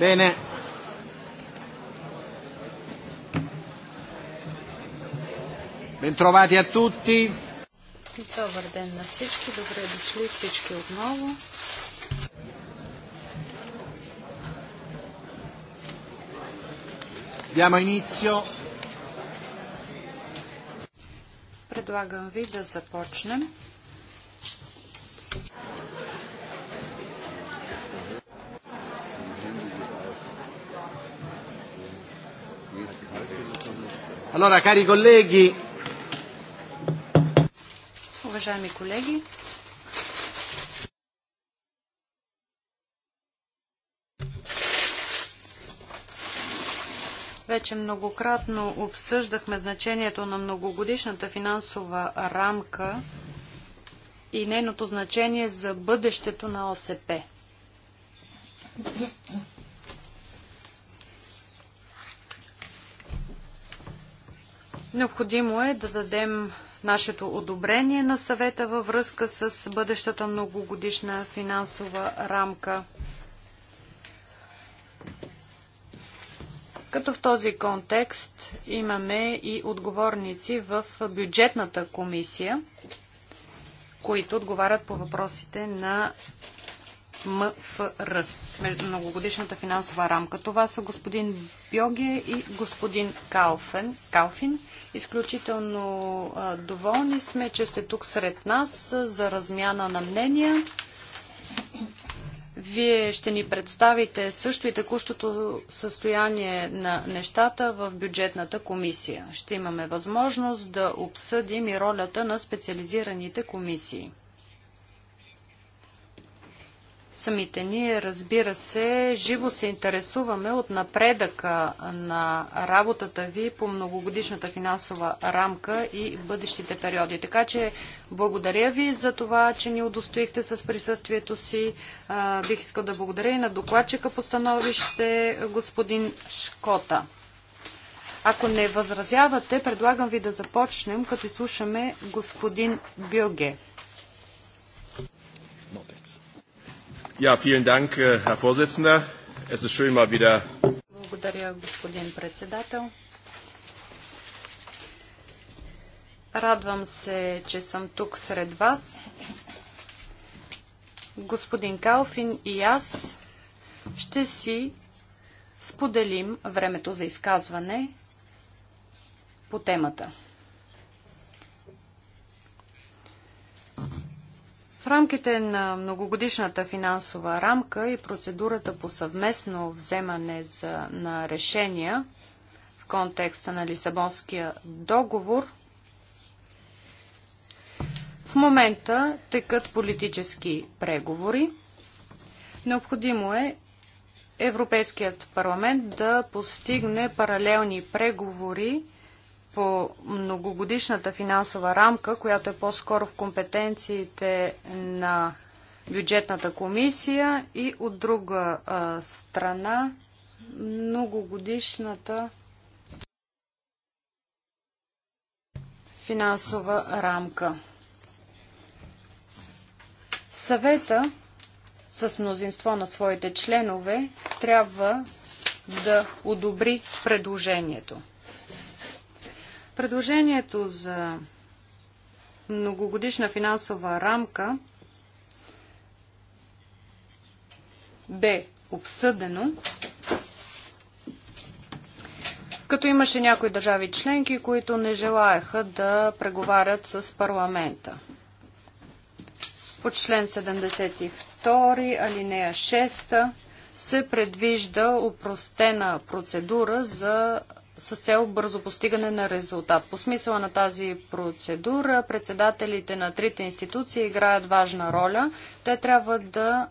Bene. Bentrovati a tutti. ден всички Diamo inizio. Предлагам ви да започнем. Allora, cari colleghi. Уважаеми колеги, вече многократно обсъждахме значението на многогодишната финансова рамка и нейното значение за бъдещето на ОСП. Необходимо е да дадем нашето одобрение на съвета във връзка с бъдещата многогодишна финансова рамка. Като в този контекст имаме и отговорници в бюджетната комисия, които отговарят по въпросите на МФР, многогодишната финансова рамка. Това са господин Бьоге и господин Калфен, Калфин. Изключително а, доволни сме, че сте тук сред нас за размяна на мнения. Вие ще ни представите също и текущото състояние на нещата в бюджетната комисия. Ще имаме възможност да обсъдим и ролята на специализираните комисии. Самите ние, разбира се, живо се интересуваме от напредъка на работата ви по многогодишната финансова рамка и бъдещите периоди. Така че благодаря ви за това, че ни удостоихте с присъствието си. бих искал да благодаря и на докладчика по становище господин Шкота. Ако не възразявате, предлагам ви да започнем, като изслушаме господин Бюге. Ja, vielen Dank, äh, Herr Vorsitzender. Es ist schön mal wieder. Благодаря, господин председател. Радвам се, че съм тук сред вас. Господин Калфин и аз ще си споделим времето за изказване по темата. рамките на многогодишната финансова рамка и процедурата по съвместно вземане за, на решения в контекста на Лисабонския договор, в момента текат политически преговори. Необходимо е Европейският парламент да постигне паралелни преговори по многогодишната финансова рамка, която е по-скоро в компетенциите на бюджетната комисия и от друга а, страна многогодишната финансова рамка. Съвета с мнозинство на своите членове трябва да одобри предложението. Предложението за многогодишна финансова рамка бе обсъдено, като имаше някои държави членки, които не желаяха да преговарят с парламента. По член 72, алинея 6 се предвижда упростена процедура за с цел бързо постигане на резултат. По смисъла на тази процедура председателите на трите институции играят важна роля. Те трябва да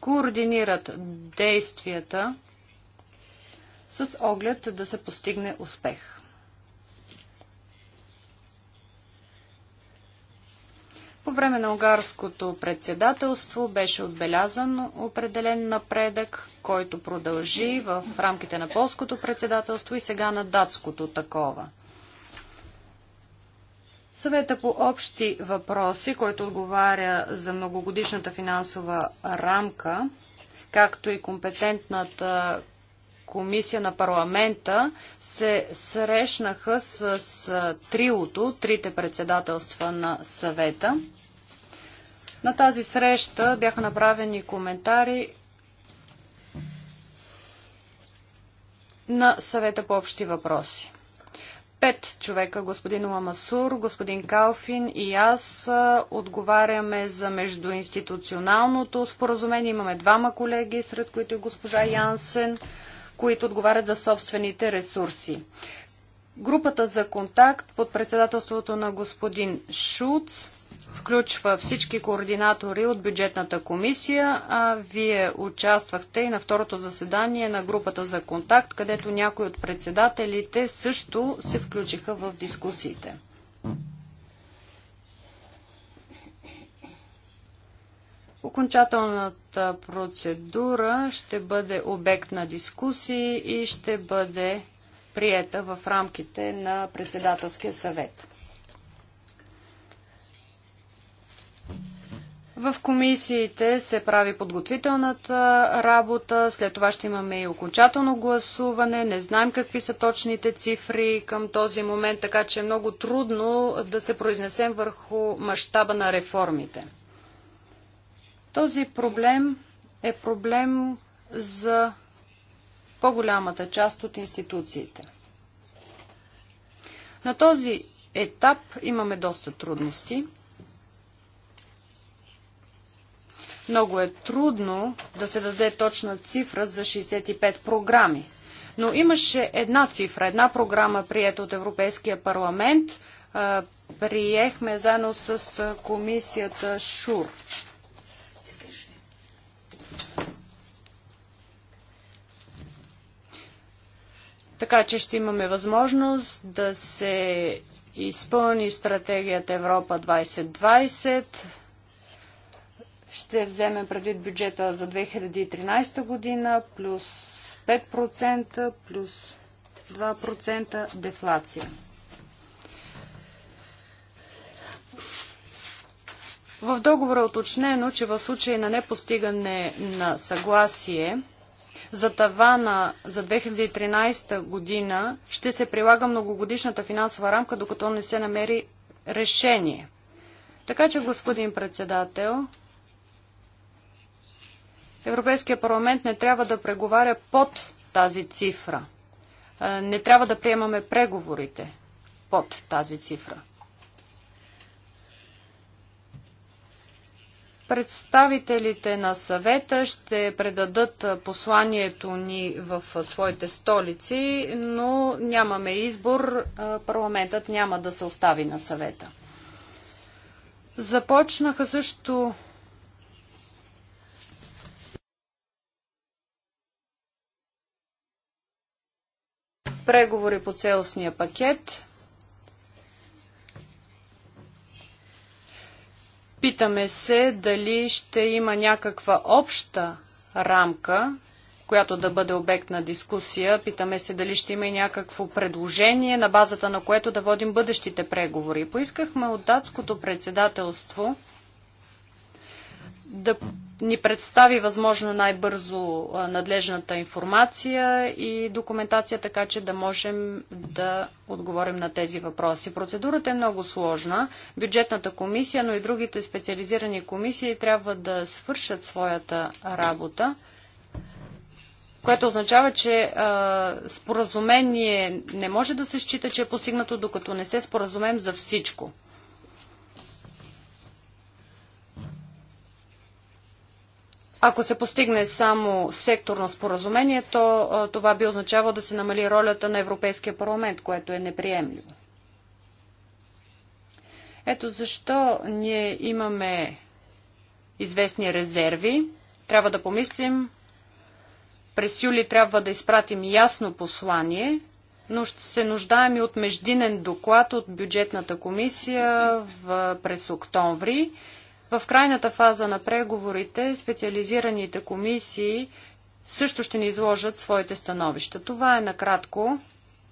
координират действията с оглед да се постигне успех. По време на унгарското председателство беше отбелязан определен напредък, който продължи в рамките на полското председателство и сега на датското такова. Съвета по общи въпроси, който отговаря за многогодишната финансова рамка, както и компетентната комисия на парламента се срещнаха с, триото, трите председателства на съвета. На тази среща бяха направени коментари на съвета по общи въпроси. Пет човека, господин Ламасур, господин Калфин и аз отговаряме за междуинституционалното споразумение. Имаме двама колеги, сред които и госпожа Янсен които отговарят за собствените ресурси. Групата за контакт под председателството на господин Шуц включва всички координатори от бюджетната комисия, а вие участвахте и на второто заседание на групата за контакт, където някои от председателите също се включиха в дискусиите. Окончателната процедура ще бъде обект на дискусии и ще бъде приета в рамките на председателския съвет. В комисиите се прави подготвителната работа, след това ще имаме и окончателно гласуване. Не знаем какви са точните цифри към този момент, така че е много трудно да се произнесем върху мащаба на реформите. Този проблем е проблем за по-голямата част от институциите. На този етап имаме доста трудности. Много е трудно да се даде точна цифра за 65 програми. Но имаше една цифра, една програма, приета от Европейския парламент. Приехме заедно с комисията ШУР. Така че ще имаме възможност да се изпълни стратегията Европа 2020. Ще вземем предвид бюджета за 2013 година плюс 5% плюс 2% дефлация. В договора е уточнено, че в случай на непостигане на съгласие за тавана за 2013 година ще се прилага многогодишната финансова рамка, докато не се намери решение. Така че, господин председател, Европейския парламент не трябва да преговаря под тази цифра. Не трябва да приемаме преговорите под тази цифра. Представителите на съвета ще предадат посланието ни в своите столици, но нямаме избор. Парламентът няма да се остави на съвета. Започнаха също преговори по целостния пакет. Питаме се дали ще има някаква обща рамка, която да бъде обект на дискусия. Питаме се дали ще има и някакво предложение, на базата на което да водим бъдещите преговори. Поискахме от датското председателство да ни представи възможно най-бързо надлежната информация и документация, така че да можем да отговорим на тези въпроси. Процедурата е много сложна. Бюджетната комисия, но и другите специализирани комисии трябва да свършат своята работа което означава, че а, споразумение не може да се счита, че е постигнато, докато не се споразумеем за всичко. Ако се постигне само секторно споразумение, то това би означавало да се намали ролята на Европейския парламент, което е неприемливо. Ето защо ние имаме известни резерви. Трябва да помислим. През юли трябва да изпратим ясно послание, но ще се нуждаем и от междинен доклад от бюджетната комисия в, през октомври в крайната фаза на преговорите специализираните комисии също ще ни изложат своите становища. Това е накратко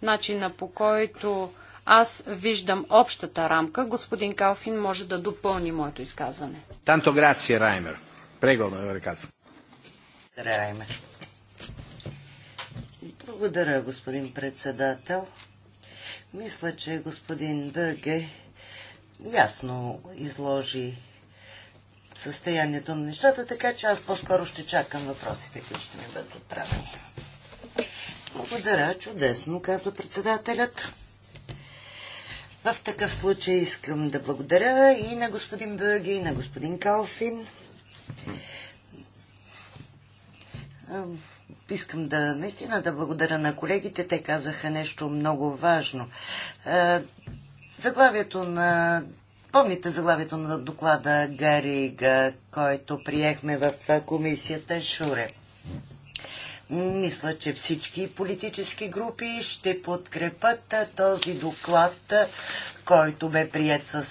начина по който аз виждам общата рамка. Господин Калфин може да допълни моето изказване. Танто грация, Раймер. Прего, Калфин. Благодаря, Раймер. Благодаря, господин председател. Мисля, че господин Бъге ясно изложи състоянието на нещата, така че аз по-скоро ще чакам въпросите, които ще ми бъдат отправени. Благодаря, чудесно, казва председателят. В такъв случай искам да благодаря и на господин Бъги, и на господин Калфин. Искам да наистина да благодаря на колегите. Те казаха нещо много важно. Заглавието на Помните заглавието на доклада Гарига, който приехме в комисията Шуре. Мисля, че всички политически групи ще подкрепат този доклад, който бе прият с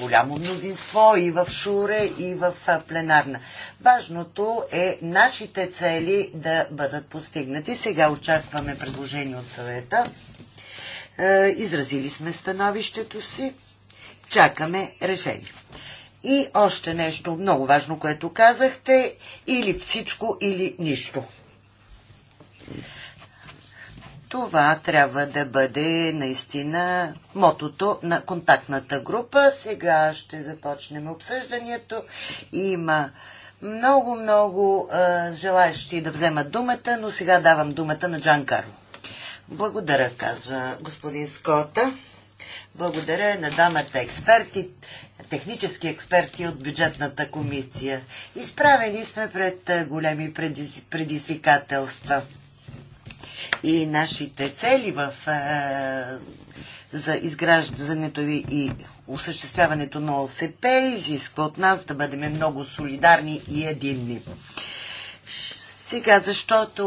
голямо мнозинство и в Шуре, и в пленарна. Важното е нашите цели да бъдат постигнати. Сега очакваме предложение от съвета. Е, изразили сме становището си чакаме решение. И още нещо много важно, което казахте, или всичко, или нищо. Това трябва да бъде наистина мотото на контактната група. Сега ще започнем обсъждането. Има много, много е, желаящи да вземат думата, но сега давам думата на Джан Карло. Благодаря, казва господин Скота. Благодаря на дамата експерти, технически експерти от бюджетната комисия. Изправени сме пред големи предизвикателства. И нашите цели в, за изграждането и осъществяването на ОСП изисква от нас да бъдем много солидарни и единни. Сега, защото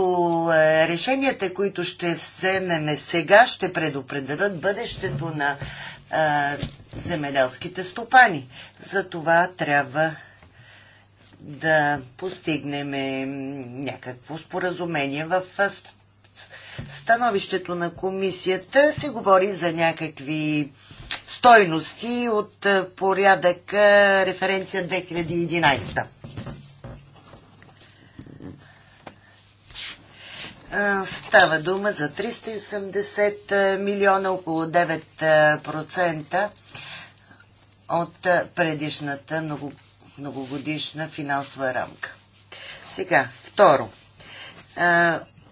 е, решенията, които ще вземеме сега, ще предопределят бъдещето на а, е, земеделските стопани. За това трябва да постигнем някакво споразумение в становището на комисията се говори за някакви стойности от порядък референция 2011. Става дума за 380 милиона, около 9% от предишната многогодишна финансова рамка. Сега, второ.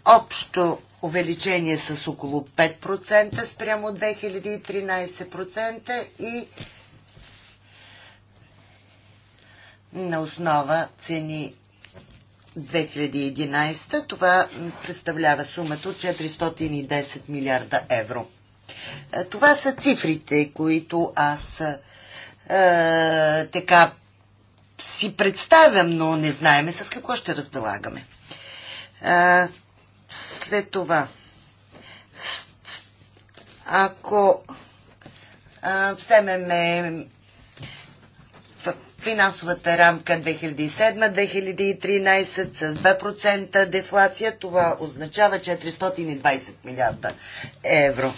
Общо увеличение с около 5% спрямо 2013% и на основа цени 2011. Това представлява сумата от 410 милиарда евро. Е, това са цифрите, които аз е, така си представям, но не знаеме с какво ще разбелагаме. Е, след това, ако е, вземеме финансовата рамка 2007-2013 с 2% дефлация. Това означава 420 милиарда евро.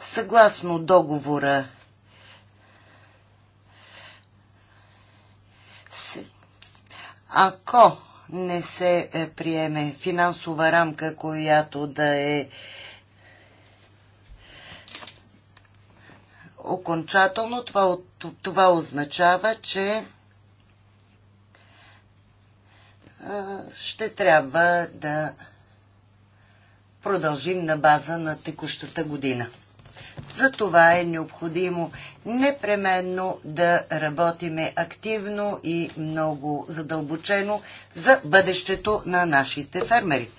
Съгласно договора ако не се е, приеме финансова рамка, която да е окончателно, това от това означава, че ще трябва да продължим на база на текущата година. За това е необходимо непременно да работиме активно и много задълбочено за бъдещето на нашите фермери.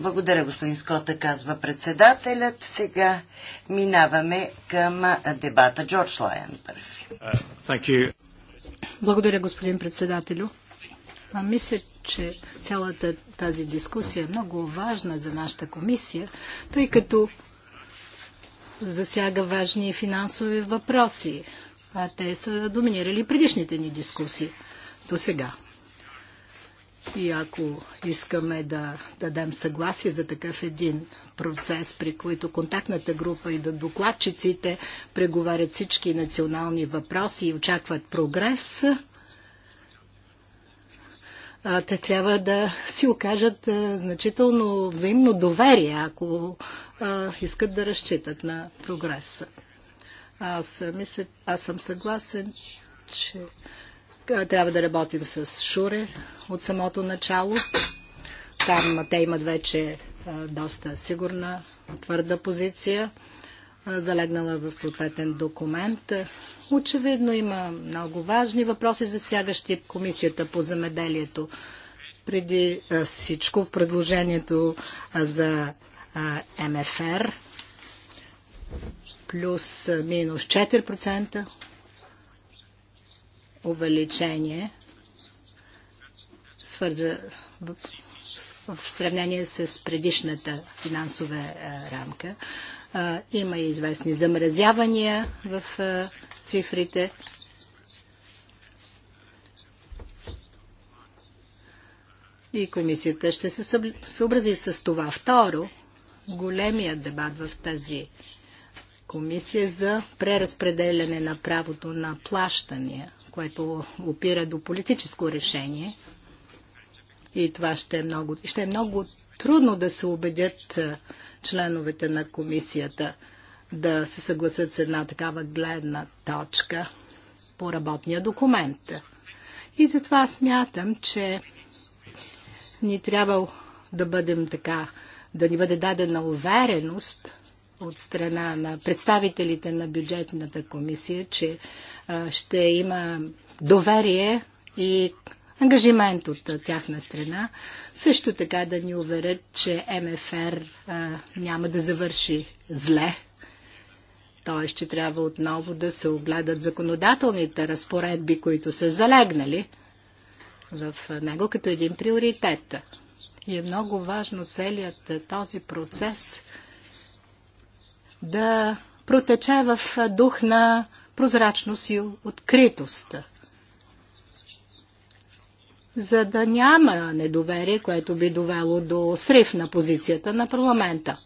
Благодаря, господин Скота, казва председателят. Сега минаваме към дебата. Джордж Лайен първи. Uh, Благодаря, господин председателю. А мисля, че цялата тази дискусия е много важна за нашата комисия, тъй като засяга важни финансови въпроси, а те са доминирали предишните ни дискусии до сега. И ако искаме да дадем съгласие за такъв един процес, при който контактната група и да докладчиците преговарят всички национални въпроси и очакват прогрес, те трябва да си окажат значително взаимно доверие, ако искат да разчитат на прогреса. Аз, мисля, аз съм съгласен, че трябва да работим с Шуре от самото начало. Там те имат вече доста сигурна, твърда позиция, залегнала в съответен документ. Очевидно има много важни въпроси, засягащи Комисията по замеделието Преди всичко в предложението за МФР плюс минус 4% увеличение свърза в, в сравнение с предишната финансова е, рамка. има и известни замразявания в е, цифрите. И комисията ще се съобрази с това. Второ, големия дебат в тази комисия за преразпределяне на правото на плащания – което опира до политическо решение. И това ще е много, ще е много трудно да се убедят членовете на комисията да се съгласят с една такава гледна точка по работния документ. И затова смятам, че ни трябва да бъдем така, да ни бъде дадена увереност, от страна на представителите на бюджетната комисия, че ще има доверие и ангажимент от тяхна страна. Също така да ни уверят, че МФР няма да завърши зле. Т.е. че трябва отново да се огледат законодателните разпоредби, които са залегнали в него като един приоритет. И е много важно целият този процес да протече в дух на прозрачност и откритост. За да няма недоверие, което би довело до срив на позицията на парламента.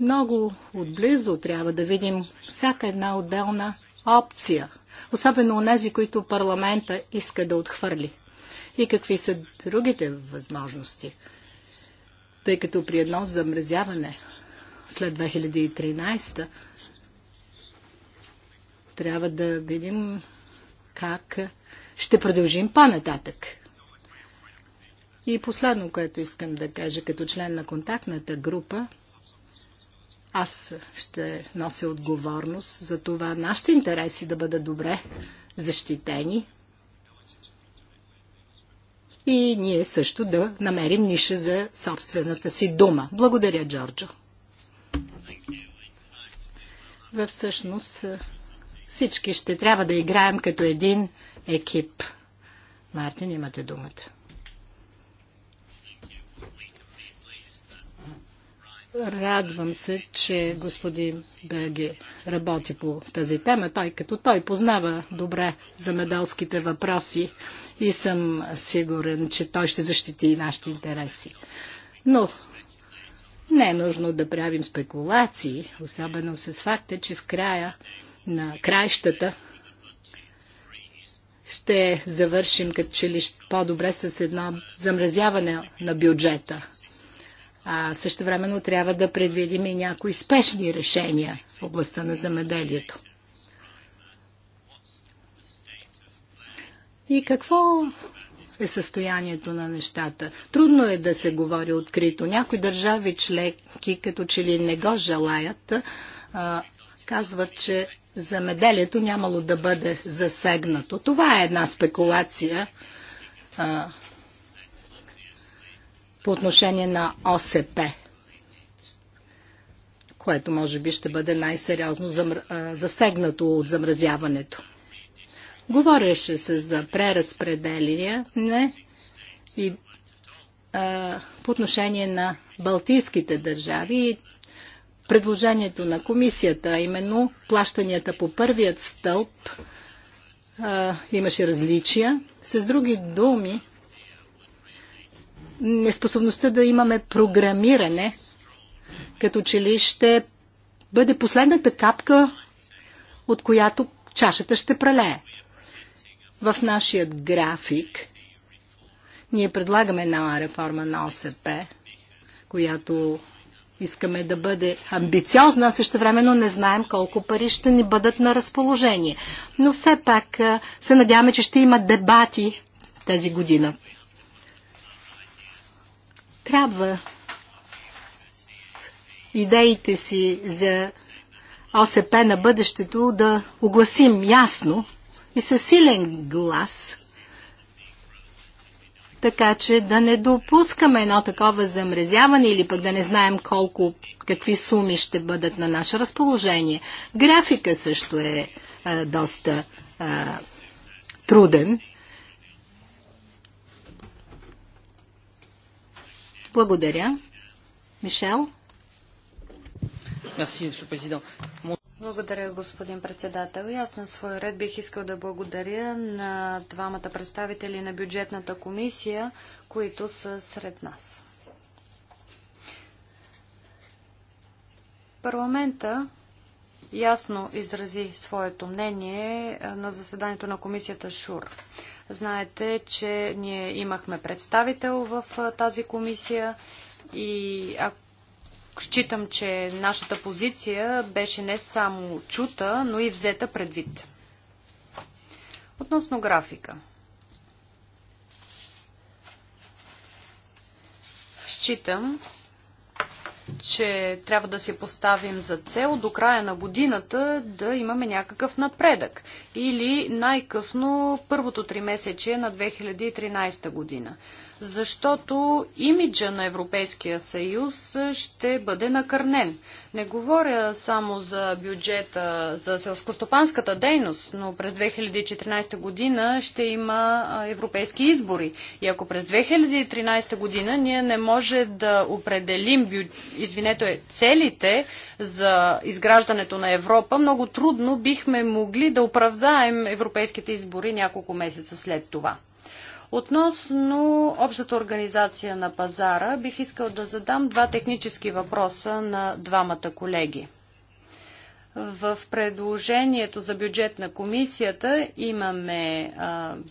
Много отблизо трябва да видим всяка една отделна опция, особено нези, които парламента иска да отхвърли. И какви са другите възможности? Тъй като при едно замразяване след 2013 трябва да видим как ще продължим по-нататък. И последно, което искам да кажа като член на контактната група, аз ще нося отговорност за това нашите интереси да бъдат добре защитени и ние също да намерим ниша за собствената си дума. Благодаря, Джорджо всъщност всички ще трябва да играем като един екип. Мартин, имате думата. Радвам се, че господин Беге работи по тази тема, той като той познава добре замедалските въпроси и съм сигурен, че той ще защити и нашите интереси. Но не е нужно да правим спекулации, особено с факта, че в края на краищата ще завършим като че ли по-добре с едно замразяване на бюджета. А също времено трябва да предвидим и някои спешни решения в областта на замеделието. И какво е състоянието на нещата. Трудно е да се говори открито. Някои държави членки, като че ли не го желаят, казват, че замеделието нямало да бъде засегнато. Това е една спекулация а, по отношение на ОСП което може би ще бъде най-сериозно засегнато от замразяването. Говореше се за преразпределение не, и, а, по отношение на балтийските държави и предложението на комисията, именно плащанията по първият стълб а, имаше различия. С други думи, неспособността да имаме програмиране, като че ли ще бъде последната капка, от която чашата ще прелее. В нашия график ние предлагаме една реформа на ОСП, която искаме да бъде амбициозна, а също времено не знаем колко пари ще ни бъдат на разположение. Но все пак се надяваме, че ще има дебати тази година. Трябва идеите си за ОСП на бъдещето да огласим ясно и със силен глас, така че да не допускаме едно такова замрезяване или пък да не знаем колко, какви суми ще бъдат на наше разположение. Графика също е а, е, доста а, е, труден. Благодаря. Мишел? Благодаря, господин председател. И аз на своя ред бих искал да благодаря на двамата представители на бюджетната комисия, които са сред нас. Парламента ясно изрази своето мнение е, на заседанието на комисията ШУР. Знаете, че ние имахме представител в тази комисия и ако считам, че нашата позиция беше не само чута, но и взета предвид. Относно графика. Считам, че трябва да си поставим за цел до края на годината да имаме някакъв напредък. Или най-късно първото три месече на 2013 година защото имиджа на Европейския съюз ще бъде накърнен. Не говоря само за бюджета за селскостопанската дейност, но през 2014 година ще има европейски избори. И ако през 2013 година ние не може да определим бю... извинете, целите за изграждането на Европа, много трудно бихме могли да оправдаем европейските избори няколко месеца след това. Относно общата организация на пазара, бих искал да задам два технически въпроса на двамата колеги. В предложението за бюджет на комисията имаме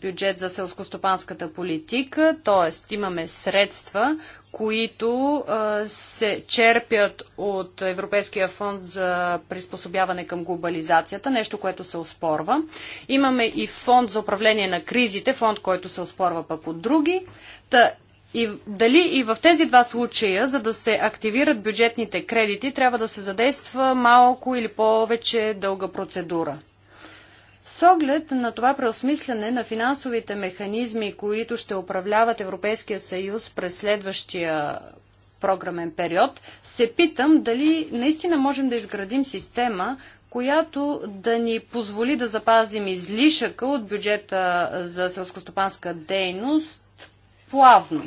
бюджет за селскостопанската политика, т.е. имаме средства, които а, се черпят от Европейския фонд за приспособяване към глобализацията, нещо, което се оспорва. Имаме и фонд за управление на кризите, фонд, който се оспорва пък от други. Та, и дали и в тези два случая, за да се активират бюджетните кредити, трябва да се задейства малко или повече дълга процедура? С оглед на това преосмислене на финансовите механизми, които ще управляват Европейския съюз през следващия програмен период, се питам дали наистина можем да изградим система, която да ни позволи да запазим излишъка от бюджета за селскостопанска дейност плавно,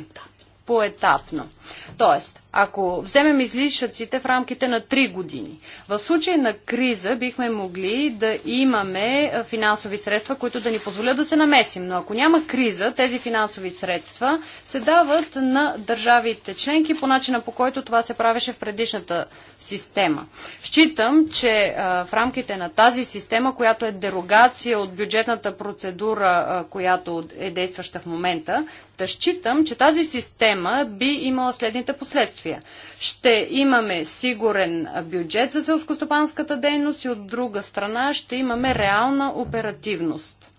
поетапно. Тоест, ако вземем излишъците в рамките на 3 години. В случай на криза бихме могли да имаме финансови средства, които да ни позволят да се намесим. Но ако няма криза, тези финансови средства се дават на държавите членки по начина по който това се правеше в предишната система. Считам, че в рамките на тази система, която е дерогация от бюджетната процедура, която е действаща в момента, да считам, че тази система би имала следните последствия действия. Ще имаме сигурен бюджет за селскостопанската дейност и от друга страна ще имаме реална оперативност.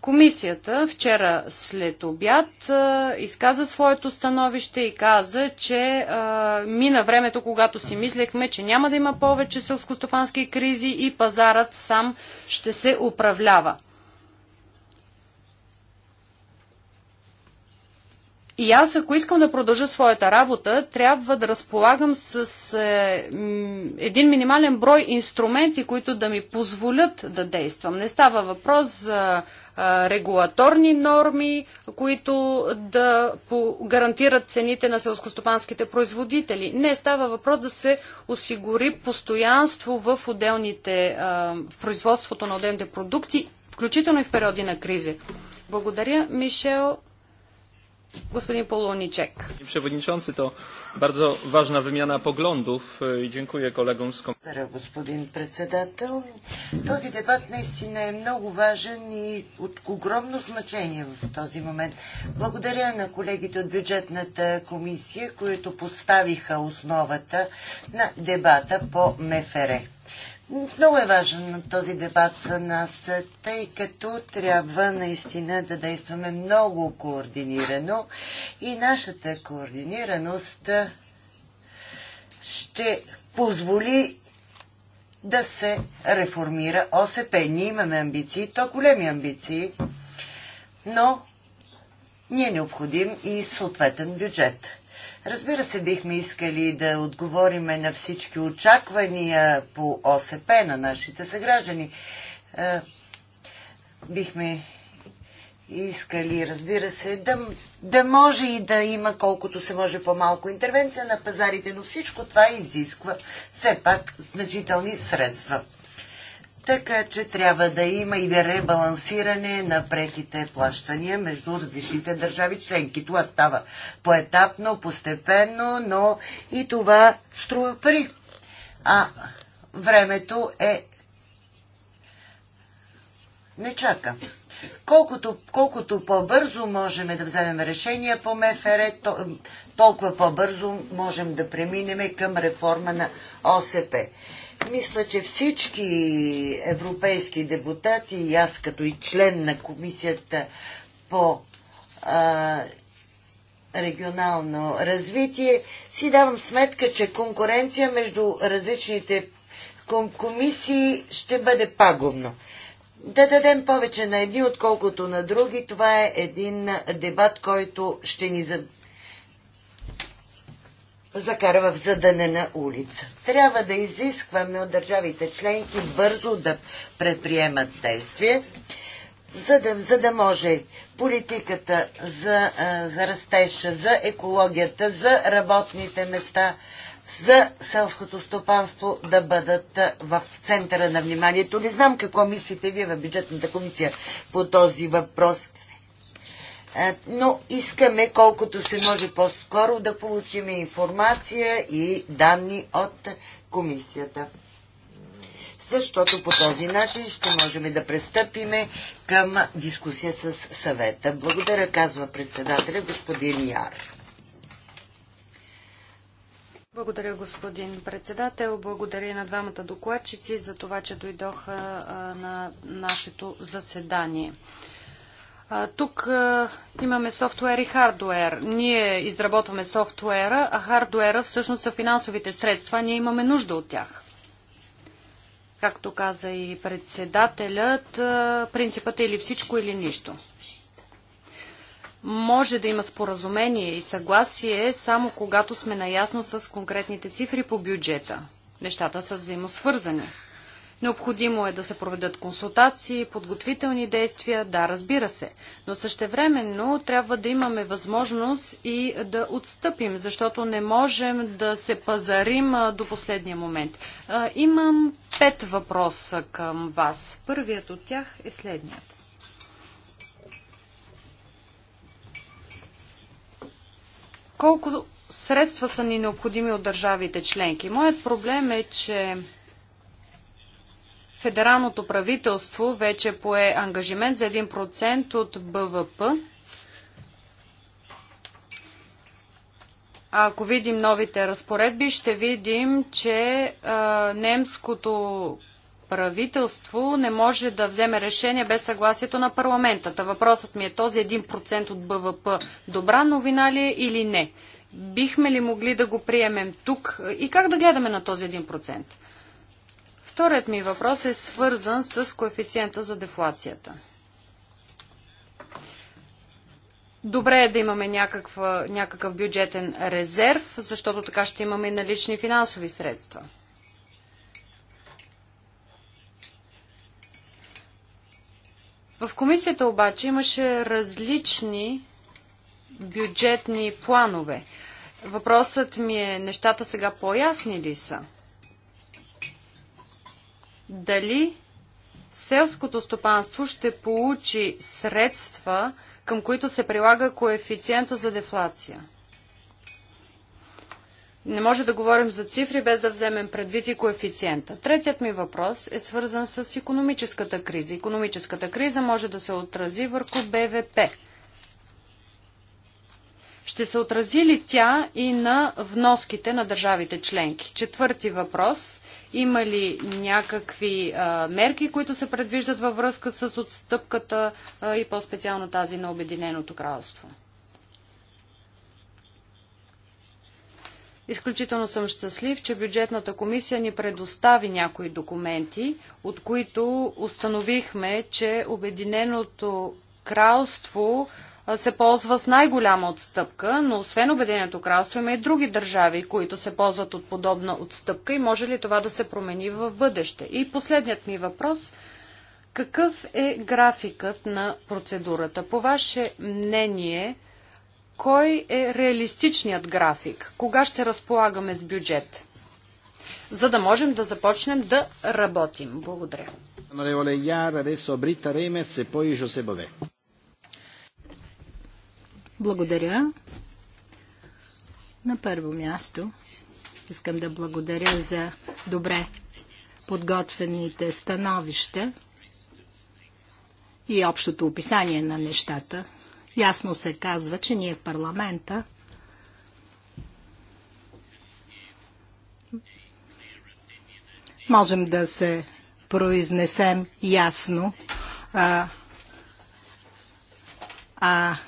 Комисията вчера след обяд изказа своето становище и каза, че а, мина времето, когато си мислехме, че няма да има повече селскостопански кризи и пазарът сам ще се управлява. И аз, ако искам да продължа своята работа, трябва да разполагам с е, един минимален брой инструменти, които да ми позволят да действам. Не става въпрос за е, регулаторни норми, които да по- гарантират цените на селскостопанските производители. Не става въпрос да се осигури постоянство в, отделните, е, в производството на отделните продукти, включително и в периоди на кризи. Благодаря, Мишел Господин Полуничек. Przewodniczący, to bardzo ważna wymiana poglądów e, i dziękuję kolegom z Komisji. Господин председател, този дебат наистина е много важен и от огромно значение в този момент. Благодаря на колегите от бюджетната комисия, които поставиха основата на дебата по МФР. Много е важен този дебат за нас, тъй като трябва наистина да действаме много координирано и нашата координираност ще позволи да се реформира ОСП. Ние имаме амбиции, то големи амбиции, но ни е необходим и съответен бюджет. Разбира се, бихме искали да отговориме на всички очаквания по ОСП на нашите съграждани. Е, бихме искали, разбира се, да, да може и да има колкото се може по-малко интервенция на пазарите, но всичко това изисква все пак значителни средства. Така че трябва да има и да ребалансиране на преките плащания между различните държави членки. Това става поетапно, постепенно, но и това струва пари. А времето е... Не чака. Колкото, колкото по-бързо можем да вземем решения по МФР, толкова по-бързо можем да преминем към реформа на ОСП. Мисля, че всички европейски депутати и аз като и член на комисията по а, регионално развитие си давам сметка, че конкуренция между различните комисии ще бъде пагубно. Да дадем повече на едни, отколкото на други, това е един дебат, който ще ни закара в задънена улица. Трябва да изискваме от държавите членки бързо да предприемат действие, за да, за да може политиката за, за растеж, за екологията, за работните места, за селското стопанство да бъдат в центъра на вниманието. Не знам какво мислите вие в бюджетната комисия по този въпрос но искаме колкото се може по-скоро да получим информация и данни от комисията. Защото по този начин ще можем да престъпиме към дискусия с съвета. Благодаря, казва председателя господин Яр. Благодаря, господин председател. Благодаря на двамата докладчици за това, че дойдоха на нашето заседание. Тук имаме софтуер и хардуер. Ние изработваме софтуера, а хардуера всъщност са финансовите средства. Ние имаме нужда от тях. Както каза и председателят, принципът е или всичко, или нищо. Може да има споразумение и съгласие само когато сме наясно с конкретните цифри по бюджета. Нещата са взаимосвързани. Необходимо е да се проведат консултации, подготвителни действия, да, разбира се, но същевременно трябва да имаме възможност и да отстъпим, защото не можем да се пазарим до последния момент. Имам пет въпроса към вас. Първият от тях е следният. Колко средства са ни необходими от държавите членки? Моят проблем е, че федералното правителство вече пое ангажимент за 1% от БВП. А ако видим новите разпоредби, ще видим, че а, немското правителство не може да вземе решение без съгласието на парламента. въпросът ми е този 1% от БВП добра новина ли е или не? Бихме ли могли да го приемем тук и как да гледаме на този 1%? Вторият ми въпрос е свързан с коефициента за дефлацията. Добре е да имаме някаква, някакъв бюджетен резерв, защото така ще имаме и налични финансови средства. В комисията обаче имаше различни бюджетни планове. Въпросът ми е, нещата сега по-ясни ли са? дали селското стопанство ще получи средства, към които се прилага коефициента за дефлация. Не може да говорим за цифри без да вземем предвид и коефициента. Третият ми въпрос е свързан с економическата криза. Економическата криза може да се отрази върху БВП. Ще се отрази ли тя и на вноските на държавите членки? Четвърти въпрос има ли някакви а, мерки, които се предвиждат във връзка с отстъпката а, и по-специално тази на Обединеното кралство? Изключително съм щастлив, че бюджетната комисия ни предостави някои документи, от които установихме, че Обединеното кралство се ползва с най-голяма отстъпка, но освен Обединеното кралство има и други държави, които се ползват от подобна отстъпка и може ли това да се промени в бъдеще? И последният ми въпрос какъв е графикът на процедурата? По ваше мнение, кой е реалистичният график? Кога ще разполагаме с бюджет? За да можем да започнем да работим. Благодаря. Благодаря. На първо място искам да благодаря за добре подготвените становища и общото описание на нещата. Ясно се казва, че ние в парламента можем да се произнесем ясно. А, а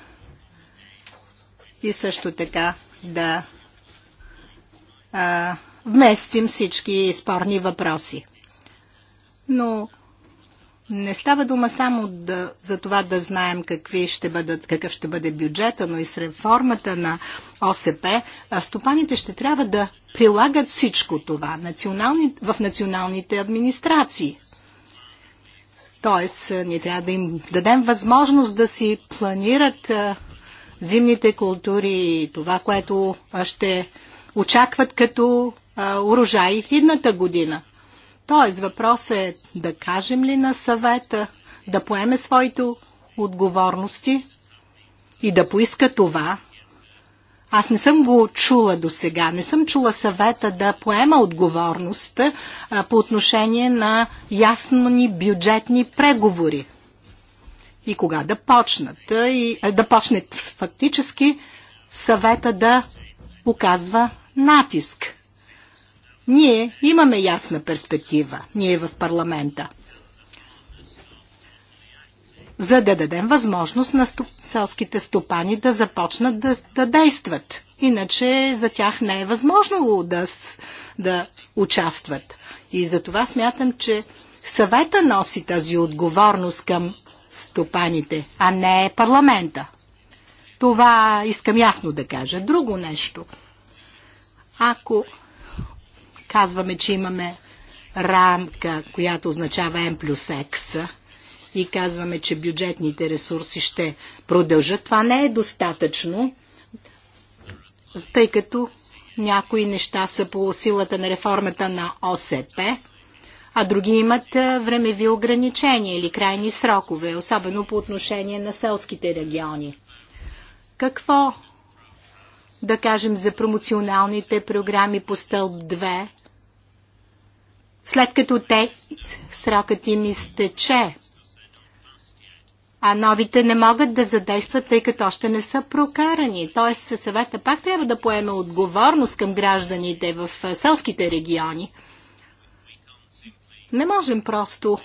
и също така да а, вместим всички спорни въпроси. Но не става дума само да, за това да знаем какви ще бъдат, какъв ще бъде бюджета, но и с реформата на ОСП, стопаните ще трябва да прилагат всичко това национални, в националните администрации. Тоест, ние трябва да им дадем възможност да си планират зимните култури и това, което ще очакват като урожай идната година. Тоест въпрос е да кажем ли на съвета да поеме своите отговорности и да поиска това. Аз не съм го чула до сега. Не съм чула съвета да поема отговорност а, по отношение на ясно ни бюджетни преговори и кога да почнат. И, да почне фактически съвета да оказва натиск. Ние имаме ясна перспектива, ние в парламента, за да дадем възможност на стоп, селските стопани да започнат да, да действат. Иначе за тях не е възможно да, да участват. И за това смятам, че съвета носи тази отговорност към стопаните, а не парламента. Това искам ясно да кажа. Друго нещо. Ако казваме, че имаме рамка, която означава М плюс X, и казваме, че бюджетните ресурси ще продължат, това не е достатъчно, тъй като някои неща са по силата на реформата на ОСП а други имат времеви ограничения или крайни срокове, особено по отношение на селските региони. Какво да кажем за промоционалните програми по стълб 2, след като те срокът им изтече, а новите не могат да задействат, тъй като още не са прокарани. Тоест съвета пак трябва да поеме отговорност към гражданите в селските региони – не можем просто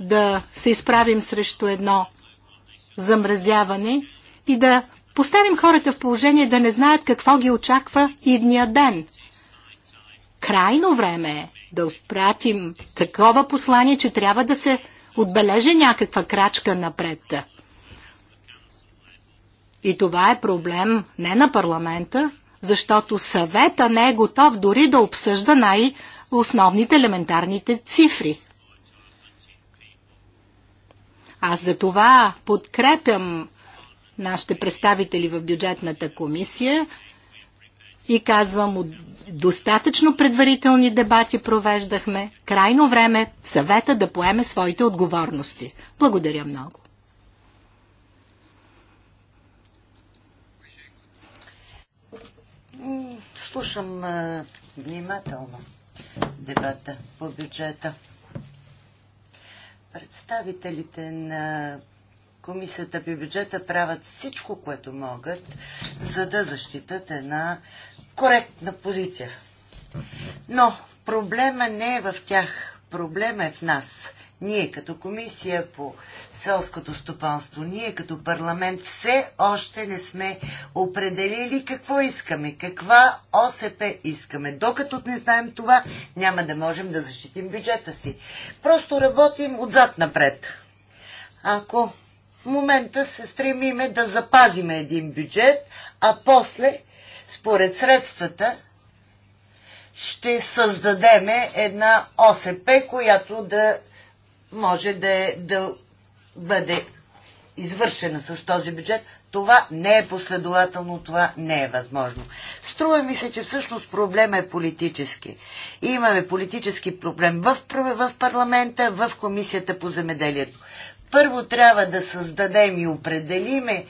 да се изправим срещу едно замразяване и да поставим хората в положение да не знаят какво ги очаква идния ден. Крайно време е да отпратим такова послание, че трябва да се отбележи някаква крачка напред. И това е проблем не на парламента, защото съвета не е готов дори да обсъжда най- основните елементарните цифри. Аз за това подкрепям нашите представители в бюджетната комисия и казвам, достатъчно предварителни дебати провеждахме. Крайно време съвета да поеме своите отговорности. Благодаря много. Слушам внимателно дебата по бюджета. Представителите на Комисията по бюджета правят всичко, което могат, за да защитат една коректна позиция. Но проблема не е в тях. Проблема е в нас. Ние като комисия по селското стопанство, ние като парламент все още не сме определили какво искаме, каква ОСП искаме. Докато не знаем това, няма да можем да защитим бюджета си. Просто работим отзад напред. Ако в момента се стремиме да запазиме един бюджет, а после, според средствата, ще създадеме една ОСП, която да може да, е да бъде извършена с този бюджет. Това не е последователно, това не е възможно. Струва ми се, че всъщност проблема е политически. И имаме политически проблем в, в парламента, в комисията по земеделието. Първо трябва да създадем и определиме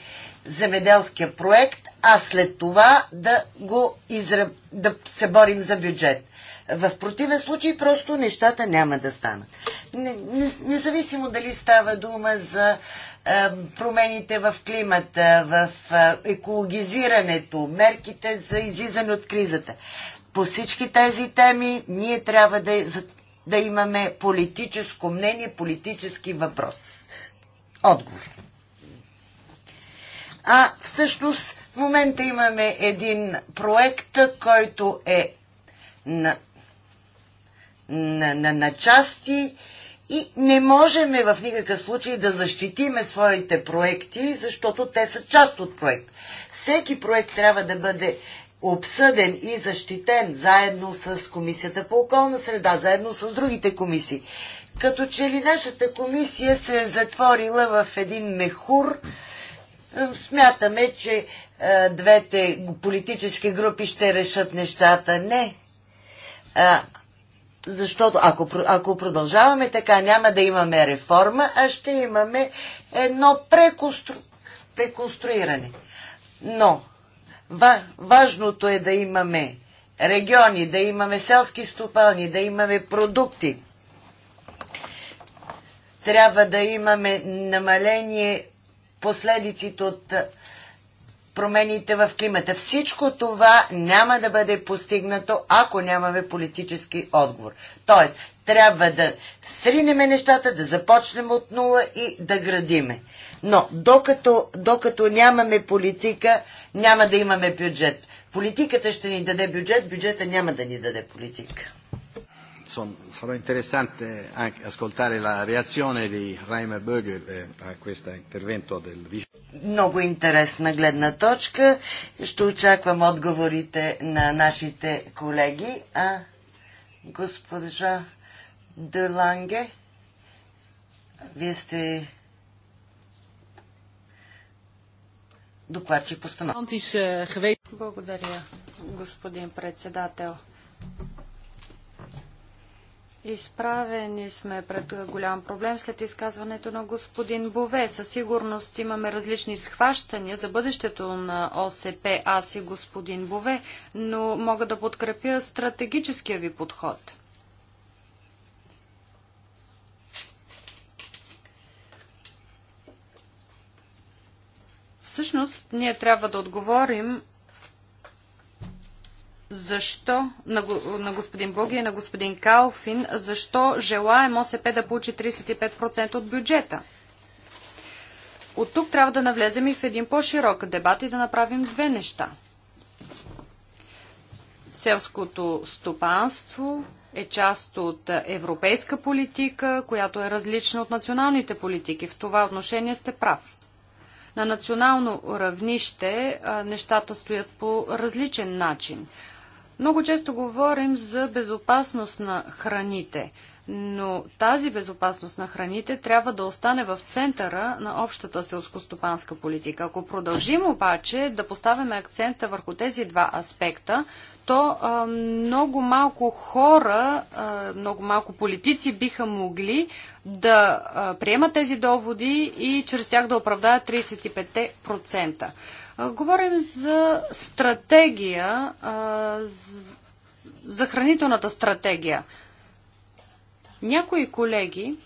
земеделския проект, а след това да, го изра... да се борим за бюджет. В противен случай просто нещата няма да станат. Независимо дали става дума за е, промените в климата, в е, екологизирането, мерките за излизане от кризата. По всички тези теми ние трябва да, да имаме политическо мнение, политически въпрос. Отговор. А всъщност в момента имаме един проект, който е на на, на, на части и не можем в никакъв случай да защитиме своите проекти, защото те са част от проект. Всеки проект трябва да бъде обсъден и защитен заедно с Комисията по околна среда, заедно с другите комисии. Като че ли нашата комисия се е затворила в един мехур, смятаме, че е, двете политически групи ще решат нещата. Не. Защото ако, ако продължаваме така, няма да имаме реформа, а ще имаме едно преконстру... преконструиране. Но ва, важното е да имаме региони, да имаме селски стопани, да имаме продукти. Трябва да имаме намаление последиците от промените в климата. Всичко това няма да бъде постигнато, ако нямаме политически отговор. Тоест, трябва да сринеме нещата, да започнем от нула и да градиме. Но докато, докато нямаме политика, няма да имаме бюджет. Политиката ще ни даде бюджет, бюджета няма да ни даде политика son, sarà interessante anche ascoltare la reazione di Reimer Böge eh, a questo intervento del vice. Много интересна гледна точка. Ще очаквам отговорите на нашите колеги. А госпожа Деланге, вие сте докладчик постановка. Е, Благодаря, господин председател. Изправени сме пред голям проблем след изказването на господин Бове. Със сигурност имаме различни схващания за бъдещето на ОСП, аз и господин Бове, но мога да подкрепя стратегическия ви подход. Всъщност, ние трябва да отговорим защо на, на господин Боги и на господин Калфин, защо желаем ОСП да получи 35% от бюджета? От тук трябва да навлезем и в един по-широк дебат и да направим две неща. Селското стопанство е част от европейска политика, която е различна от националните политики. В това отношение сте прав. На национално равнище нещата стоят по различен начин. Много често говорим за безопасност на храните, но тази безопасност на храните трябва да остане в центъра на общата селскостопанска политика. Ако продължим обаче да поставяме акцента върху тези два аспекта, то а, много малко хора, а, много малко политици биха могли да а, приемат тези доводи и чрез тях да оправдаят 35%. Говорим за стратегия, за хранителната стратегия. Някои колеги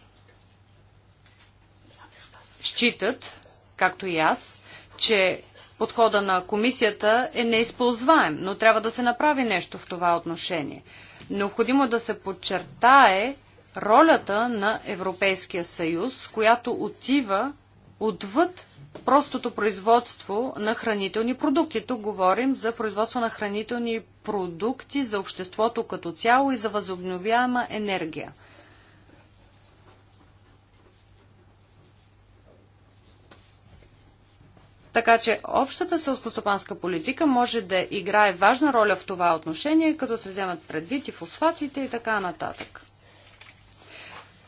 считат, както и аз, че подхода на комисията е неизползваем, но трябва да се направи нещо в това отношение. Необходимо е да се подчертае ролята на Европейския съюз, която отива отвъд простото производство на хранителни продукти. Тук говорим за производство на хранителни продукти за обществото като цяло и за възобновяема енергия. Така че общата селскостопанска политика може да играе важна роля в това отношение, като се вземат предвид и фосфатите и така нататък.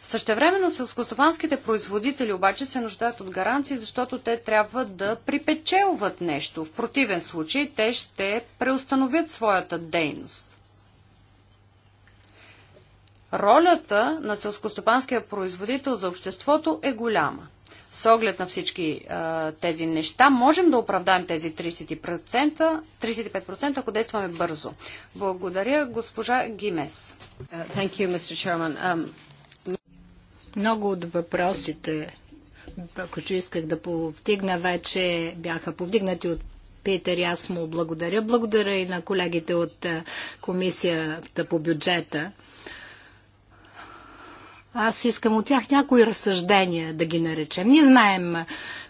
Същевременно селскостопанските производители обаче се нуждаят от гаранции, защото те трябва да припечелват нещо. В противен случай те ще преустановят своята дейност. Ролята на селскостопанския производител за обществото е голяма. С оглед на всички е, тези неща, можем да оправдаем тези 30%, 35%, ако действаме бързо. Благодаря, госпожа Гимес. Uh, много от въпросите, ако исках да повдигна, вече бяха повдигнати от Питер и аз му благодаря. Благодаря и на колегите от комисията по бюджета. Аз искам от тях някои разсъждения да ги наречем. Ние знаем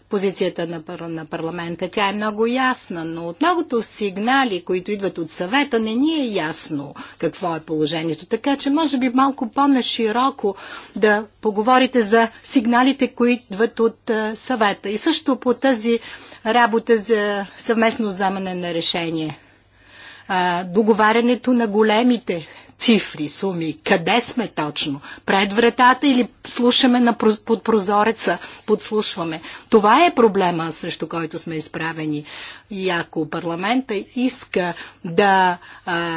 позицията на, пар... на парламента. Тя е много ясна, но от многото сигнали, които идват от съвета, не ни е ясно какво е положението. Така че може би малко по-нашироко да поговорите за сигналите, които идват от а, е, съвета. И също по тази работа за съвместно вземане на решение. А, договарянето на големите цифри, суми. Къде сме точно? Пред вратата или слушаме на, под прозореца, подслушваме? Това е проблема, срещу който сме изправени. И ако парламента иска да а,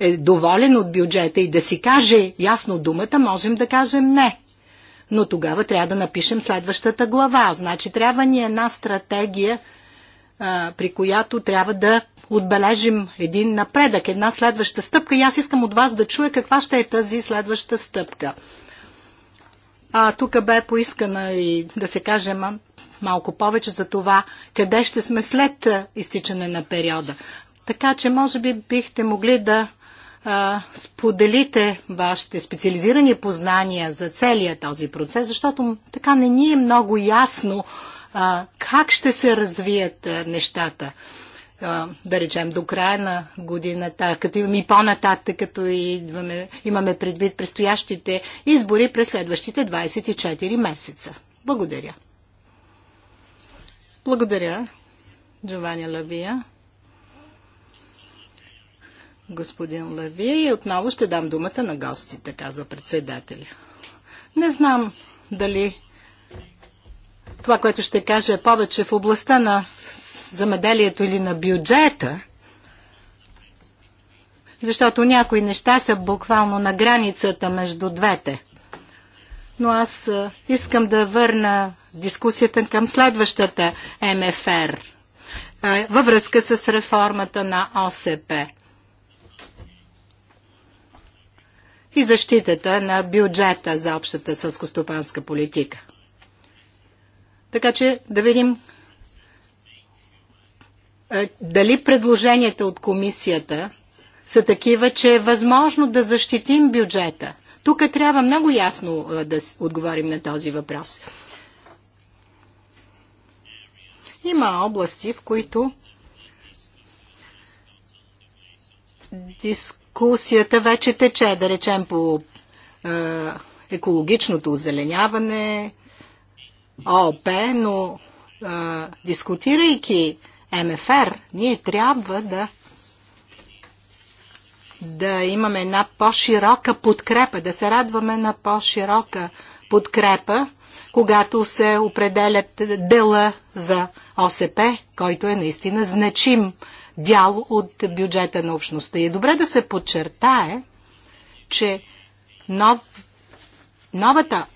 е доволен от бюджета и да си каже ясно думата, можем да кажем не. Но тогава трябва да напишем следващата глава. Значи трябва ни една стратегия, при която трябва да отбележим един напредък, една следваща стъпка и аз искам от вас да чуя каква ще е тази следваща стъпка. А тук бе поискана и да се каже малко повече за това, къде ще сме след изтичане на периода. Така че, може би, бихте могли да а, споделите вашите специализирани познания за целия този процес, защото така не ни е много ясно а, как ще се развият а, нещата да речем, до края на годината, като имаме и по-нататък, като идваме, имаме предвид предстоящите избори през следващите 24 месеца. Благодаря. Благодаря, Джованя Лавия. Господин Лавия, и отново ще дам думата на гостите, казва председателя. Не знам дали това, което ще кажа е повече в областта на замеделието или на бюджета, защото някои неща са буквално на границата между двете. Но аз искам да върна дискусията към следващата МФР във връзка с реформата на ОСП и защитата на бюджета за общата сълскостопанска политика. Така че да видим е, дали предложенията от комисията са такива, че е възможно да защитим бюджета. Тук трябва много ясно е, да отговорим на този въпрос. Има области, в които дискусията вече тече, да речем по е, екологичното озеленяване, ООП, но дискутирайки МФР, ние трябва да да имаме една по-широка подкрепа, да се радваме на по-широка подкрепа, когато се определят дела за ОСП, който е наистина значим дял от бюджета на общността. И е добре да се подчертае, че нов, новата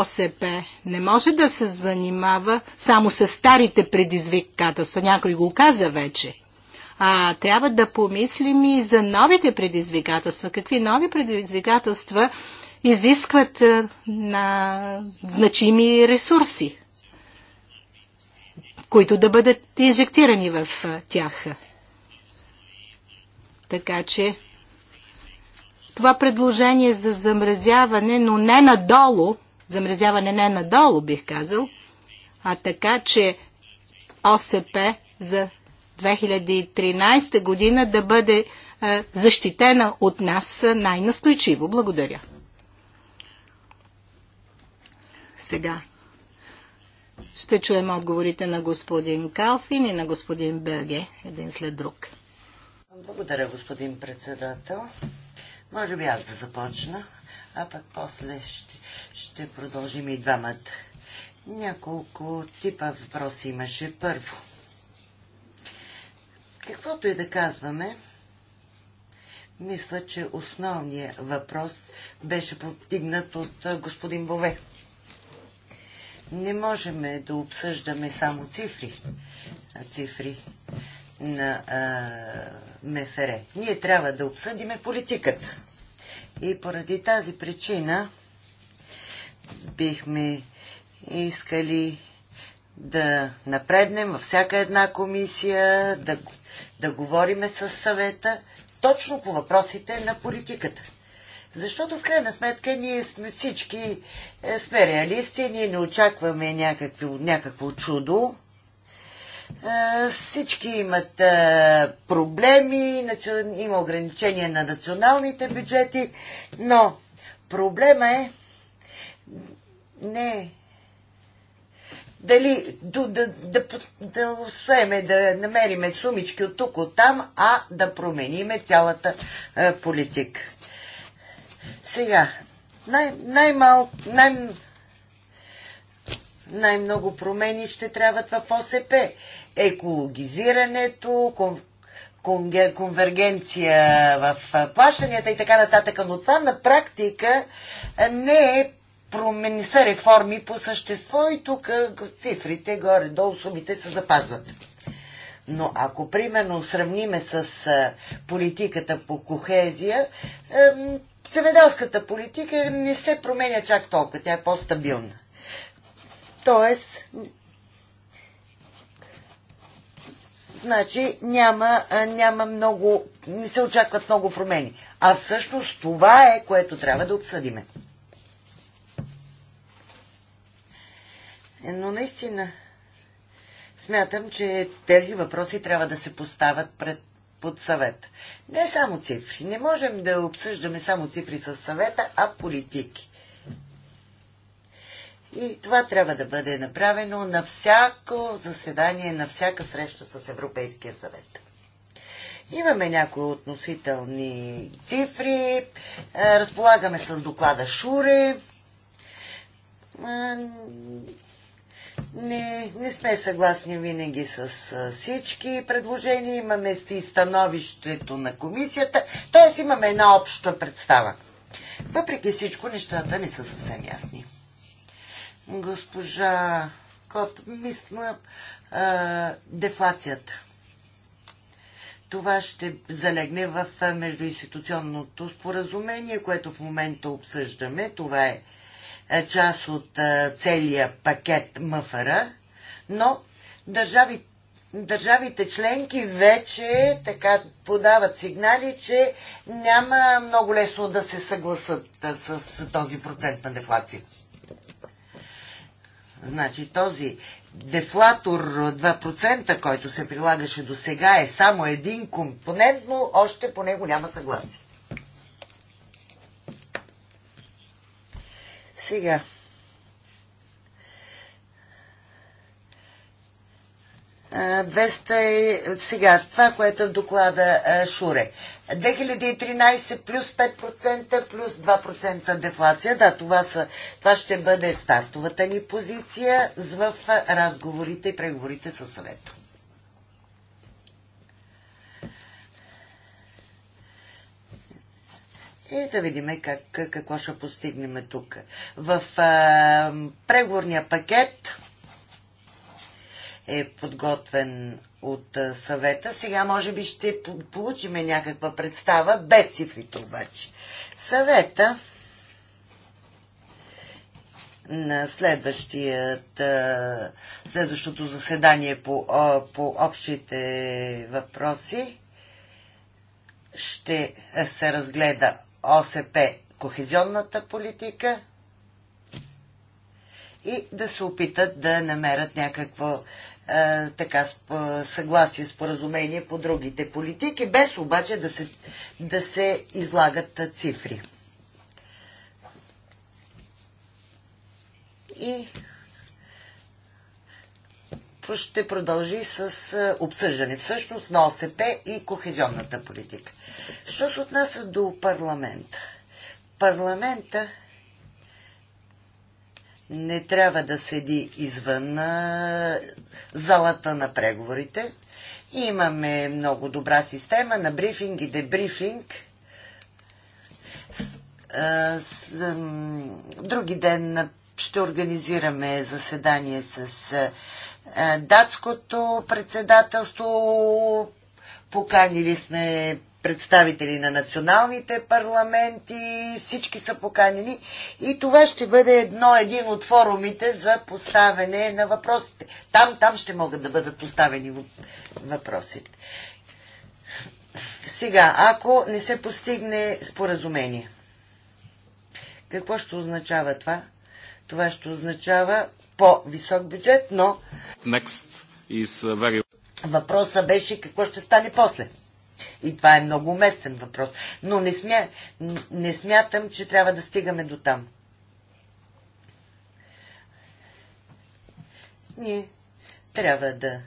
ОСП не може да се занимава само с старите предизвикателства. Някой го каза вече. А, трябва да помислим и за новите предизвикателства. Какви нови предизвикателства изискват е, на значими ресурси, които да бъдат инжектирани в е, тях. Така че това предложение за замразяване, но не надолу, замразяване не надолу, бих казал, а така, че ОСП за 2013 година да бъде е, защитена от нас най-настойчиво. Благодаря. Сега ще чуем отговорите на господин Калфин и на господин Беге един след друг. Благодаря, господин председател. Може би аз да започна а пък после ще, ще продължим и двамата. Няколко типа въпроси имаше. Първо, каквото и да казваме, мисля, че основният въпрос беше повдигнат от господин Бове. Не можем да обсъждаме само цифри, цифри на а, МФР. Ние трябва да обсъдиме политиката. И поради тази причина бихме искали да напреднем във всяка една комисия, да, да говориме с съвета точно по въпросите на политиката. Защото в крайна сметка ние сме всички е, сме реалисти, ние не очакваме някакво, някакво чудо, всички имат проблеми, има ограничения на националните бюджети, но проблема е не дали да, да, да, да успееме да намериме сумички от тук, от там, а да промениме цялата е, политика. Сега, най, най-мал, най- най-много промени ще трябват в ОСП екологизирането, конвергенция в плащанията и така нататък, но това на практика не е промени са реформи по същество и тук цифрите горе-долу сумите се запазват. Но ако примерно сравниме с политиката по кохезия, земеделската политика не се променя чак толкова, тя е по-стабилна. Тоест, Значи няма, няма много, не се очакват много промени. А всъщност това е, което трябва да обсъдиме. Е, но наистина, смятам, че тези въпроси трябва да се поставят пред под съвет. Не само цифри. Не можем да обсъждаме само цифри с съвета, а политики. И това трябва да бъде направено на всяко заседание, на всяка среща с Европейския съвет. Имаме някои относителни цифри, е, разполагаме с доклада Шуре. Е, не, не сме съгласни винаги с е, всички предложения, имаме и становището на комисията, т.е. имаме една обща представа. Въпреки всичко, нещата не са съвсем ясни госпожа Кот, мисля, а, дефлацията. Това ще залегне в междуинституционното споразумение, което в момента обсъждаме. Това е част от целия пакет МФР, но държави, държавите членки вече така подават сигнали, че няма много лесно да се съгласат с този процент на дефлация. Значи този дефлатор 2%, който се прилагаше до сега, е само един компонент, но още по него няма съгласие. Сега, 200 е сега, това, което е в доклада Шуре. 2013 плюс 5%, плюс 2% дефлация. Да, това, са, това ще бъде стартовата ни позиция в разговорите и преговорите със съвета. И да видим как, какво ще постигнем тук. В а, преговорния пакет е подготвен от съвета. Сега може би ще получиме някаква представа, без цифрите обаче. Съвета на следващото заседание по, по общите въпроси ще се разгледа ОСП кохезионната политика и да се опитат да намерят някакво е, така съгласие, споразумение по другите политики, без обаче да се, да се излагат цифри. И ще продължи с е, обсъждане всъщност на ОСП и кохезионната политика. Що се отнася до парламента? Парламента не трябва да седи извън а, залата на преговорите. И имаме много добра система на брифинг и дебрифинг. С, а, с, а, други ден ще организираме заседание с датското председателство. Поканили сме представители на националните парламенти, всички са поканени и това ще бъде едно, един от форумите за поставяне на въпросите. Там, там ще могат да бъдат поставени въпросите. Сега, ако не се постигне споразумение, какво ще означава това? Това ще означава по-висок бюджет, но... Next is uh, very... Въпросът беше какво ще стане после. И това е много уместен въпрос. Но не, смя... не смятам, че трябва да стигаме до там. Ние трябва да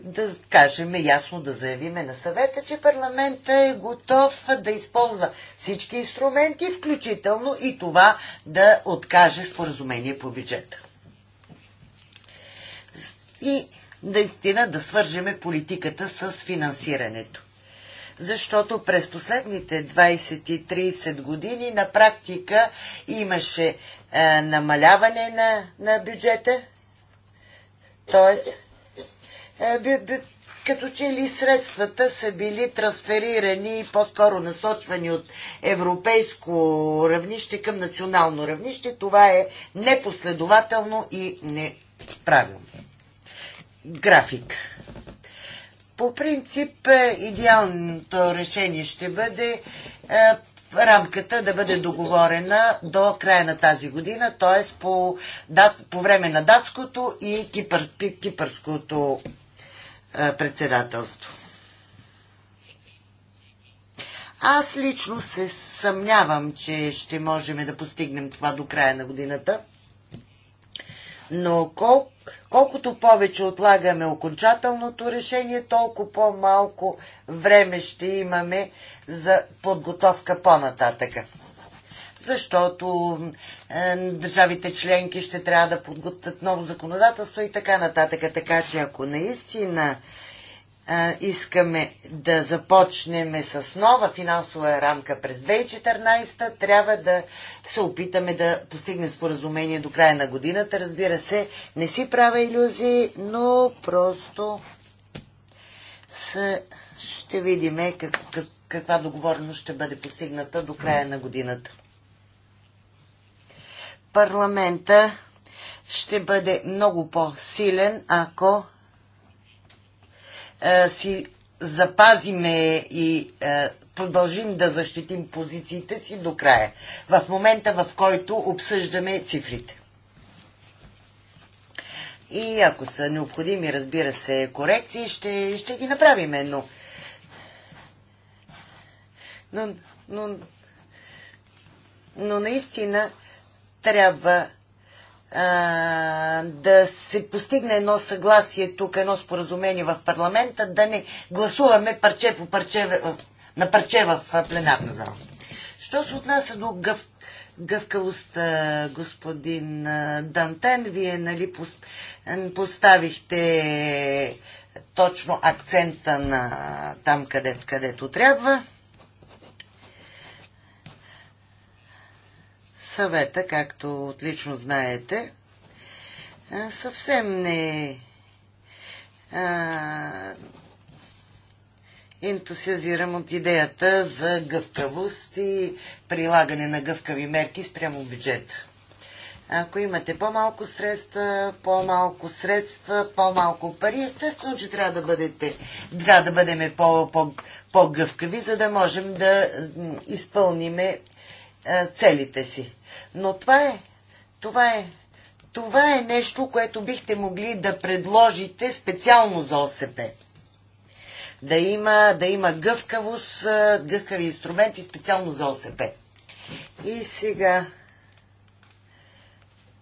да кажем ясно, да заявиме на съвета, че парламента е готов да използва всички инструменти, включително и това да откаже споразумение по бюджета. И наистина да свържеме политиката с финансирането. Защото през последните 20-30 години на практика имаше е, намаляване на, на бюджета, т.е. бю, бю, като че ли средствата са били трансферирани и по-скоро насочвани от европейско равнище към национално равнище. Това е непоследователно и неправилно график. По принцип, е, идеалното решение ще бъде е, рамката да бъде договорена до края на тази година, т.е. По, по време на датското и кипър, кипърското е, председателство. Аз лично се съмнявам, че ще можем да постигнем това до края на годината но кол, Колкото повече отлагаме окончателното решение, толкова по-малко време ще имаме за подготовка по-нататъка. Защото е, държавите членки ще трябва да подготвят ново законодателство и така нататък. Така че ако наистина искаме да започнем с нова финансова рамка през 2014, трябва да се опитаме да постигнем споразумение до края на годината. Разбира се, не си правя иллюзии, но просто с... ще видим как, как, каква договорност ще бъде постигната до края на годината. Парламента ще бъде много по-силен, ако е, си запазиме и е, продължим да защитим позициите си до края, в момента в който обсъждаме цифрите. И ако са необходими, разбира се, корекции, ще, ще ги направим. но... Но, но, но наистина трябва да се постигне едно съгласие тук, едно споразумение в парламента, да не гласуваме парче по парче, на парче в пленарна зала. Що се отнася до гъв, гъвкавостта, господин Дантен, вие нали, поставихте точно акцента на там, къде, където трябва. съвета, както отлично знаете, съвсем не а, ентусиазирам от идеята за гъвкавост и прилагане на гъвкави мерки спрямо бюджета. Ако имате по-малко средства, по-малко средства, по-малко пари, естествено, че трябва да, бъдете, трябва да бъдем по-гъвкави, -по -по за да можем да изпълниме целите си. Но това е, това е, това е нещо, което бихте могли да предложите специално за ОСП. Да има, да има гъвкавост, гъвкави инструменти специално за ОСП. И сега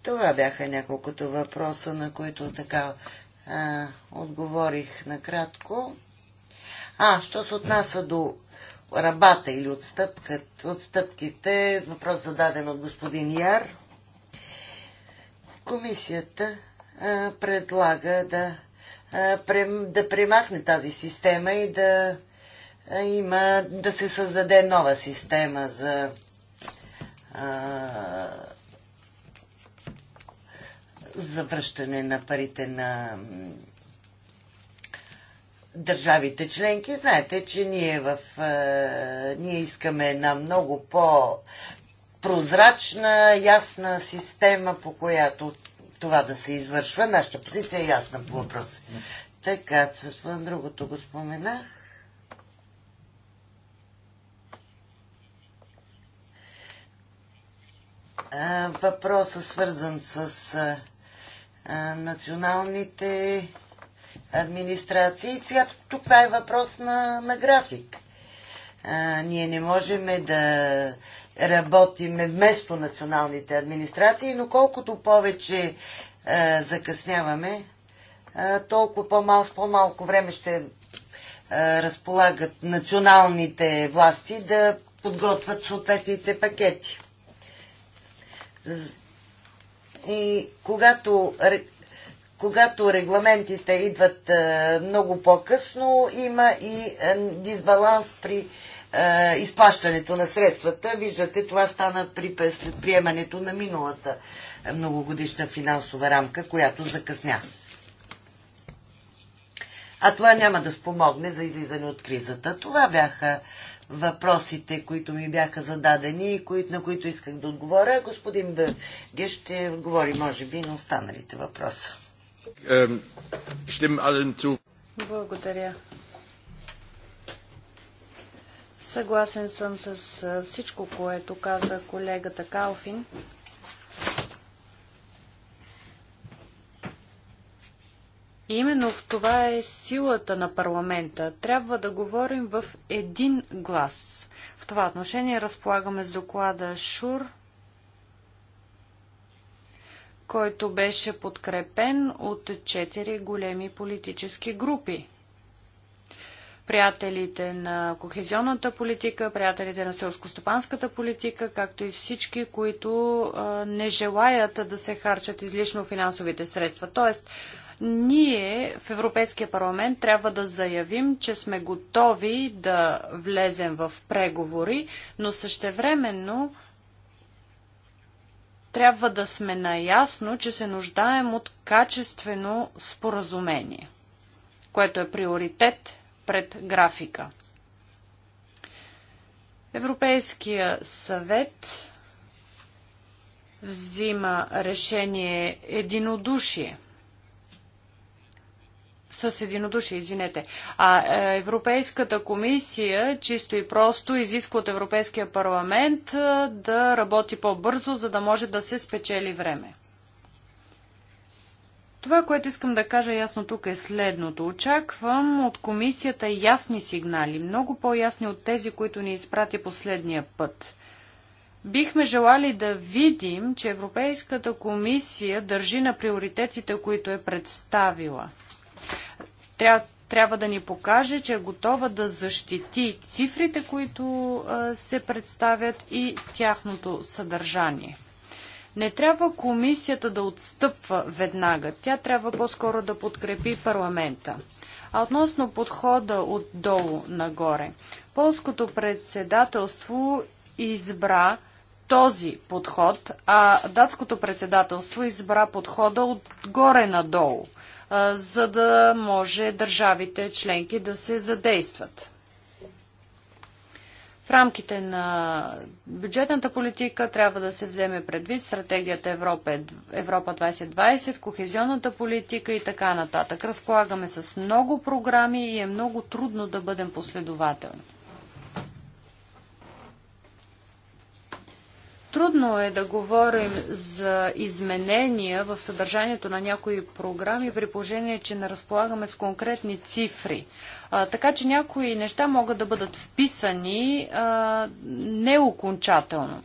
това бяха няколкото въпроса, на които така а, отговорих накратко. А, що се отнася до рабата или отстъпкът, отстъпките, въпрос зададен от господин Яр, комисията а, предлага да, а, прем, да премахне тази система и да а, има, да се създаде нова система за а, за връщане на парите на държавите членки. Знаете, че ние, в, е, ние искаме една много по прозрачна, ясна система, по която това да се извършва. Нашата позиция е ясна по въпроса. Така, с другото го споменах. Въпросът свързан с националните администрации. Сега тук това е въпрос на, на график. А, ние не можем да работиме вместо националните администрации, но колкото повече а, закъсняваме, а, толкова по-малко, по-малко време ще а, разполагат националните власти да подготвят съответните пакети. И когато когато регламентите идват е, много по-късно, има и е, дисбаланс при е, изплащането на средствата. Виждате, това стана при приемането на миналата многогодишна финансова рамка, която закъсня. А това няма да спомогне за излизане от кризата. Това бяха въпросите, които ми бяха зададени и на които исках да отговоря. Господин Бъргеш ще отговори, може би, на останалите въпроса. Ähm, Stimmen allen zu. Благодаря. Съгласен съм с всичко, което каза колегата Калфин. именно в това е силата на парламента. Трябва да говорим в един глас. В това отношение разполагаме с доклада ШУР който беше подкрепен от четири големи политически групи. Приятелите на кохезионната политика, приятелите на селскостопанската политика, както и всички, които а, не желаят да се харчат излишно финансовите средства. Тоест, ние в Европейския парламент трябва да заявим, че сме готови да влезем в преговори, но същевременно трябва да сме наясно, че се нуждаем от качествено споразумение, което е приоритет пред графика. Европейския съвет взима решение единодушие – с единодушие, извинете. А е, Европейската комисия чисто и просто изисква от Европейския парламент е, да работи по-бързо, за да може да се спечели време. Това, което искам да кажа ясно тук е следното. Очаквам от комисията ясни сигнали, много по-ясни от тези, които ни изпрати последния път. Бихме желали да видим, че Европейската комисия държи на приоритетите, които е представила. Трябва, трябва да ни покаже, че е готова да защити цифрите, които се представят и тяхното съдържание. Не трябва комисията да отстъпва веднага. Тя трябва по-скоро да подкрепи парламента. А относно подхода отдолу нагоре, полското председателство избра този подход, а датското председателство избра подхода отгоре надолу за да може държавите членки да се задействат. В рамките на бюджетната политика трябва да се вземе предвид стратегията Европа, Европа 2020, кохезионната политика и така нататък. Разполагаме с много програми и е много трудно да бъдем последователни. Трудно е да говорим за изменения в съдържанието на някои програми, при положение, че не разполагаме с конкретни цифри. А, така че някои неща могат да бъдат вписани а, неокончателно.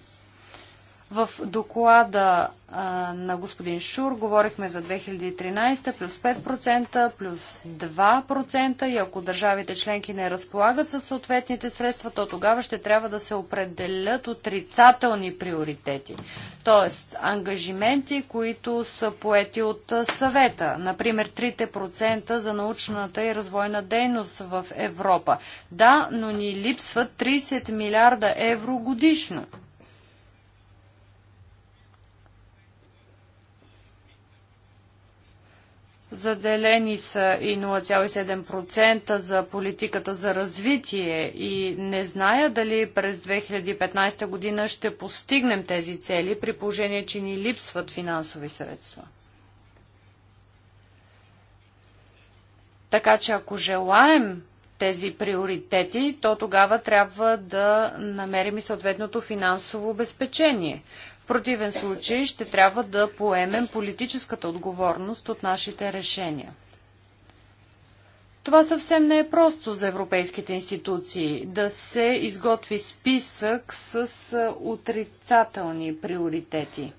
В доклада а, на господин Шур говорихме за 2013 плюс 5%, плюс 2% и ако държавите членки не разполагат със съответните средства, то тогава ще трябва да се определят отрицателни приоритети. Тоест, ангажименти, които са поети от съвета. Например, 3% за научната и развойна дейност в Европа. Да, но ни липсват 30 милиарда евро годишно. Заделени са и 0,7% за политиката за развитие и не зная дали през 2015 година ще постигнем тези цели, при положение, че ни липсват финансови средства. Така че ако желаем тези приоритети, то тогава трябва да намерим и съответното финансово обезпечение. В противен случай ще трябва да поемем политическата отговорност от нашите решения. Това съвсем не е просто за европейските институции да се изготви списък с отрицателни приоритети.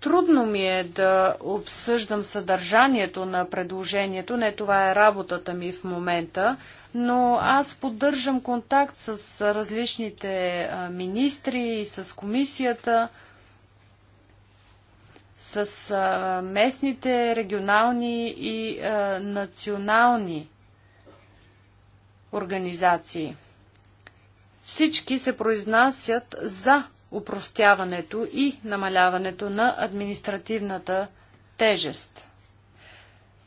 Трудно ми е да обсъждам съдържанието на предложението, не това е работата ми в момента, но аз поддържам контакт с различните министри и с комисията, с местните, регионални и национални организации. Всички се произнасят за упростяването и намаляването на административната тежест.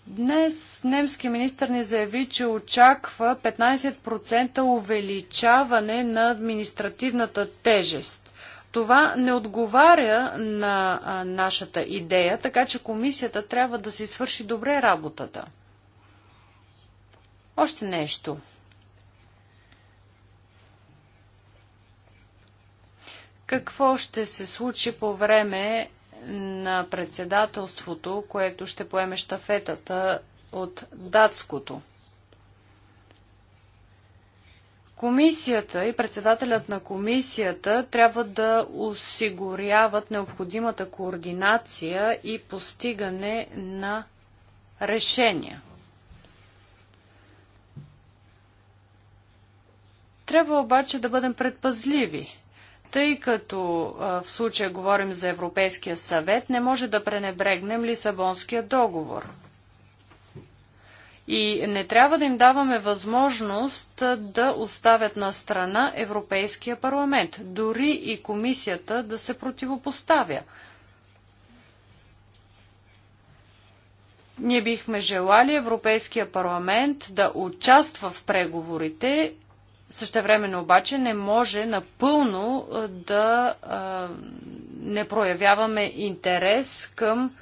Днес немски министр ни заяви, че очаква 15% увеличаване на административната тежест. Това не отговаря на а, нашата идея, така че комисията трябва да си свърши добре работата. Още нещо – Какво ще се случи по време на председателството, което ще поеме щафетата от датското? Комисията и председателят на комисията трябва да осигуряват необходимата координация и постигане на решения. Трябва обаче да бъдем предпазливи, тъй като а, в случая говорим за Европейския съвет, не може да пренебрегнем Лисабонския договор. И не трябва да им даваме възможност да оставят на страна Европейския парламент, дори и комисията да се противопоставя. Ние бихме желали Европейския парламент да участва в преговорите Същевременно обаче не може напълно да не проявяваме интерес към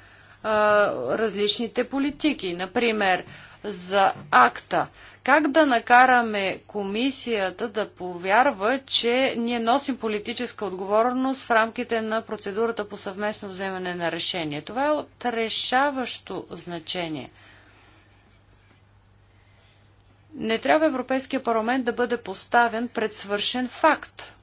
различните политики. Например, за акта. Как да накараме комисията да повярва, че ние носим политическа отговорност в рамките на процедурата по съвместно вземане на решение? Това е от решаващо значение. Не трябва Европейския парламент да бъде поставен пред свършен факт.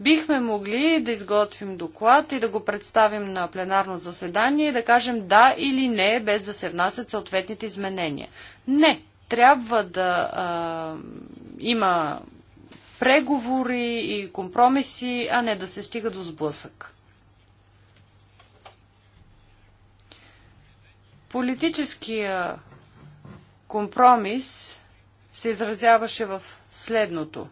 Бихме могли да изготвим доклад и да го представим на пленарно заседание и да кажем да или не, без да се внасят съответните изменения. Не, трябва да а, има преговори и компромиси, а не да се стига до сблъсък. Политическия компромис се изразяваше в следното.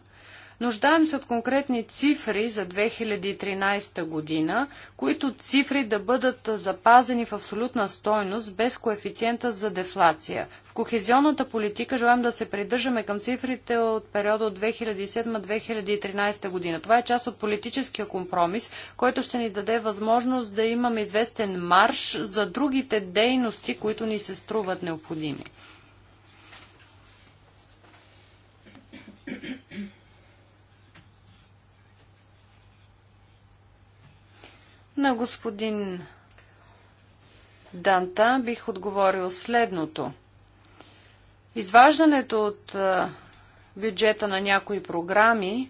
Нуждаем се от конкретни цифри за 2013 година, които цифри да бъдат запазени в абсолютна стойност без коефициента за дефлация. В кохезионната политика желаем да се придържаме към цифрите от периода от 2007-2013 година. Това е част от политическия компромис, който ще ни даде възможност да имаме известен марш за другите дейности, които ни се струват необходими. На господин Данта бих отговорил следното. Изваждането от бюджета на някои програми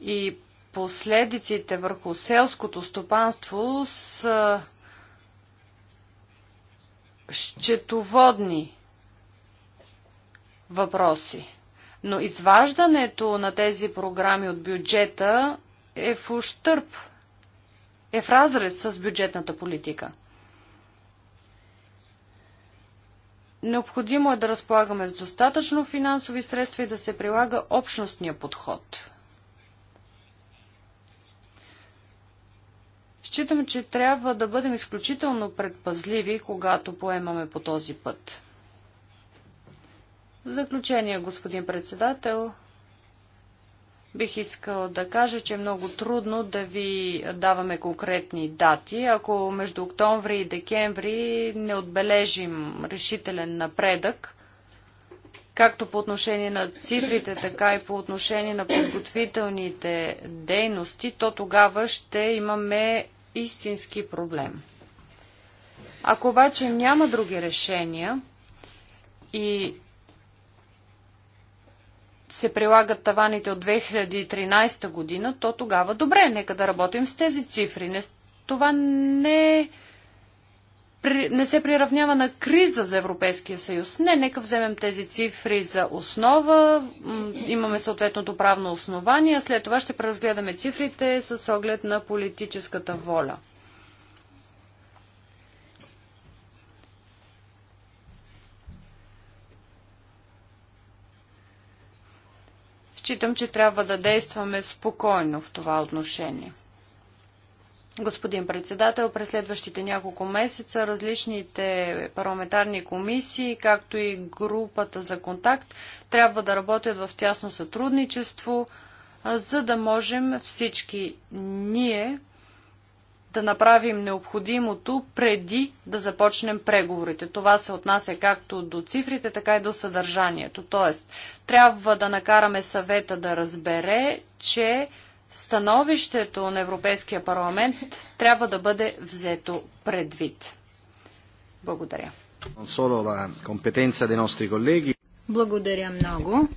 и последиците върху селското стопанство са счетоводни въпроси. Но изваждането на тези програми от бюджета е в ущърп е в разрез с бюджетната политика. Необходимо е да разполагаме с достатъчно финансови средства и да се прилага общностния подход. Считам, че трябва да бъдем изключително предпазливи, когато поемаме по този път. В заключение, господин председател, Бих искал да кажа, че е много трудно да ви даваме конкретни дати. Ако между октомври и декември не отбележим решителен напредък, както по отношение на цифрите, така и по отношение на подготвителните дейности, то тогава ще имаме истински проблем. Ако обаче няма други решения и се прилагат таваните от 2013 година, то тогава добре, нека да работим с тези цифри. Не, това не, не се приравнява на криза за Европейския съюз. Не, нека вземем тези цифри за основа, имаме съответното правно основание, след това ще преразгледаме цифрите с оглед на политическата воля. Считам, че трябва да действаме спокойно в това отношение. Господин председател, през следващите няколко месеца различните парламентарни комисии, както и групата за контакт, трябва да работят в тясно сътрудничество, за да можем всички ние да направим необходимото преди да започнем преговорите. Това се отнася както до цифрите, така и до съдържанието. Тоест, трябва да накараме съвета да разбере, че становището на Европейския парламент трябва да бъде взето предвид. Благодаря. Благодаря много.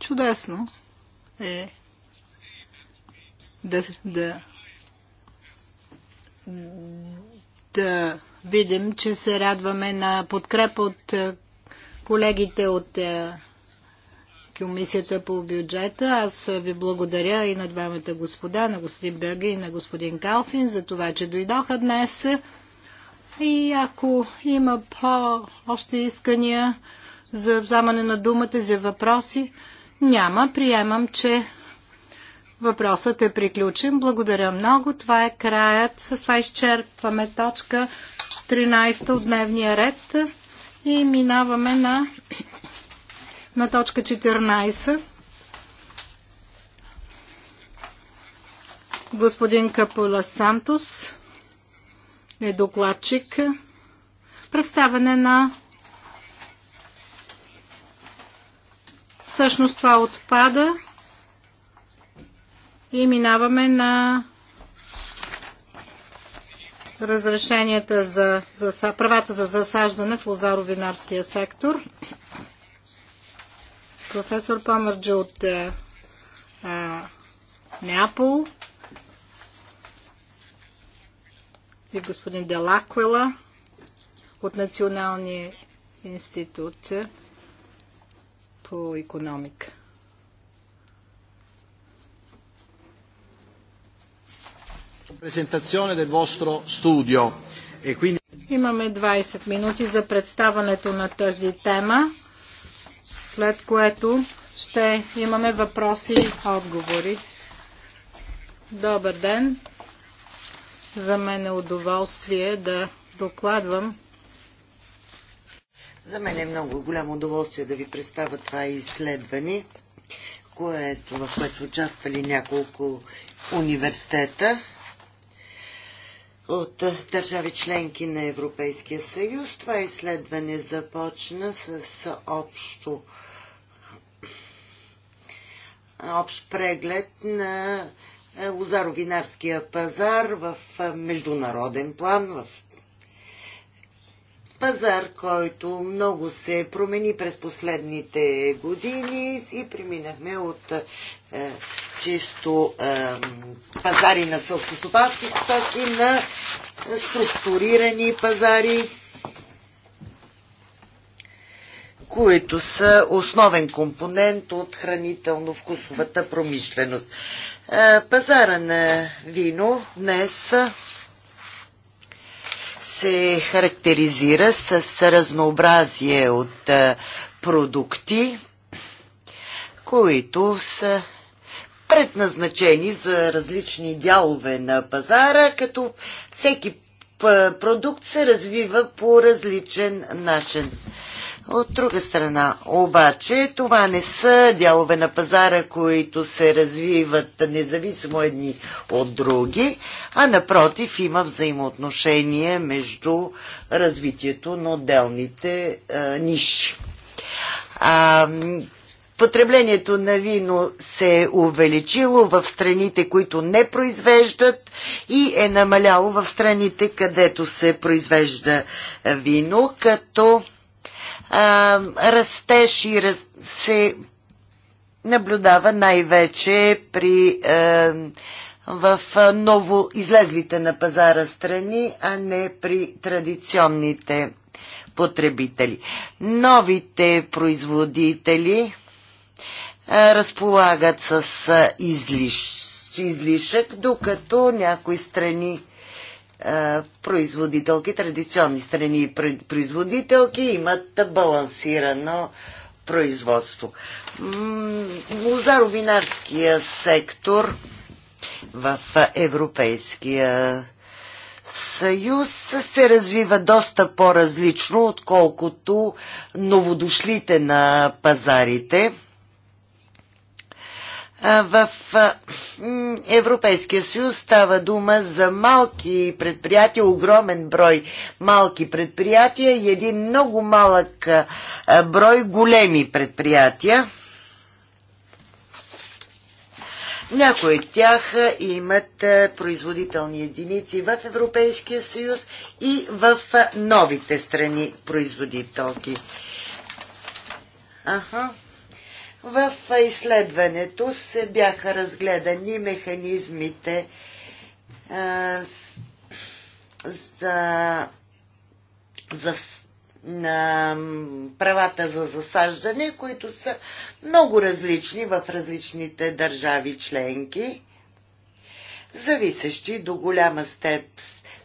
Чудесно е да, да, да видим, че се радваме на подкрепа от е, колегите от е, Комисията по бюджета. Аз ви благодаря и на двамата господа, на господин Бега и на господин Калфин за това, че дойдоха днес. И ако има по-още искания за вземане на думата, за въпроси, няма. Приемам, че Въпросът е приключен. Благодаря много. Това е краят. С това изчерпваме точка 13 от дневния ред и минаваме на, на точка 14. Господин Капула Сантос е докладчик. Представане на Всъщност това отпада. И минаваме на разрешенията за, за правата за засаждане в лозаровинарския сектор. Професор Памърджа от а, е, е, Неапол и господин Делаквела от Националния институт по економика. E имаме 20 минути за представането на тази тема, след което ще имаме въпроси и отговори. Добър ден! За мен е удоволствие да докладвам. За мен е много голямо удоволствие да ви представя това изследване, което, в което участвали няколко университета от държави членки на Европейския съюз. Това изследване започна с общо общ преглед на лозаровинарския пазар в международен план, в пазар, който много се промени през последните години и преминахме от е, чисто е, пазари на сълскостопански стоки на структурирани пазари, които са основен компонент от хранително-вкусовата промишленост. Е, пазара на вино днес се характеризира с разнообразие от продукти, които са предназначени за различни дялове на пазара, като всеки продукт се развива по различен начин. От друга страна, обаче, това не са дялове на пазара, които се развиват независимо едни от други, а напротив има взаимоотношение между развитието на отделните а, ниши. А, потреблението на вино се е увеличило в страните, които не произвеждат и е намаляло в страните, където се произвежда вино, като а, растеж и раз, се наблюдава най-вече при е, а, в ново излезлите на пазара страни, а не при традиционните потребители. Новите производители а, е, разполагат с е, излиш, излишък, докато някои страни е, производителки, традиционни страни производителки имат балансирано производство. Лозаровинарския сектор в Европейския съюз се развива доста по-различно, отколкото новодошлите на пазарите – в Европейския съюз става дума за малки предприятия, огромен брой малки предприятия и един много малък брой големи предприятия. Някои от тях имат производителни единици в Европейския съюз и в новите страни производителки. Аха. В изследването се бяха разгледани механизмите а, за, за на правата за засаждане, които са много различни в различните държави членки, зависещи до голяма степ,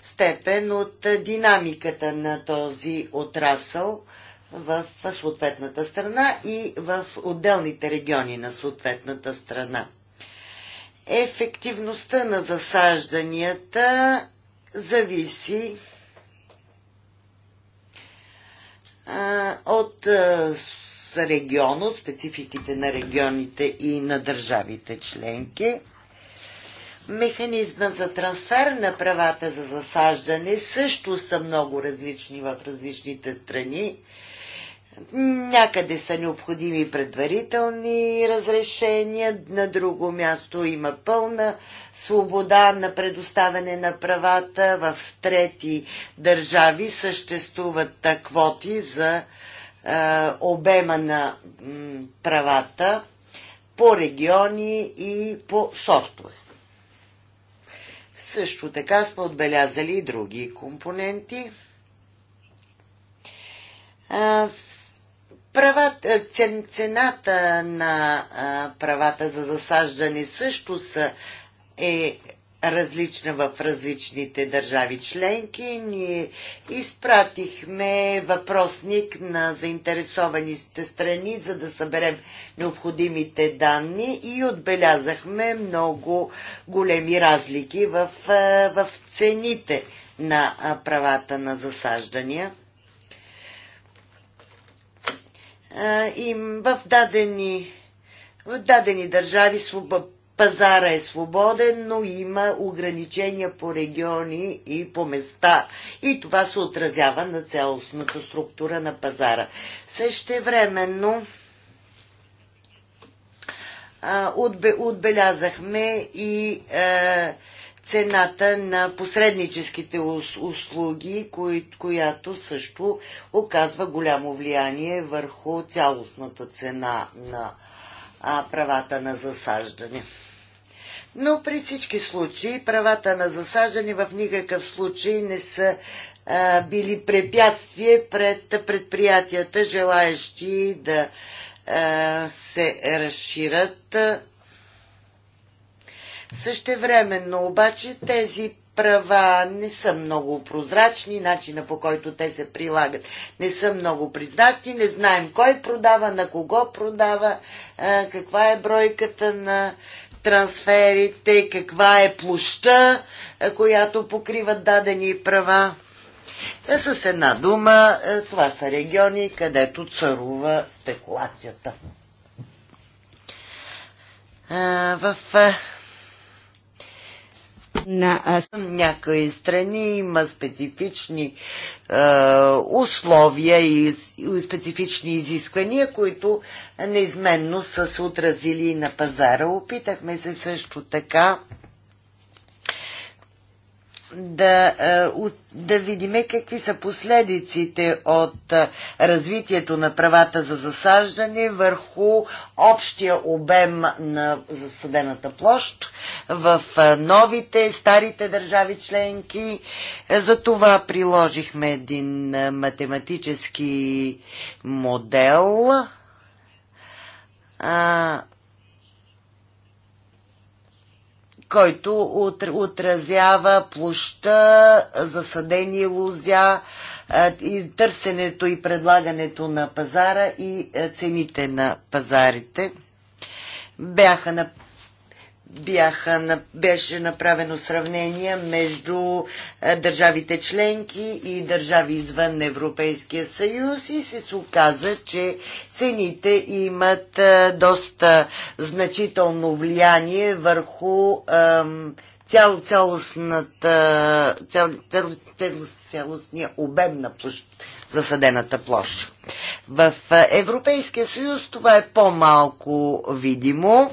степен от динамиката на този отрасъл – в съответната страна и в отделните региони на съответната страна. Ефективността на засажданията зависи от регион, от спецификите на регионите и на държавите членки. Механизма за трансфер на правата за засаждане също са много различни в различните страни Някъде са необходими предварителни разрешения, на друго място има пълна свобода на предоставяне на правата, в трети държави съществуват квоти за е, обема на м, правата по региони и по сортове. Също така сме отбелязали и други компоненти. Правата, е, цената на е, правата за засаждане също са, е различна в различните държави членки. Ние изпратихме въпросник на заинтересованите страни, за да съберем необходимите данни и отбелязахме много големи разлики в, е, в цените на правата на засаждания им в дадени, в дадени държави пазара е свободен, но има ограничения по региони и по места. И това се отразява на цялостната структура на пазара. Същевременно отбе, отбелязахме и цената на посредническите услуги, която също оказва голямо влияние върху цялостната цена на правата на засаждане. Но при всички случаи правата на засаждане в никакъв случай не са били препятствие пред предприятията, желаещи да се разширят Същевременно обаче тези права не са много прозрачни, начина по който те се прилагат не са много признащи. не знаем кой продава, на кого продава, каква е бройката на трансферите, каква е площа, която покриват дадени права. С една дума, това са региони, където царува спекулацията. В на някои страни има специфични е, условия и, и специфични изисквания, които неизменно са се отразили на пазара. Опитахме се също така да, е, да видим какви са последиците от е, развитието на правата за засаждане върху общия обем на засадената площ в е, новите, старите държави членки. За това приложихме един математически модел. А, който отразява площа, засадени лузя, и търсенето и предлагането на пазара и цените на пазарите. Бяха на бяха, беше направено сравнение между е, държавите членки и държави извън Европейския съюз и се оказа, че цените имат е, доста значително влияние върху цяло, цялостната, цял, цял, цялостния обем на площ, засадената площ. В е, Европейския съюз това е по-малко видимо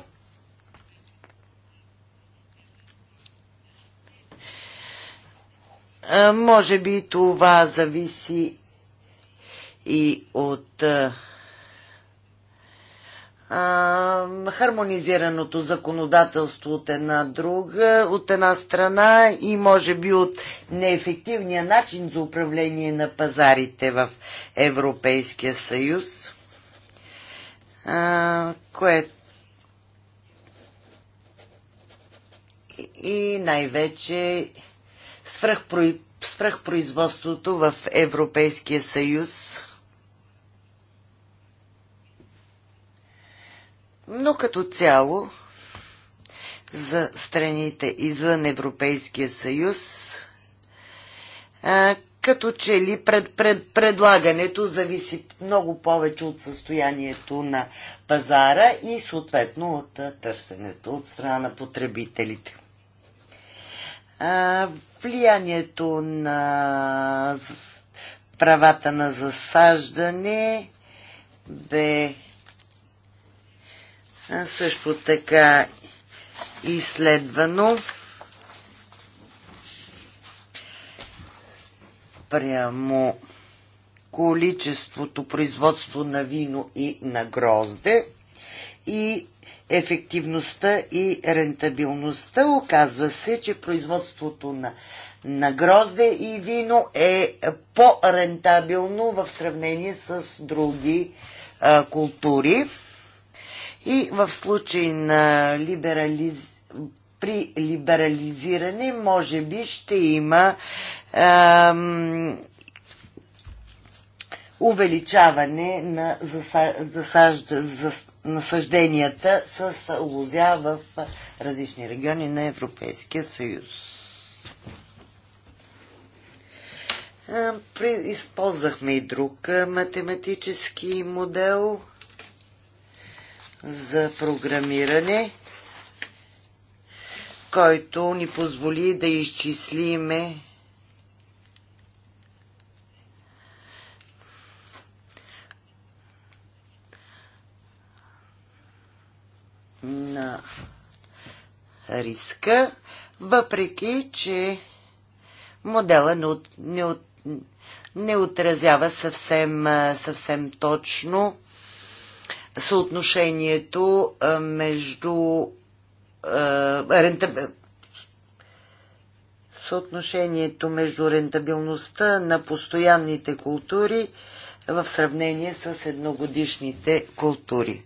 Може би това зависи и от а, хармонизираното законодателство от една друга, от една страна и може би от неефективния начин за управление на пазарите в Европейския съюз, а, което и най-вече свръхпроизводството в Европейския съюз. Но като цяло за страните извън Европейския съюз, а, като че ли пред, пред, предлагането зависи много повече от състоянието на пазара и съответно от търсенето от страна на потребителите влиянието на правата на засаждане бе също така изследвано прямо количеството производство на вино и на грозде и ефективността и рентабилността. Оказва се, че производството на, на грозде и вино е по-рентабилно в сравнение с други а, култури. И в случай на либерализ... при либерализиране, може би ще има ам, увеличаване на засаждането засаж... зас насъжденията с лозя в различни региони на Европейския съюз. Използвахме и друг математически модел за програмиране, който ни позволи да изчислиме на риска, въпреки че модела не, от, не, от, не отразява съвсем, съвсем точно съотношението между рента, съотношението между рентабилността на постоянните култури в сравнение с едногодишните култури.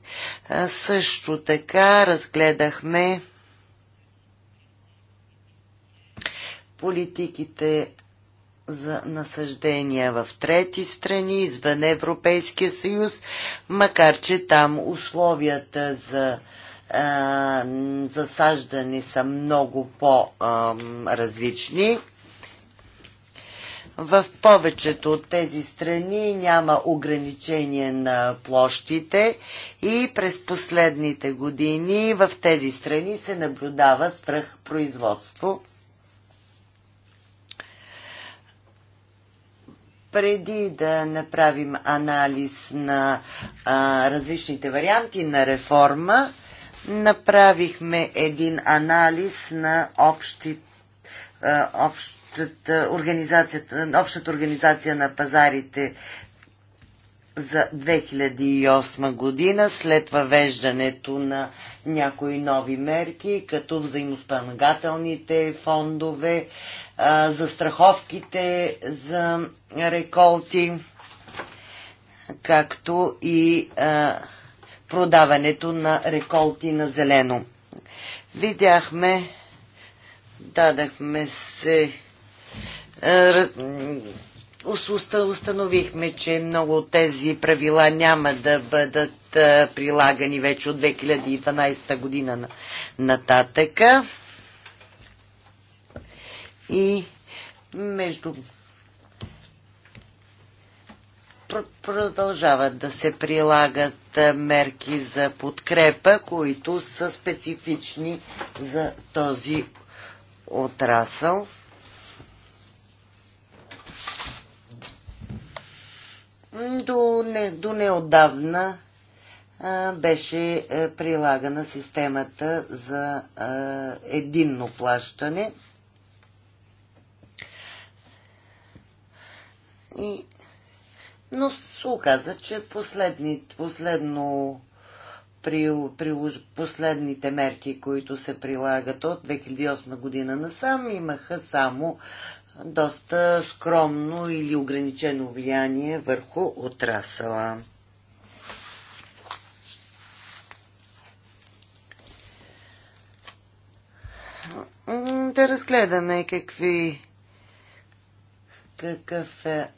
също така разгледахме политиките за насъждения в трети страни, извън Европейския съюз, макар че там условията за засаждане са много по-различни. В повечето от тези страни няма ограничение на площите и през последните години в тези страни се наблюдава свръхпроизводство. преди да направим анализ на а, различните варианти на реформа, направихме един анализ на общи, а, общ, организацията, общата организация на пазарите за 2008 година след въвеждането на някои нови мерки, като взаимоспомагателните фондове, застраховките за реколти, както и продаването на реколти на зелено. Видяхме, дадахме се е, установихме, че много от тези правила няма да бъдат е, прилагани вече от 2012 година нататъка. И между продължават да се прилагат е, мерки за подкрепа, които са специфични за този отрасъл. До, не, до неодавна а, беше а, е, прилагана системата за а, единно плащане. И, но се оказа, че последни, последно последните мерки, които се прилагат от 2008 година насам, имаха само доста скромно или ограничено влияние върху отрасъла. Да разгледаме какви какъв е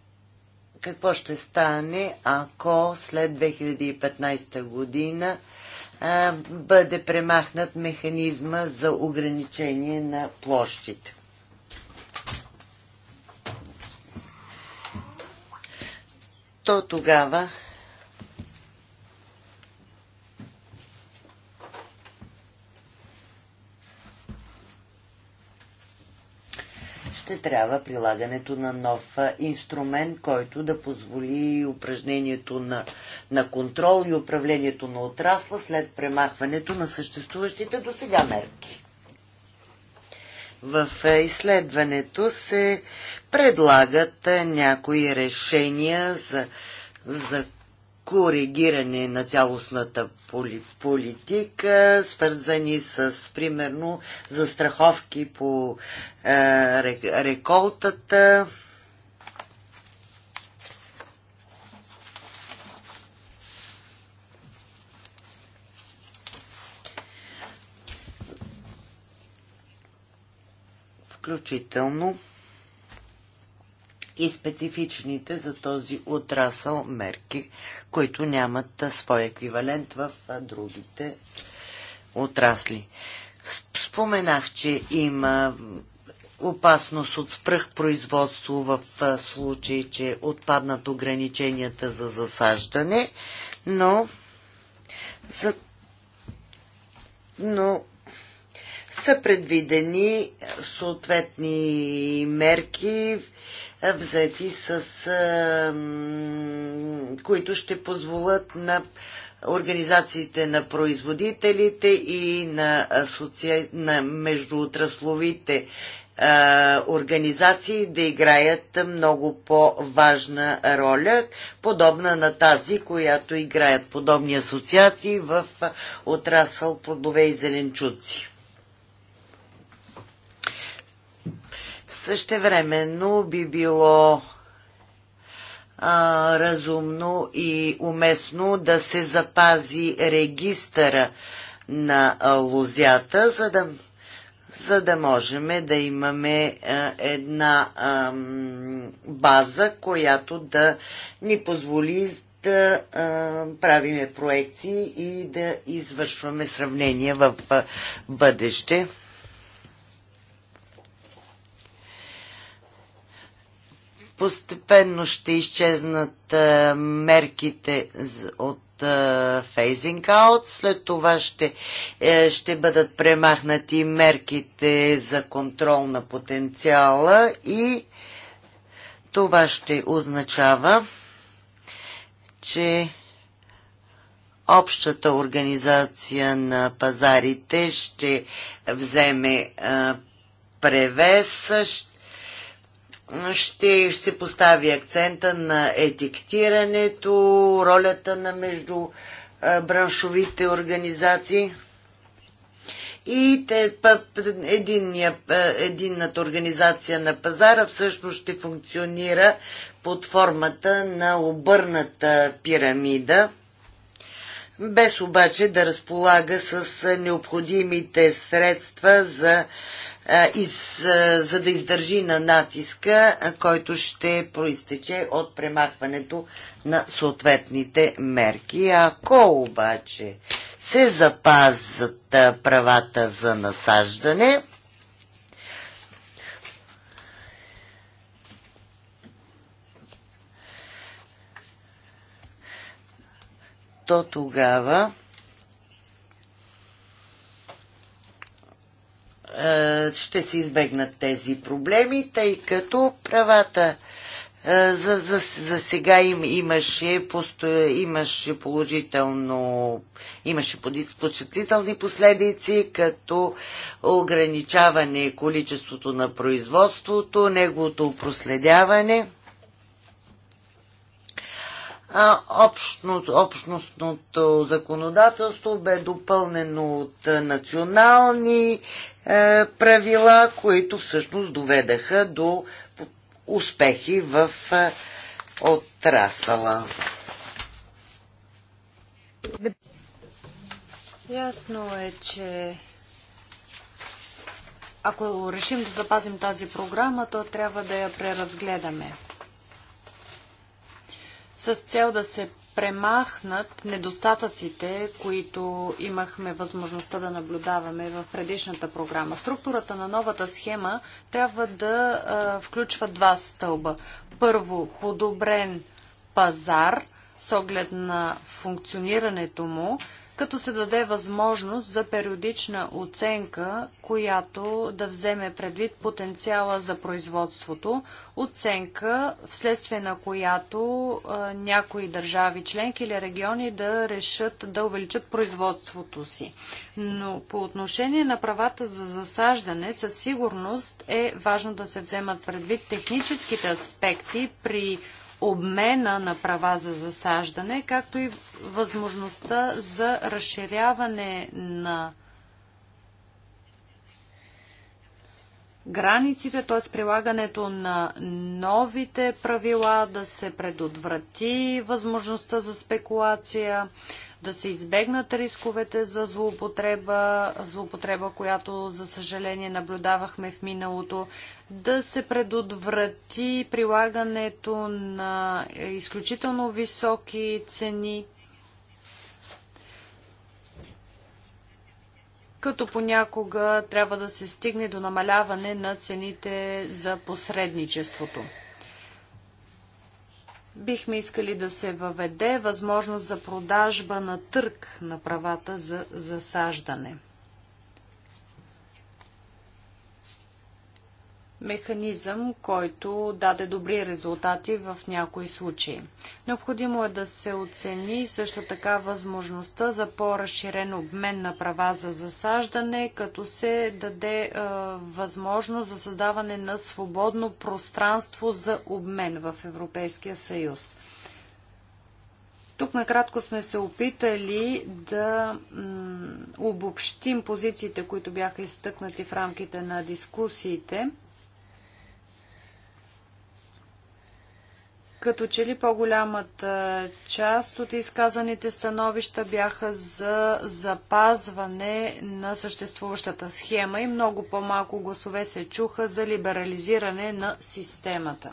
какво ще стане, ако след 2015 година а, бъде премахнат механизма за ограничение на площите. то тогава ще трябва прилагането на нов инструмент, който да позволи упражнението на, на контрол и управлението на отрасла след премахването на съществуващите до сега мерки. В е, изследването се предлагат е, някои решения за, за коригиране на цялостната политика, свързани с, примерно, застраховки по е, реколтата, включително и специфичните за този отрасъл мерки, които нямат свой еквивалент в другите отрасли. Споменах, че има опасност от спръхпроизводство, в случай, че отпаднат ограниченията за засаждане, но, за, но са предвидени съответни мерки, взети с които ще позволят на организациите на производителите и на, асоци... на междуотрасловите организации да играят много по-важна роля, подобна на тази, която играят подобни асоциации в отрасъл плодове и зеленчуци. Същевременно би било а, разумно и уместно да се запази регистъра на лузята, лозята, за да, за да можем да имаме а, една а, база, която да ни позволи да а, правиме проекции и да извършваме сравнения в а, бъдеще. постепенно ще изчезнат е, мерките от фейзинг аут, след това ще, е, ще бъдат премахнати мерките за контрол на потенциала и това ще означава, че общата организация на пазарите ще вземе е, превес, ще се постави акцента на етиктирането, ролята на между браншовите организации и те, пъп, единния, единната организация на пазара всъщност ще функционира под формата на обърната пирамида, без обаче да разполага с необходимите средства за из, за да издържи на натиска, който ще проистече от премахването на съответните мерки. Ако обаче се запазят правата за насаждане, то тогава Е, ще се избегнат тези проблеми, тъй като правата е, за, за, за сега им, имаше, посто, имаше положително, имаше впечатлителни последици, като ограничаване количеството на производството, неговото проследяване Общност, общностното законодателство бе допълнено от национални е, правила, които всъщност доведаха до успехи в е, отрасала. Ясно е, че ако решим да запазим тази програма, то трябва да я преразгледаме с цел да се премахнат недостатъците, които имахме възможността да наблюдаваме в предишната програма. Структурата на новата схема трябва да а, включва два стълба. Първо, подобрен пазар с оглед на функционирането му, като се даде възможност за периодична оценка, която да вземе предвид потенциала за производството, оценка вследствие на която а, някои държави членки или региони да решат да увеличат производството си. Но по отношение на правата за засаждане, със сигурност е важно да се вземат предвид техническите аспекти при обмена на права за засаждане, както и възможността за разширяване на границите, т.е. прилагането на новите правила, да се предотврати възможността за спекулация, да се избегнат рисковете за злоупотреба, злоупотреба, която за съжаление наблюдавахме в миналото, да се предотврати прилагането на изключително високи цени, като понякога трябва да се стигне до намаляване на цените за посредничеството. Бихме искали да се въведе възможност за продажба на търг на правата за засаждане. механизъм, който даде добри резултати в някои случаи. Необходимо е да се оцени също така възможността за по-разширен обмен на права за засаждане, като се даде е, възможност за създаване на свободно пространство за обмен в Европейския съюз. Тук накратко сме се опитали да обобщим позициите, които бяха изтъкнати в рамките на дискусиите. Като че ли по-голямата част от изказаните становища бяха за запазване на съществуващата схема и много по-малко гласове се чуха за либерализиране на системата.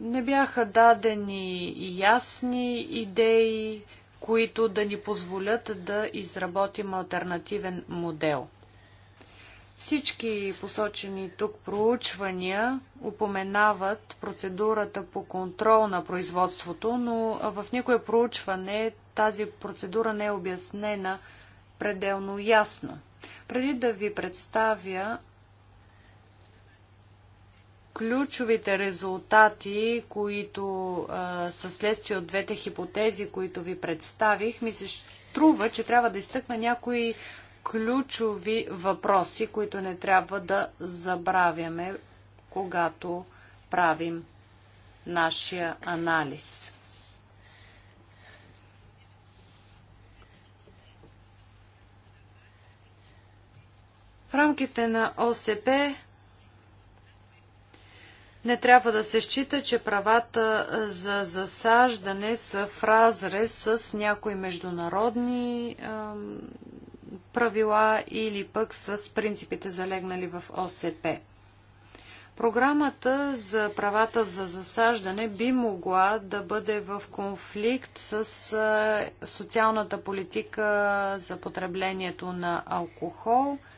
не бяха дадени ясни идеи, които да ни позволят да изработим альтернативен модел. Всички посочени тук проучвания упоменават процедурата по контрол на производството, но в никое проучване тази процедура не е обяснена пределно ясно. Преди да ви представя ключовите резултати, които а, са следствие от двете хипотези, които ви представих, ми се струва, че трябва да изтъкна някои ключови въпроси, които не трябва да забравяме, когато правим нашия анализ. В рамките на ОСП не трябва да се счита, че правата за засаждане са в разрез с някои международни правила или пък с принципите залегнали в ОСП. Програмата за правата за засаждане би могла да бъде в конфликт с социалната политика за потреблението на алкохол –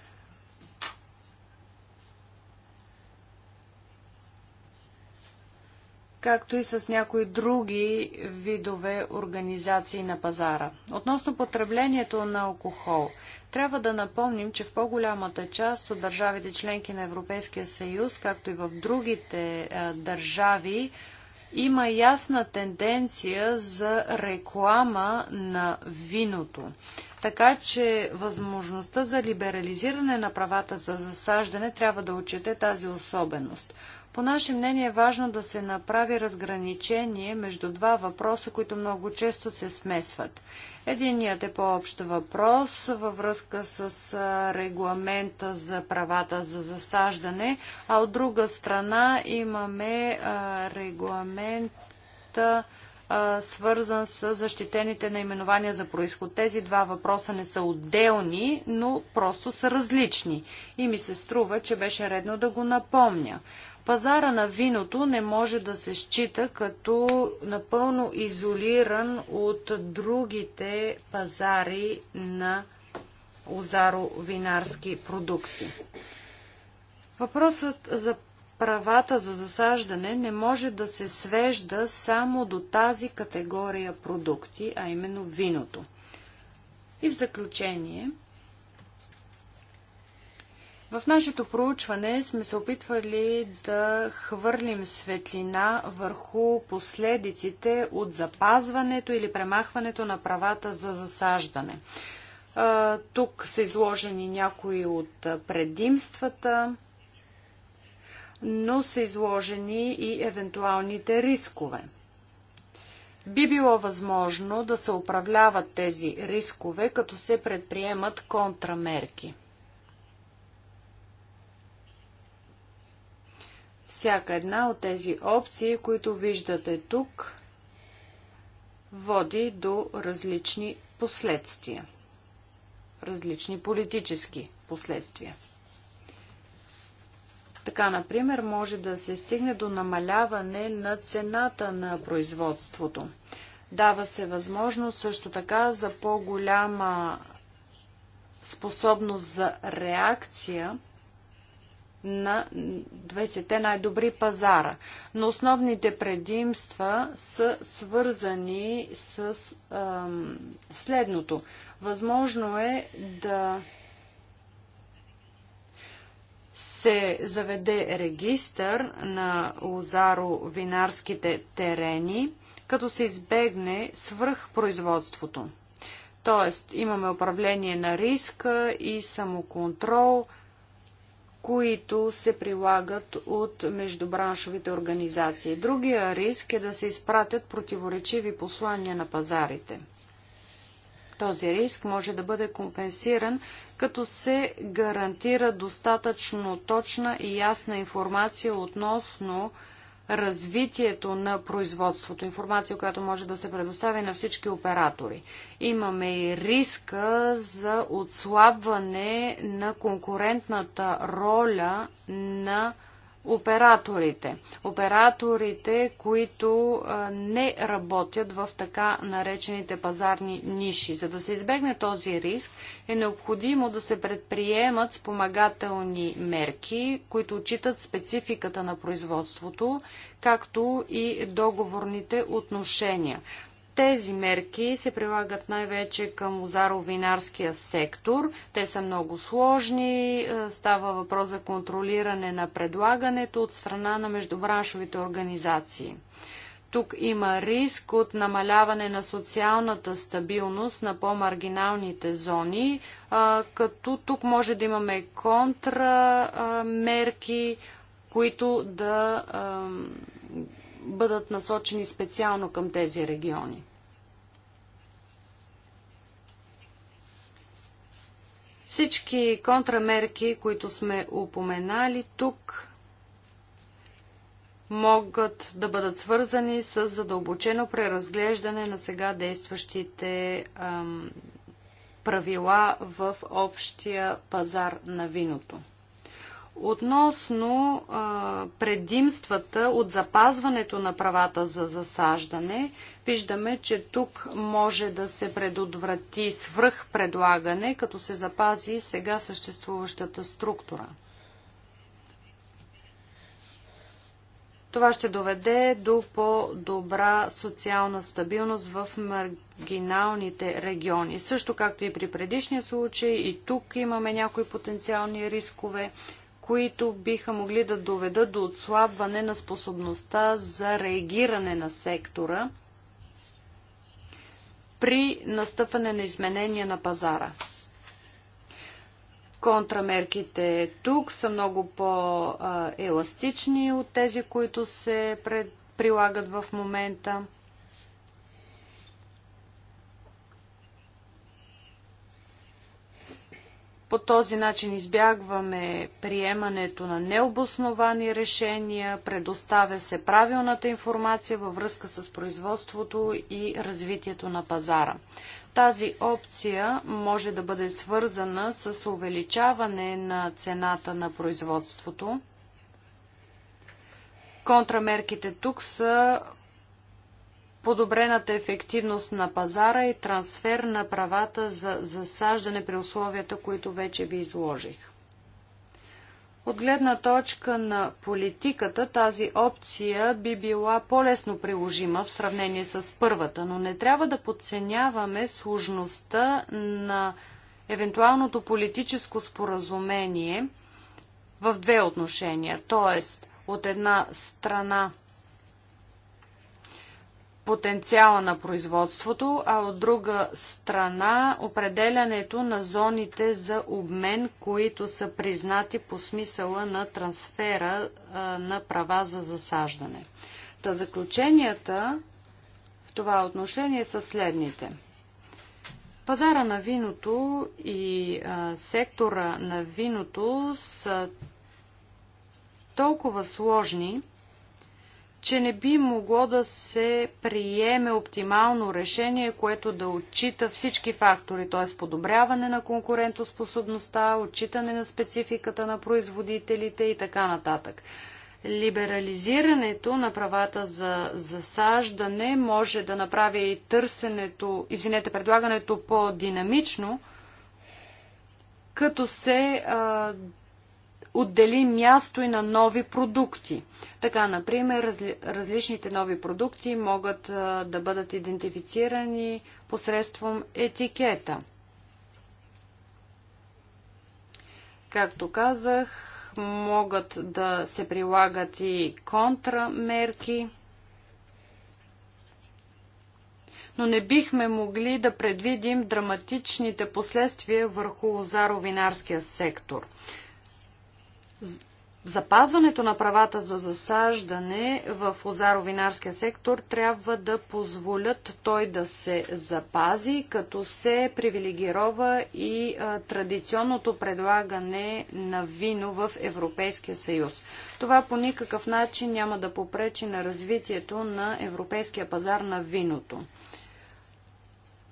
както и с някои други видове организации на пазара. Относно потреблението на алкохол, трябва да напомним, че в по-голямата част от държавите членки на Европейския съюз, както и в другите а, е, държави, има ясна тенденция за реклама на виното. Така че възможността за либерализиране на правата за засаждане трябва да отчете тази особеност. По наше мнение е важно да се направи разграничение между два въпроса, които много често се смесват. Единият е по-общ въпрос във връзка с регламента за правата за засаждане, а от друга страна имаме регламента свързан с защитените наименования за происход. Тези два въпроса не са отделни, но просто са различни. И ми се струва, че беше редно да го напомня. Пазара на виното не може да се счита като напълно изолиран от другите пазари на лозаро-винарски продукти. Въпросът за правата за засаждане не може да се свежда само до тази категория продукти, а именно виното. И в заключение – в нашето проучване сме се опитвали да хвърлим светлина върху последиците от запазването или премахването на правата за засаждане. Тук са изложени някои от предимствата, но са изложени и евентуалните рискове. Би било възможно да се управляват тези рискове, като се предприемат контрамерки – Всяка една от тези опции, които виждате тук, води до различни последствия. Различни политически последствия. Така, например, може да се стигне до намаляване на цената на производството. Дава се възможност също така за по-голяма способност за реакция на 20-те най-добри пазара. Но основните предимства са свързани с ам, следното. Възможно е да се заведе регистър на лозаро-винарските терени, като се избегне свръхпроизводството. Тоест, имаме управление на риска и самоконтрол – които се прилагат от междубраншовите организации. Другия риск е да се изпратят противоречиви послания на пазарите. Този риск може да бъде компенсиран, като се гарантира достатъчно точна и ясна информация относно развитието на производството, информация, която може да се предостави на всички оператори. Имаме и риска за отслабване на конкурентната роля на операторите. Операторите, които не работят в така наречените пазарни ниши. За да се избегне този риск, е необходимо да се предприемат спомагателни мерки, които отчитат спецификата на производството, както и договорните отношения. Тези мерки се прилагат най-вече към Озаро-винарския сектор. Те са много сложни. Е, става въпрос за контролиране на предлагането от страна на междубраншовите организации. Тук има риск от намаляване на социалната стабилност на по-маргиналните зони, е, като тук може да имаме контрамерки, които да бъдат насочени специално към тези региони. Всички контрамерки, които сме упоменали тук, могат да бъдат свързани с задълбочено преразглеждане на сега действащите ам, правила в общия пазар на виното. Относно а, предимствата от запазването на правата за засаждане, виждаме, че тук може да се предотврати свръхпредлагане, като се запази сега съществуващата структура. Това ще доведе до по-добра социална стабилност в маргиналните региони. Също както и при предишния случай, и тук имаме някои потенциални рискове които биха могли да доведат до отслабване на способността за реагиране на сектора при настъпване на изменения на пазара. Контрамерките тук са много по-еластични от тези, които се прилагат в момента. По този начин избягваме приемането на необосновани решения, предоставя се правилната информация във връзка с производството и развитието на пазара. Тази опция може да бъде свързана с увеличаване на цената на производството. Контрамерките тук са подобрената ефективност на пазара и трансфер на правата за засаждане при условията, които вече ви изложих. От гледна точка на политиката, тази опция би била по-лесно приложима в сравнение с първата, но не трябва да подценяваме сложността на евентуалното политическо споразумение в две отношения. Тоест, от една страна потенциала на производството, а от друга страна определянето на зоните за обмен, които са признати по смисъла на трансфера на права за засаждане. Та заключенията в това отношение са следните. Пазара на виното и а, сектора на виното са толкова сложни, че не би могло да се приеме оптимално решение, което да отчита всички фактори, т.е. подобряване на конкурентоспособността, отчитане на спецификата на производителите и така нататък. Либерализирането на правата за засаждане може да направи и търсенето, извинете, предлагането по-динамично, като се а, отдели място и на нови продукти. Така, например, разли, различните нови продукти могат а, да бъдат идентифицирани посредством етикета. Както казах, могат да се прилагат и контрамерки, но не бихме могли да предвидим драматичните последствия върху лозаровинарския сектор – Запазването на правата за засаждане в озаровинарския сектор трябва да позволят той да се запази, като се привилегирова и а, традиционното предлагане на вино в Европейския съюз. Това по никакъв начин няма да попречи на развитието на европейския пазар на виното.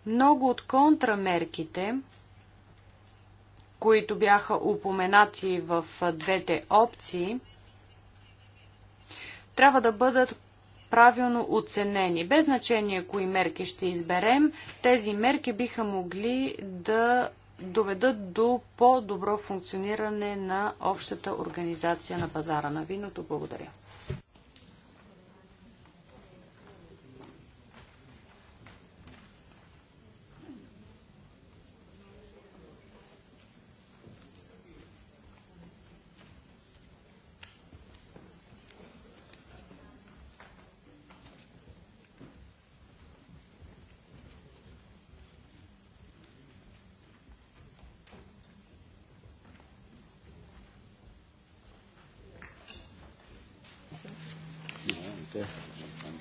Много от контрамерките, които бяха упоменати в двете опции, трябва да бъдат правилно оценени. Без значение кои мерки ще изберем, тези мерки биха могли да доведат до по-добро функциониране на общата организация на пазара на виното. Благодаря.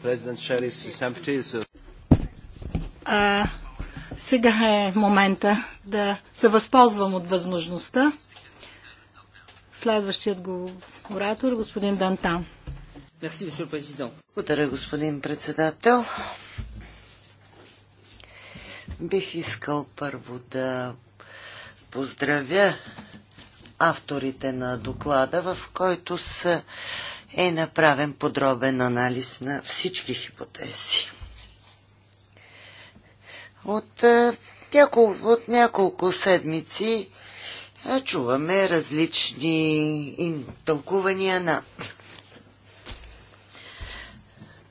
President Шерис uh, сега е момента да се възползвам от възможността. Следващият го оратор, господин Дантан. Благодаря, господин председател. Бих искал първо да поздравя авторите на доклада, в който са е направен подробен анализ на всички хипотези. От, е, няколко, от няколко седмици е, чуваме различни тълкувания на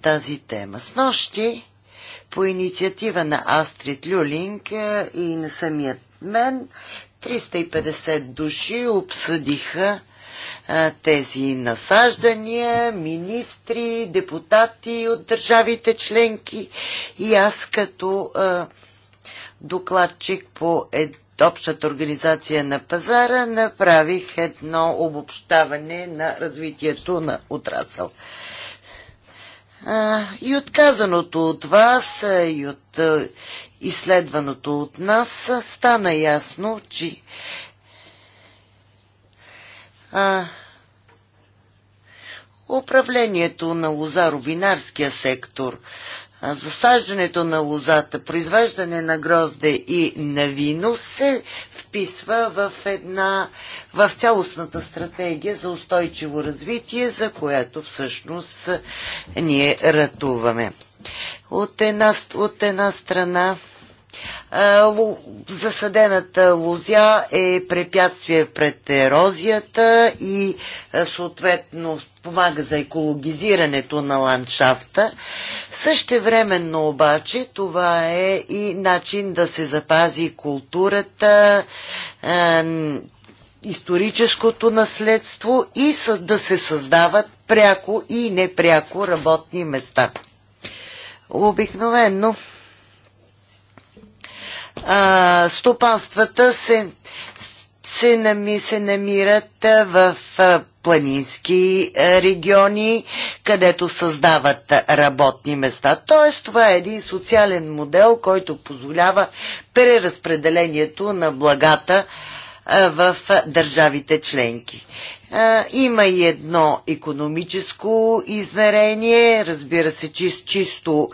тази тема. С нощи по инициатива на Астрид Люлинг е, и на самият мен 350 души обсъдиха тези насаждания, министри, депутати от държавите членки и аз като докладчик по общата организация на пазара направих едно обобщаване на развитието на отрасъл. И отказаното от вас, и от изследваното от нас стана ясно, че а, управлението на лозаровинарския сектор, засаждането на лозата, произвеждане на грозде и на вино се вписва в една в цялостната стратегия за устойчиво развитие, за което всъщност ние ратуваме. От една, от една страна е, засадената лозя е препятствие пред ерозията и е, съответно помага за екологизирането на ландшафта. Същевременно обаче това е и начин да се запази културата, е, историческото наследство и да се създават пряко и непряко работни места. Обикновенно а, стопанствата се, се, нами, се намират в а, планински региони, където създават работни места. Т.е. това е един социален модел, който позволява преразпределението на благата в държавите членки. Има и едно економическо измерение, разбира се, чисто, чисто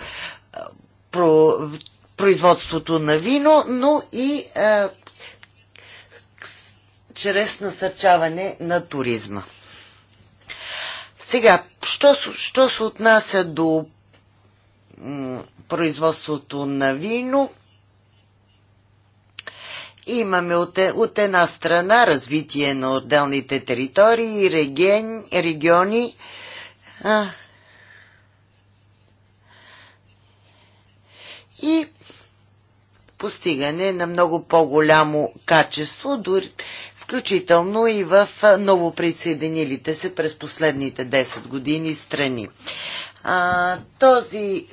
производството на вино, но и а, е, чрез насърчаване на туризма. Сега, що, що се отнася до производството на вино, имаме от, от една страна развитие на отделните територии и регион, региони, а, и постигане на много по-голямо качество, дори включително и в новоприсъединилите се през последните 10 години страни. А, този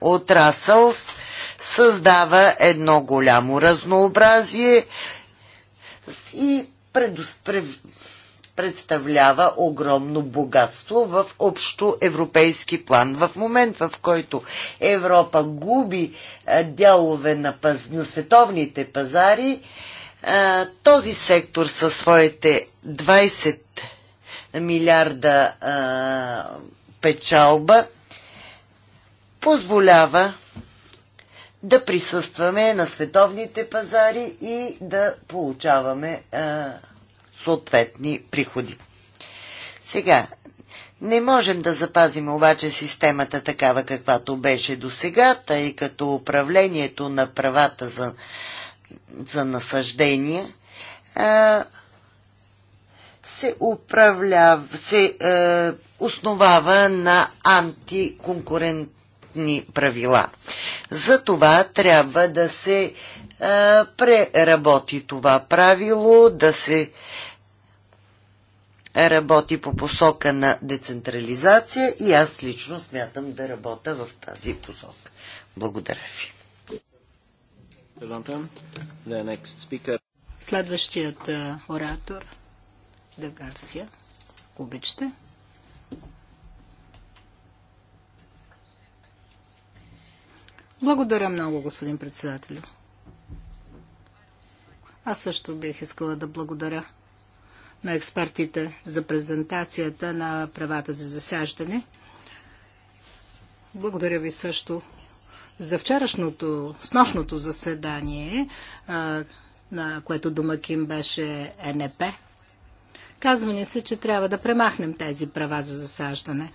отрасъл създава едно голямо разнообразие и предоспрев представлява огромно богатство в общо европейски план. В момент, в който Европа губи е, дялове на, паз... на световните пазари, е, този сектор със своите 20 милиарда е, печалба позволява да присъстваме на световните пазари и да получаваме съответни приходи. Сега, не можем да запазим обаче системата такава каквато беше до сега, тъй като управлението на правата за, за насъждение а, се управлява, се а, основава на антиконкурентни правила. За това трябва да се а, преработи това правило, да се работи по посока на децентрализация и аз лично смятам да работя в тази посока. Благодаря ви. Следващият е, оратор Дагарсия. Обичате. Благодаря много, господин председател. Аз също бих искала да благодаря на експертите за презентацията на правата за засяждане. Благодаря ви също за вчерашното, снощното заседание, на което домакин беше НП. Казва ни се, че трябва да премахнем тези права за засаждане.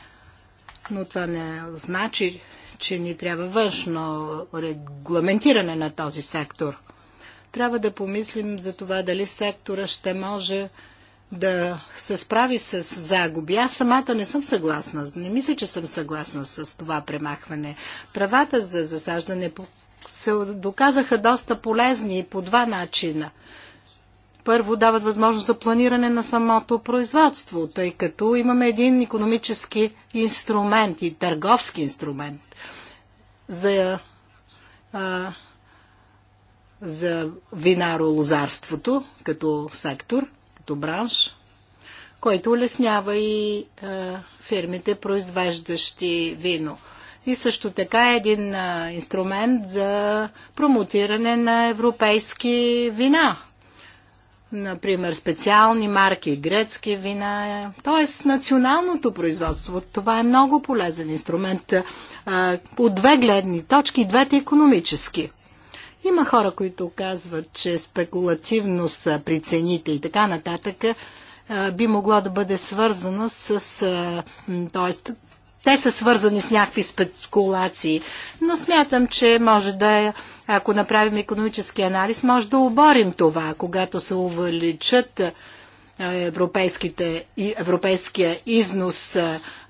Но това не значи, че ни трябва външно регламентиране на този сектор. Трябва да помислим за това дали сектора ще може да се справи с загуби. Аз самата не съм съгласна. Не мисля, че съм съгласна с това премахване. Правата за засаждане се доказаха доста полезни по два начина. Първо дават възможност за планиране на самото производство, тъй като имаме един економически инструмент и търговски инструмент за, а, за винаро-лозарството като сектор – като бранш, който улеснява и а, е, фирмите, произвеждащи вино. И също така е един а, е, инструмент за промотиране на европейски вина. Например, специални марки, грецки вина, т.е. националното производство. Това е много полезен инструмент а, е, от две гледни точки, двете економически. Има хора, които казват, че спекулативност при цените и така нататък би могло да бъде свързано с... т.е. те са свързани с някакви спекулации, но смятам, че може да е ако направим економически анализ, може да оборим това, когато се увеличат европейските, европейския износ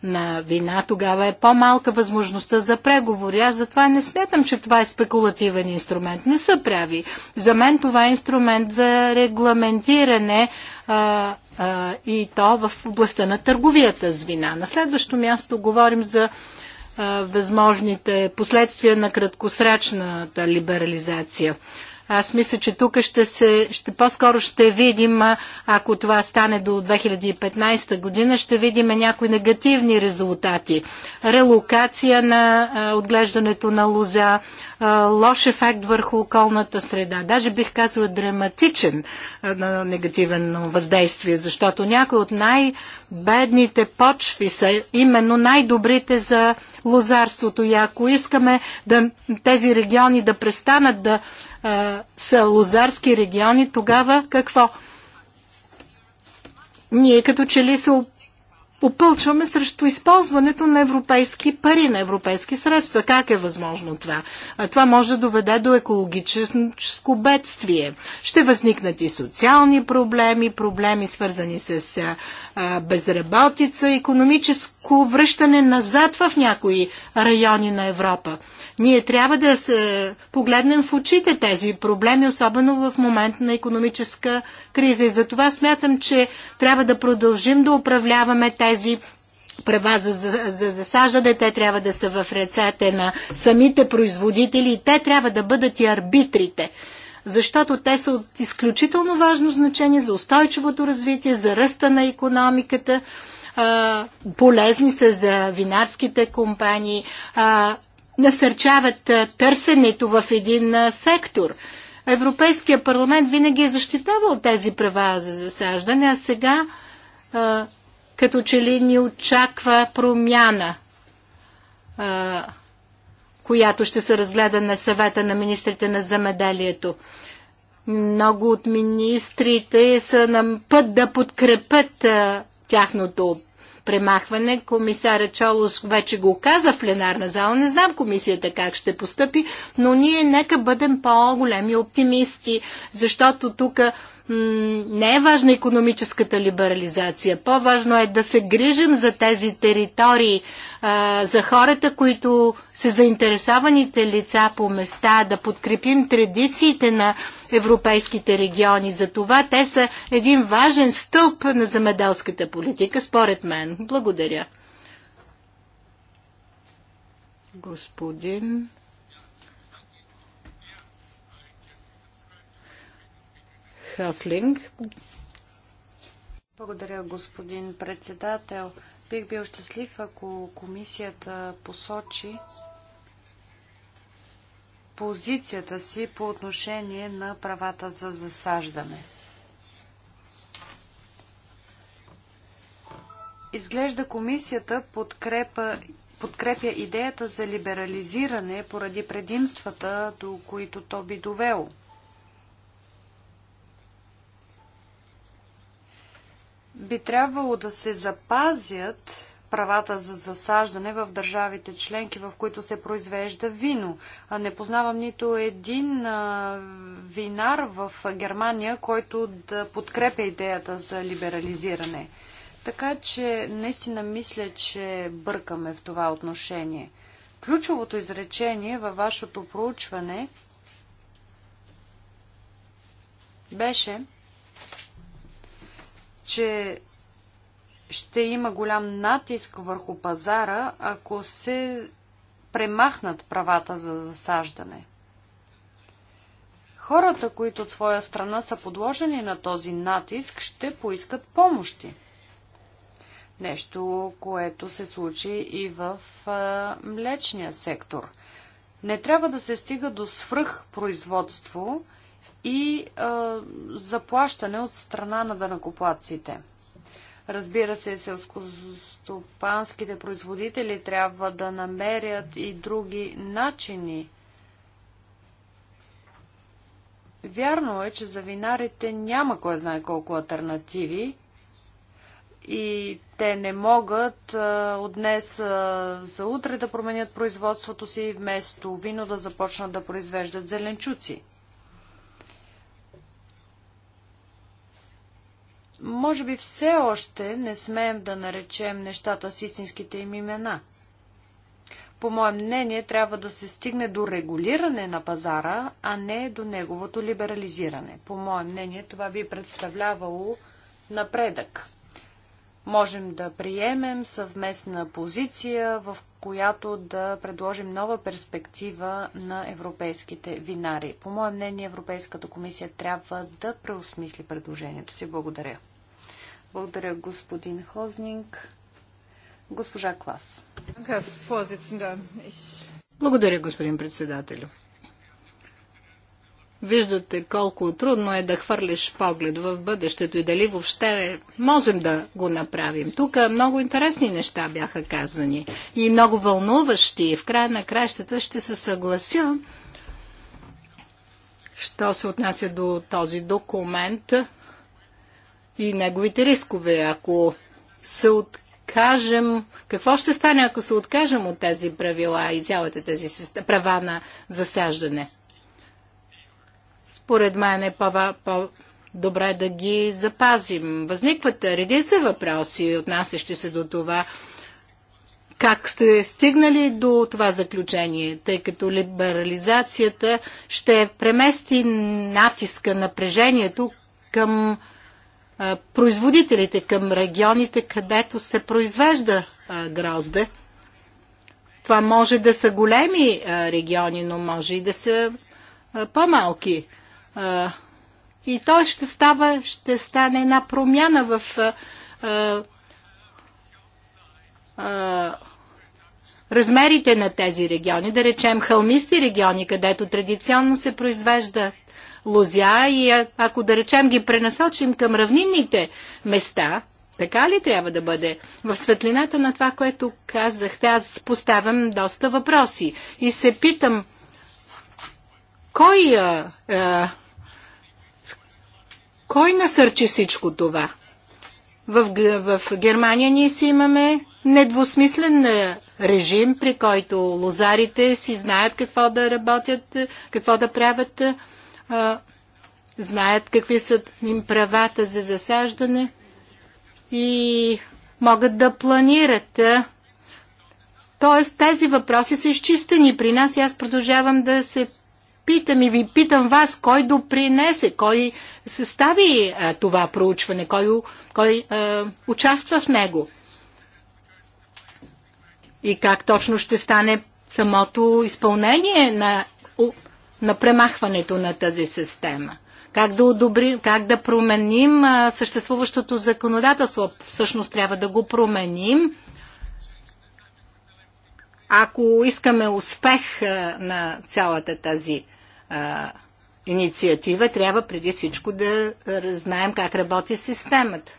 на вина, тогава е по-малка възможността за преговори. Аз затова не смятам, че това е спекулативен инструмент. Не са прави. За мен това е инструмент за регламентиране а, а, и то в областта на търговията с вина. На следващо място говорим за а, възможните последствия на краткосрачната либерализация. Аз мисля, че тук ще се, ще, по-скоро ще видим, ако това стане до 2015 година, ще видим някои негативни резултати. Релокация на а, отглеждането на лоза, а, лош ефект върху околната среда. Даже бих казала драматичен а, негативен въздействие, защото някои от най-бедните почви са именно най-добрите за лозарството. И ако искаме да, тези региони да престанат да а, са лозарски региони, тогава какво? Ние като че ли се опълчваме срещу използването на европейски пари, на европейски средства. Как е възможно това? А това може да доведе до екологическо бедствие. Ще възникнат и социални проблеми, проблеми свързани с а, безработица, економическо връщане назад в някои райони на Европа. Ние трябва да се погледнем в очите тези проблеми, особено в момент на економическа криза. И затова смятам, че трябва да продължим да управляваме тези права за, за, за засаждане, те трябва да са в ръцете на самите производители и те трябва да бъдат и арбитрите защото те са от изключително важно значение за устойчивото развитие, за ръста на економиката, полезни са за винарските компании, насърчават търсенето в един сектор. Европейския парламент винаги е защитавал тези права за засаждане, а сега като че ли ни очаква промяна, която ще се разгледа на съвета на министрите на замеделието. Много от министрите са на път да подкрепят тяхното премахване. Комисаря Чолос вече го каза в пленарна зала. Не знам комисията как ще постъпи, но ние нека бъдем по-големи оптимисти, защото тук не е важна економическата либерализация. По-важно е да се грижим за тези територии, за хората, които са заинтересованите лица по места, да подкрепим традициите на европейските региони. За това те са един важен стълб на замеделската политика, според мен. Благодаря. Господин Хаслинг. Благодаря, господин председател. Бих бил щастлив, ако комисията посочи позицията си по отношение на правата за засаждане. Изглежда комисията подкрепа, подкрепя идеята за либерализиране поради предимствата, до които то би довело. би трябвало да се запазят правата за засаждане в държавите членки, в които се произвежда вино. Не познавам нито един винар в Германия, който да подкрепя идеята за либерализиране. Така че наистина мисля, че бъркаме в това отношение. Ключовото изречение във вашето проучване беше, че ще има голям натиск върху пазара, ако се премахнат правата за засаждане. Хората, които от своя страна са подложени на този натиск, ще поискат помощи. Нещо, което се случи и в а, млечния сектор. Не трябва да се стига до свръхпроизводство производство и а, заплащане от страна на данакоплаците. Разбира се, селскостопанските производители трябва да намерят и други начини. Вярно е, че за винарите няма кой знае колко альтернативи и те не могат а, от днес а, за утре да променят производството си и вместо вино да започнат да произвеждат зеленчуци. Може би все още не смеем да наречем нещата с истинските им имена. По мое мнение, трябва да се стигне до регулиране на пазара, а не до неговото либерализиране. По мое мнение, това би представлявало напредък. Можем да приемем съвместна позиция, в която да предложим нова перспектива на европейските винари. По мое мнение, Европейската комисия трябва да преосмисли предложението си. Благодаря. Благодаря, господин Хознинг. Госпожа Клас. Благодаря, господин председател. Виждате колко трудно е да хвърлиш поглед в бъдещето и дали въобще можем да го направим. Тук много интересни неща бяха казани и много вълнуващи. В края на кращата ще се съглася, що се отнася до този документ, и неговите рискове. Ако се откажем, какво ще стане, ако се откажем от тези правила и цялата тези права на засаждане? Според мен е по-добре по добре да ги запазим. Възникват редица въпроси, отнасящи се до това, как сте стигнали до това заключение, тъй като либерализацията ще премести натиска, напрежението към производителите, към регионите, където се произвежда грозде. Това може да са големи региони, но може и да са по-малки. И то ще, става, ще стане една промяна в размерите на тези региони, да речем хълмисти региони, където традиционно се произвежда лозя и ако да речем ги пренасочим към равнинните места, така ли трябва да бъде? В светлината на това, което казахте, аз поставям доста въпроси и се питам, кой, а, а, кой насърчи всичко това? В, в Германия ние си имаме недвусмислен режим, при който лозарите си знаят какво да работят, какво да правят а, знаят какви са им правата за засаждане и могат да планират. Тоест тези въпроси са изчистени при нас и аз продължавам да се питам и ви питам вас, кой допринесе, кой състави а, това проучване, кой, кой а, участва в него и как точно ще стане самото изпълнение на на премахването на тази система. Как да, одобрим, как да променим съществуващото законодателство? Всъщност трябва да го променим. Ако искаме успех на цялата тази а, инициатива, трябва преди всичко да знаем как работи системата.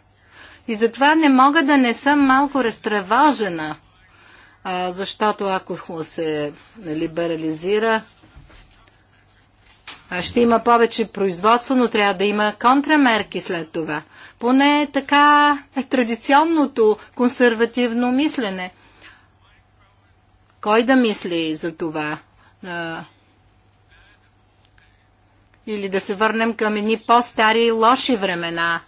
И затова не мога да не съм малко разтревожена, защото ако се либерализира нали, ще има повече производство, но трябва да има контрамерки след това. Поне така е традиционното консервативно мислене. Кой да мисли за това? Или да се върнем към едни по-стари лоши времена,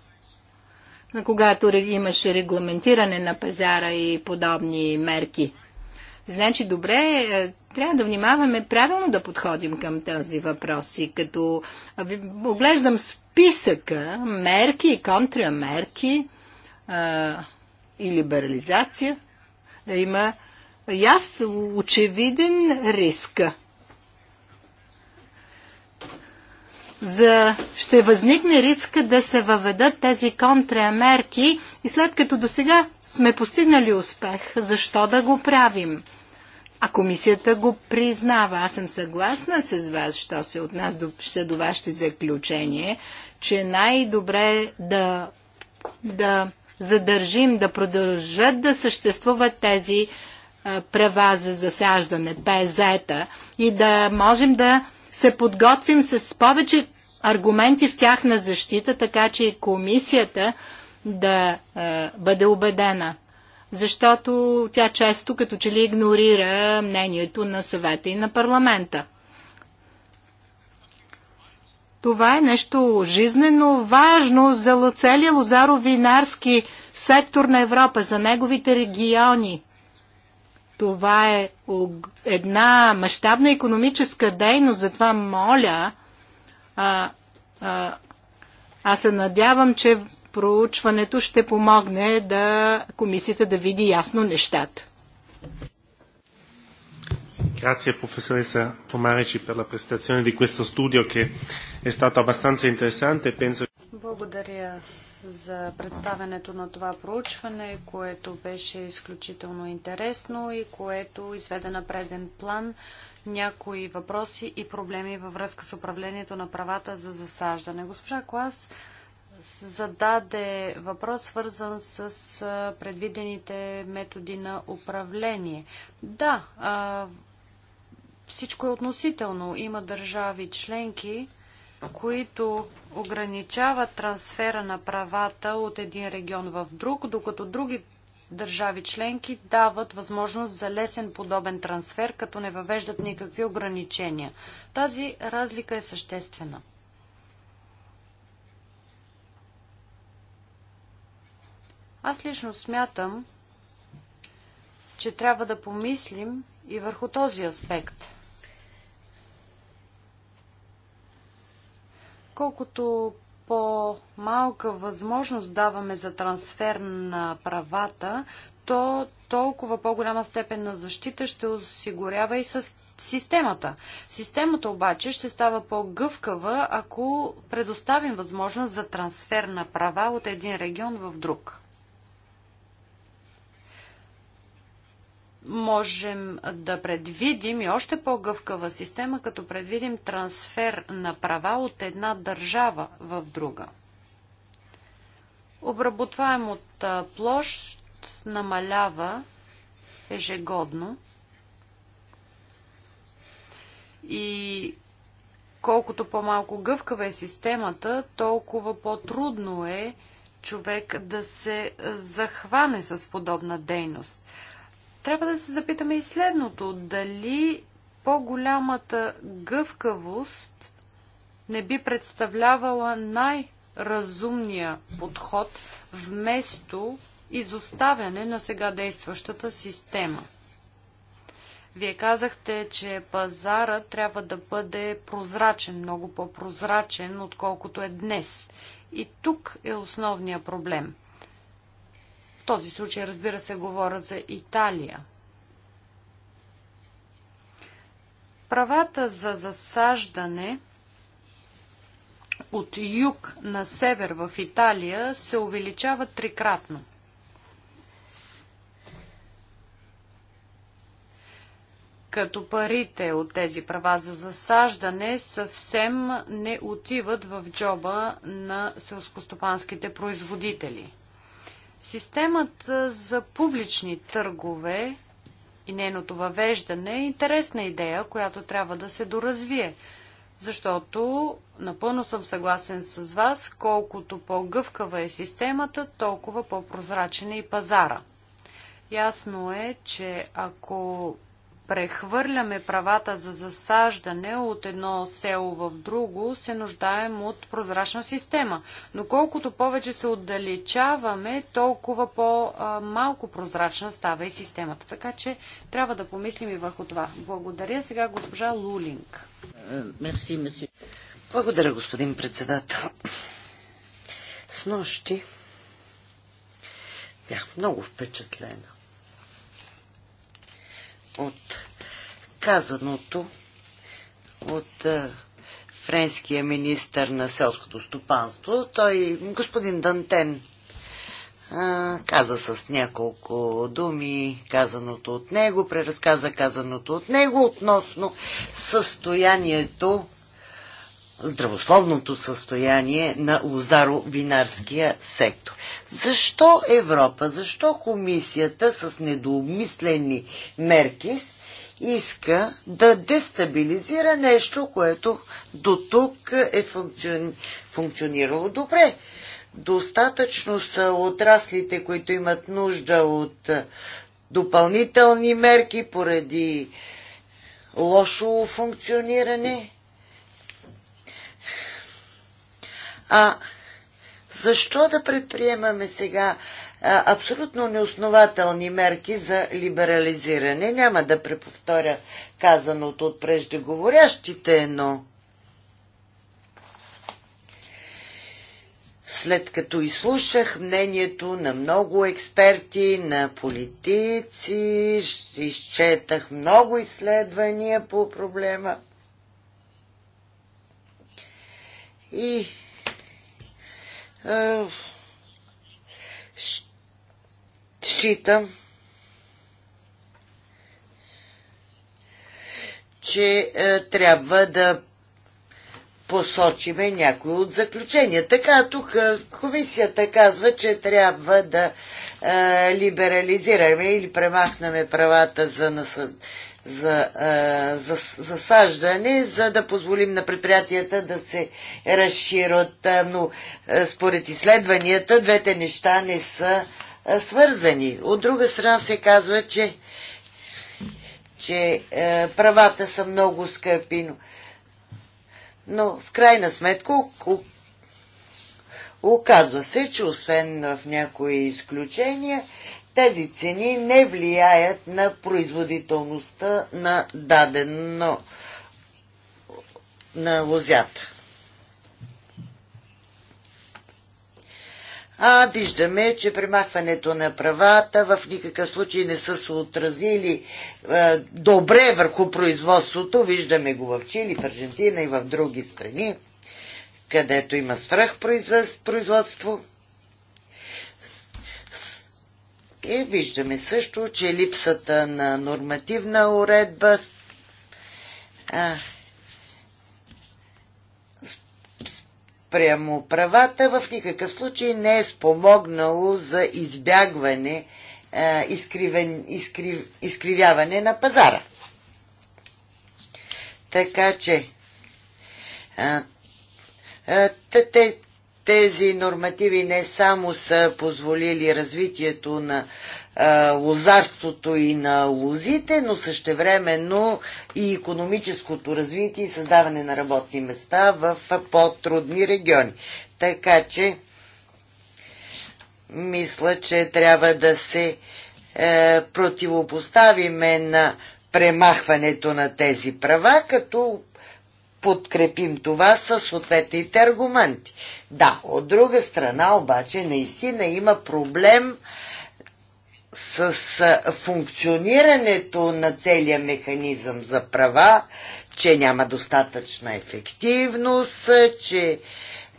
на когато имаше регламентиране на пазара и подобни мерки. Значи добре, е, трябва да внимаваме правилно да подходим към този въпрос и като оглеждам списъка мерки и контрамерки а, и либерализация, да е, има яс, очевиден риск. за ще възникне риска да се въведат тези контрамерки и след като до сега сме постигнали успех, защо да го правим? А комисията го признава. Аз съм съгласна с вас, що се от нас до, ще до вашите заключение, че най-добре е да, да задържим, да продължат да съществуват тези а, права за засаждане, пезета и да можем да се подготвим с повече аргументи в тяхна защита, така че и комисията да а, бъде убедена защото тя често като че ли игнорира мнението на съвета и на парламента. Това е нещо жизнено важно за целия лозаро-винарски сектор на Европа, за неговите региони. Това е една мащабна економическа дейност, затова моля, а, а, аз се надявам, че проучването ще помогне да комисията да види ясно нещата. Grazie professoressa Pomarici per la presentazione di questo studio che è stato abbastanza interessante. Penso... Благодаря за представенето на това проучване, което беше изключително интересно и което изведе на преден план някои въпроси и проблеми във връзка с управлението на правата за засаждане. Госпожа Клас, зададе въпрос, свързан с предвидените методи на управление. Да, всичко е относително. Има държави членки, които ограничават трансфера на правата от един регион в друг, докато други държави членки дават възможност за лесен подобен трансфер, като не въвеждат никакви ограничения. Тази разлика е съществена. Аз лично смятам, че трябва да помислим и върху този аспект. Колкото по-малка възможност даваме за трансфер на правата, то толкова по-голяма степен на защита ще осигурява и с системата. Системата обаче ще става по-гъвкава, ако предоставим възможност за трансфер на права от един регион в друг. можем да предвидим и още по-гъвкава система, като предвидим трансфер на права от една държава в друга. Обработваемата площ намалява ежегодно и колкото по-малко гъвкава е системата, толкова по-трудно е човек да се захване с подобна дейност. Трябва да се запитаме и следното. Дали по-голямата гъвкавост не би представлявала най-разумния подход вместо изоставяне на сега действащата система? Вие казахте, че пазара трябва да бъде прозрачен, много по-прозрачен, отколкото е днес. И тук е основният проблем този случай, разбира се, говоря за Италия. Правата за засаждане от юг на север в Италия се увеличават трикратно. Като парите от тези права за засаждане съвсем не отиват в джоба на селскостопанските производители – Системата за публични търгове и нейното въвеждане е интересна идея, която трябва да се доразвие. Защото напълно съм съгласен с вас, колкото по-гъвкава е системата, толкова по-прозрачен е и пазара. Ясно е, че ако прехвърляме правата за засаждане от едно село в друго, се нуждаем от прозрачна система. Но колкото повече се отдалечаваме, толкова по-малко прозрачна става и системата. Така че трябва да помислим и върху това. Благодаря сега госпожа Лулинг. Мерси, мерси. Благодаря, господин председател. С нощи бях много впечатлена от казаното от е, френския министр на селското стопанство. Той, господин Дантен, е, каза с няколко думи казаното от него, преразказа казаното от него относно състоянието здравословното състояние на лозаро-винарския сектор. Защо Европа, защо комисията с недоумислени мерки иска да дестабилизира нещо, което до тук е функци... функционирало добре? Достатъчно са отраслите, които имат нужда от допълнителни мерки поради лошо функциониране А защо да предприемаме сега а, абсолютно неоснователни мерки за либерализиране? Няма да преповторя казаното от преждеговорящите, но след като изслушах мнението на много експерти, на политици, изчетах много изследвания по проблема и е, считам, че е, трябва да посочиме някои от заключения. Така, тук е, комисията казва, че трябва да либерализираме или премахнаме правата за, насъд за, за засаждане, за да позволим на предприятията да се разширят. Но според изследванията двете неща не са свързани. От друга страна се казва, че, че правата са много скъпи. Но в крайна сметка Оказва се, че освен в някои изключения, тези цени не влияят на производителността на дадено на лозята. А виждаме, че примахването на правата в никакъв случай не са се отразили е, добре върху производството. Виждаме го в Чили, в Аржентина и в други страни, където има свръхпроизводство. е, виждаме също, че липсата на нормативна уредба а, правата в никакъв случай не е спомогнало за избягване, а, изкривен, изкрив, изкривяване на пазара. Така че а, те, тези нормативи не само са позволили развитието на а, лозарството и на лозите, но същевременно и економическото развитие и създаване на работни места в по-трудни региони. Така че, мисля, че трябва да се е, противопоставиме на премахването на тези права, като подкрепим това с съответните аргументи. Да, от друга страна обаче наистина има проблем с функционирането на целия механизъм за права, че няма достатъчна ефективност, че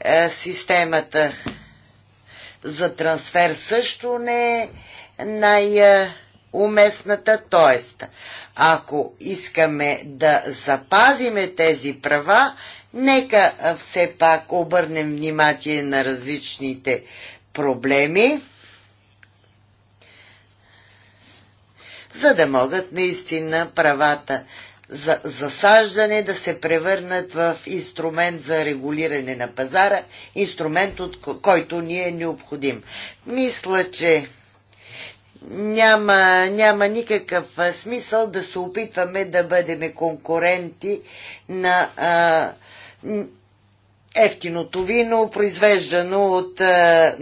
е, системата за трансфер също не е най- е, уместната, т.е. Ако искаме да запазиме тези права, нека все пак обърнем внимание на различните проблеми, за да могат наистина правата за засаждане да се превърнат в инструмент за регулиране на пазара, инструмент, от който ни е необходим. Мисля, че няма, няма никакъв смисъл да се опитваме да бъдем конкуренти на а, ефтиното вино, произвеждано от а,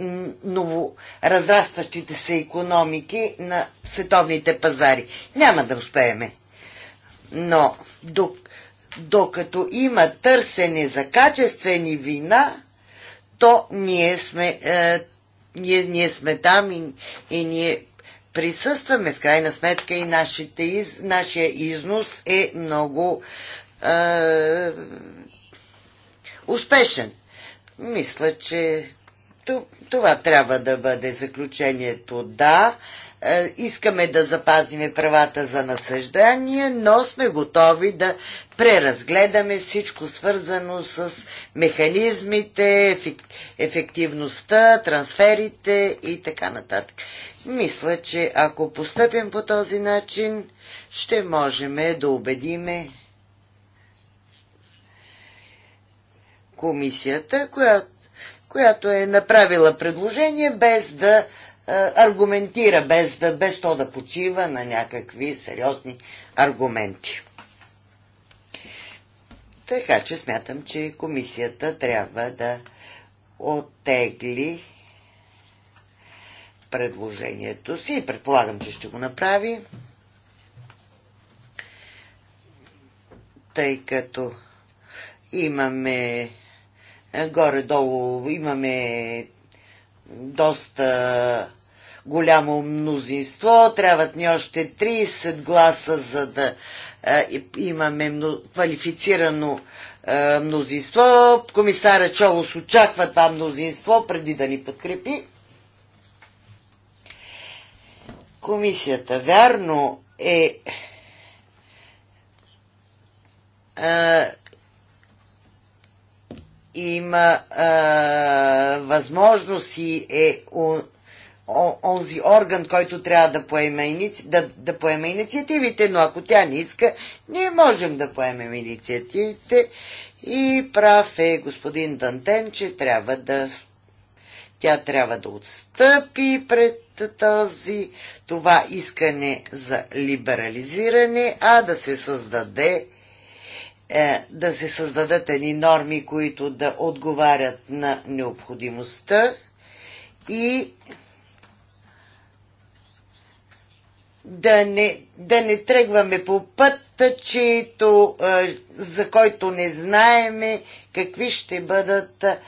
ново разрастващите се економики на световните пазари. Няма да успееме. Но докато има търсене за качествени вина, то ние сме, е, ние, ние сме там и, и ние присъстваме. В крайна сметка и нашите, из, нашия износ е много е, успешен. Мисля, че това трябва да бъде заключението. Да, искаме да запазиме правата за насъждание, но сме готови да преразгледаме всичко свързано с механизмите, ефективността, трансферите и така нататък. Мисля, че ако постъпим по този начин, ще можем да убедиме комисията, която, която е направила предложение без да е, аргументира, без, да, без то да почива на някакви сериозни аргументи. Така че смятам, че комисията трябва да оттегли предложението си и предполагам, че ще го направи, тъй като имаме горе-долу, имаме доста голямо мнозинство, трябват ни още 30 гласа, за да имаме квалифицирано мнозинство. Комисара Чолос очаква това мнозинство преди да ни подкрепи. Комисията вярно е а, има а, възможност и е у, о, онзи орган, който трябва да поеме, иници, да, да поеме инициативите, но ако тя не иска, ние можем да поемем инициативите. И прав е господин Дантен, че трябва да тя трябва да отстъпи пред този, това искане за либерализиране, а да се създаде е, да се създадат едни норми, които да отговарят на необходимостта и да не, да не тръгваме по път, чието, е, за който не знаеме какви ще бъдат е,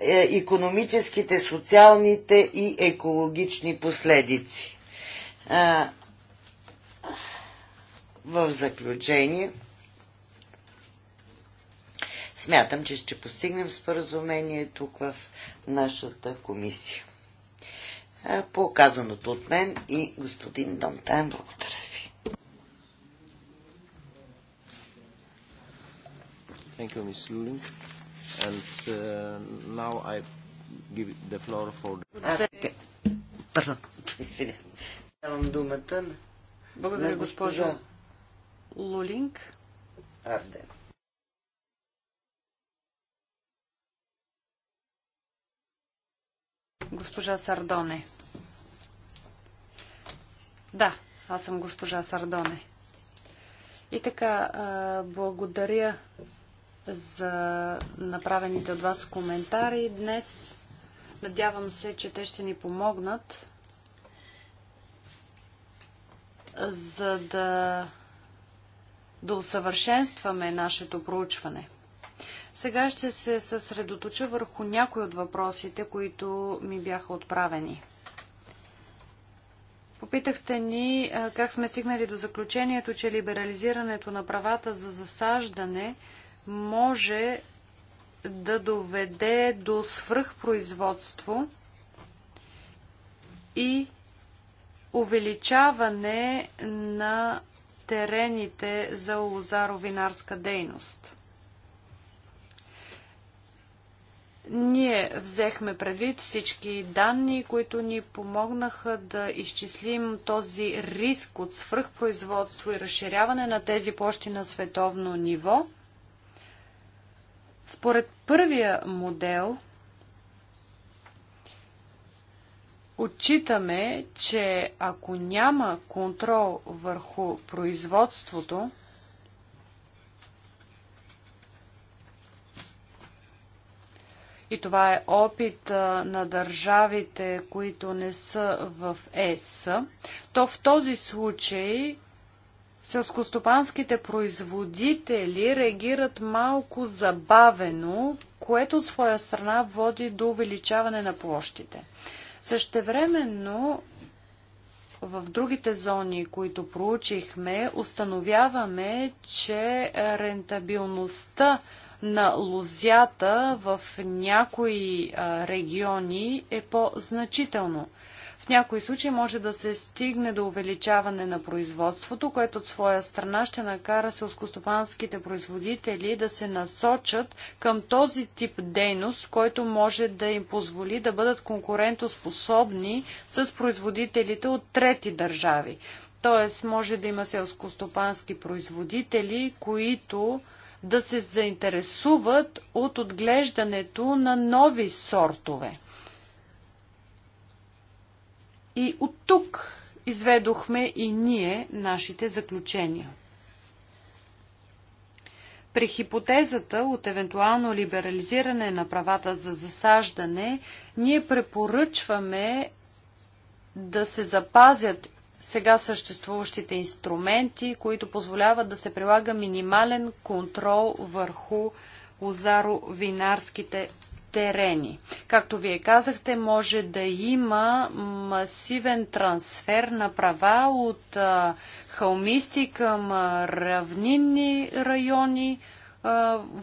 економическите, социалните и екологични последици. В заключение, смятам, че ще постигнем споразумение тук в нашата комисия. По казаното от мен и господин Донтайн, благодаря ви. Thank you, Ms. Luling. Давам думата на... Благодаря, госпожо Арден. Госпожа Сардоне. Да, аз съм госпожа Сардоне. И така, благодаря за направените от вас коментари днес. Надявам се, че те ще ни помогнат, за да, да усъвършенстваме нашето проучване. Сега ще се съсредоточа върху някои от въпросите, които ми бяха отправени. Попитахте ни как сме стигнали до заключението, че либерализирането на правата за засаждане може да доведе до свръхпроизводство и увеличаване на терените за лозаровинарска дейност. Ние взехме предвид всички данни, които ни помогнаха да изчислим този риск от свръхпроизводство и разширяване на тези площи на световно ниво. Според първия модел, отчитаме, че ако няма контрол върху производството, И това е опит на държавите, които не са в ЕС. То в този случай селскостопанските производители реагират малко забавено, което от своя страна води до увеличаване на площите. Същевременно в другите зони, които проучихме, установяваме, че рентабилността на лозята в някои региони е по-значително. В някои случаи може да се стигне до увеличаване на производството, което от своя страна ще накара селскостопанските производители да се насочат към този тип дейност, който може да им позволи да бъдат конкурентоспособни с производителите от трети държави. Тоест, може да има селскостопански производители, които да се заинтересуват от отглеждането на нови сортове. И от тук изведохме и ние нашите заключения. При хипотезата от евентуално либерализиране на правата за засаждане, ние препоръчваме да се запазят сега съществуващите инструменти, които позволяват да се прилага минимален контрол върху лозаро винарските терени. Както вие казахте, може да има масивен трансфер на права от хълмисти към равнинни райони,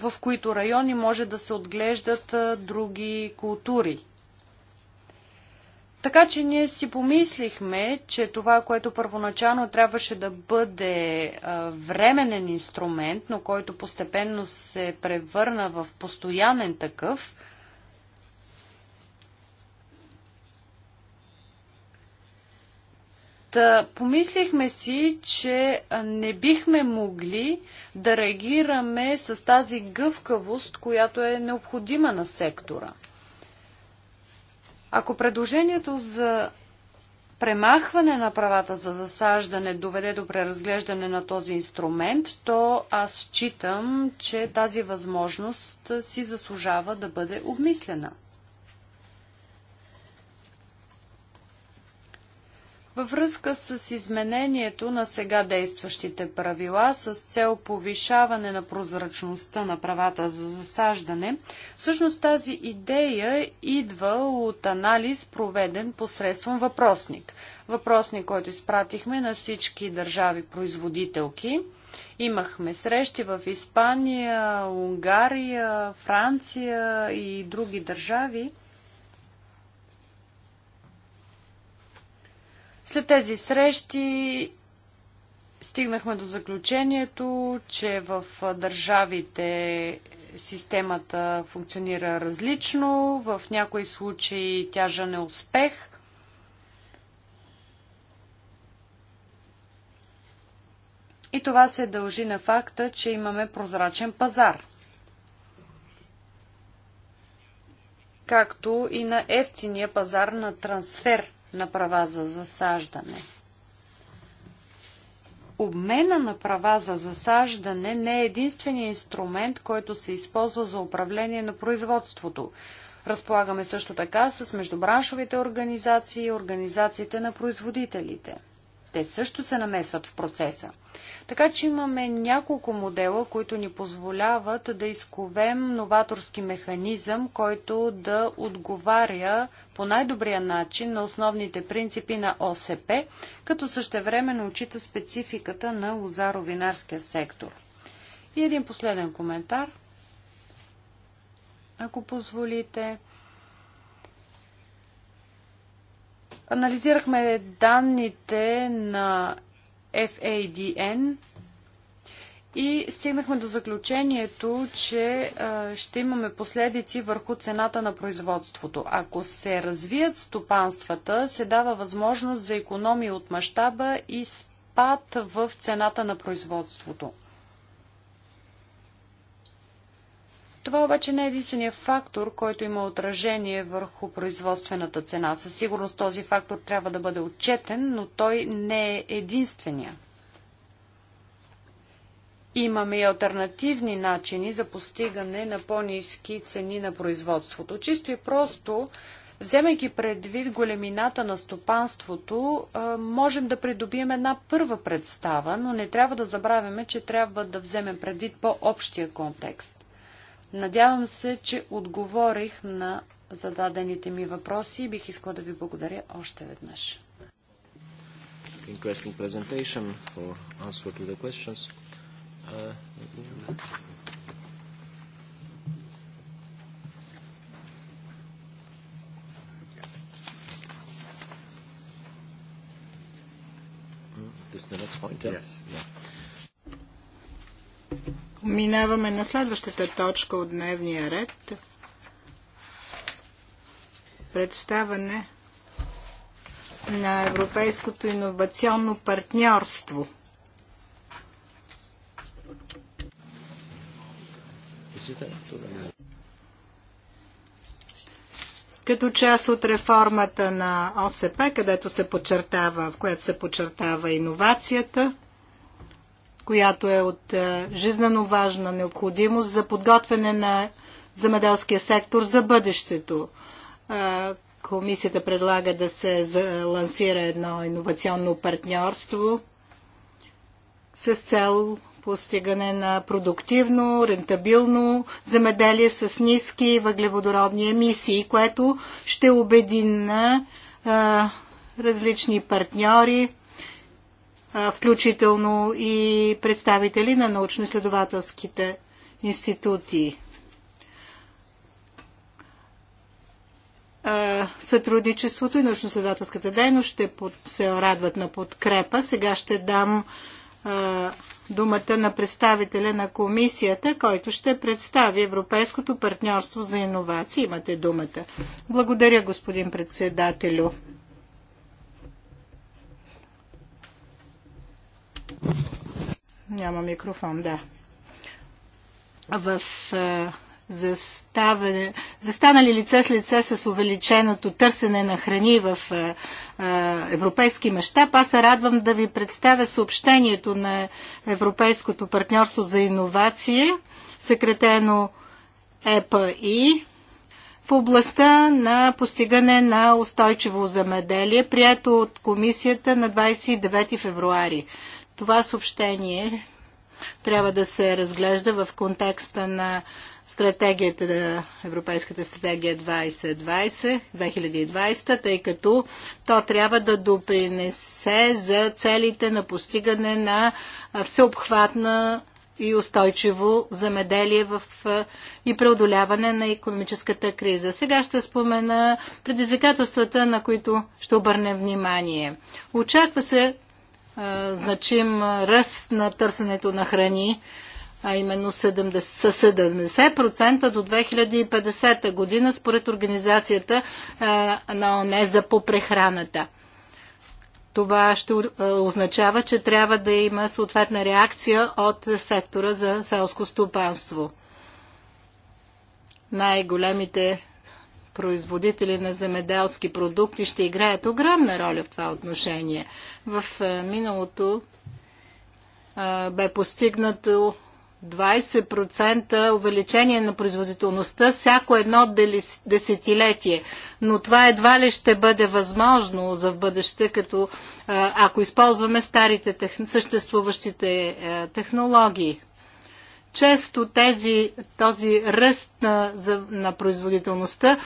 в които райони може да се отглеждат други култури. Така че ние си помислихме, че това, което първоначално трябваше да бъде временен инструмент, но който постепенно се превърна в постоянен такъв, Та, помислихме си, че не бихме могли да реагираме с тази гъвкавост, която е необходима на сектора. Ако предложението за премахване на правата за засаждане доведе до преразглеждане на този инструмент, то аз считам, че тази възможност си заслужава да бъде обмислена. Във връзка с изменението на сега действащите правила с цел повишаване на прозрачността на правата за засаждане, всъщност тази идея идва от анализ, проведен посредством въпросник. Въпросник, който изпратихме на всички държави производителки. Имахме срещи в Испания, Унгария, Франция и други държави След тези срещи стигнахме до заключението, че в държавите системата функционира различно, в някои случаи тяжа неуспех. И това се дължи на факта, че имаме прозрачен пазар. Както и на ефтиния пазар на трансфер на права за засаждане. Обмена на права за засаждане не е единствения инструмент, който се използва за управление на производството. Разполагаме също така с междубраншовите организации и организациите на производителите – те също се намесват в процеса. Така че имаме няколко модела, които ни позволяват да изковем новаторски механизъм, който да отговаря по най-добрия начин на основните принципи на ОСП, като същевременно учита спецификата на лозаровинарския сектор. И един последен коментар, ако позволите. Анализирахме данните на FADN и стигнахме до заключението, че ще имаме последици върху цената на производството. Ако се развият стопанствата, се дава възможност за економия от мащаба и спад в цената на производството. Това обаче не е единствения фактор, който има отражение върху производствената цена. Със сигурност този фактор трябва да бъде отчетен, но той не е единствения. Имаме и альтернативни начини за постигане на по-низки цени на производството. Чисто и просто, вземайки предвид големината на стопанството, можем да придобием една първа представа, но не трябва да забравяме, че трябва да вземем предвид по-общия контекст. Надявам се, че отговорих на зададените ми въпроси и бих искала да ви благодаря още веднъж. Interesting presentation for answer to the questions. Uh, this is the next point, yeah? Yes. Yeah. Минаваме на следващата точка от дневния ред. Представане на Европейското иновационно партньорство. Като част от реформата на ОСП, където се подчертава, в която се подчертава иновацията – която е от е, жизнено важна необходимост за подготвяне на земеделския сектор за бъдещето. Е, комисията предлага да се лансира едно иновационно партньорство с цел постигане на продуктивно, рентабилно земеделие с ниски въглеводородни емисии, което ще обедина е, различни партньори включително и представители на научно-изследователските институти. Сътрудничеството и научно-изследователската дейност ще се радват на подкрепа. Сега ще дам думата на представителя на комисията, който ще представи Европейското партньорство за иновации. Имате думата. Благодаря, господин председателю. Няма микрофон, да. В е, заставане, застанали лице с лице с увеличеното търсене на храни в а, е, е, европейски мащаб. Аз се радвам да ви представя съобщението на Европейското партньорство за иновации, съкретено ЕПАИ, в областта на постигане на устойчиво замеделие, прието от комисията на 29 февруари. Това съобщение трябва да се разглежда в контекста на стратегията, на Европейската стратегия 2020, 2020, тъй като то трябва да допринесе за целите на постигане на всеобхватна и устойчиво замеделие в, и преодоляване на економическата криза. Сега ще спомена предизвикателствата, на които ще обърнем внимание. Очаква се значим ръст на търсенето на храни, а именно 70, с 70% до 2050 година, според организацията на ОНЕ за попрехраната. Това ще означава, че трябва да има съответна реакция от сектора за селско стопанство. Най-големите производители на земеделски продукти ще играят огромна роля в това отношение. В миналото бе постигнато 20% увеличение на производителността всяко едно десетилетие. Но това едва ли ще бъде възможно за в бъдеще, като ако използваме старите съществуващите технологии често тези, този ръст на, за, на производителността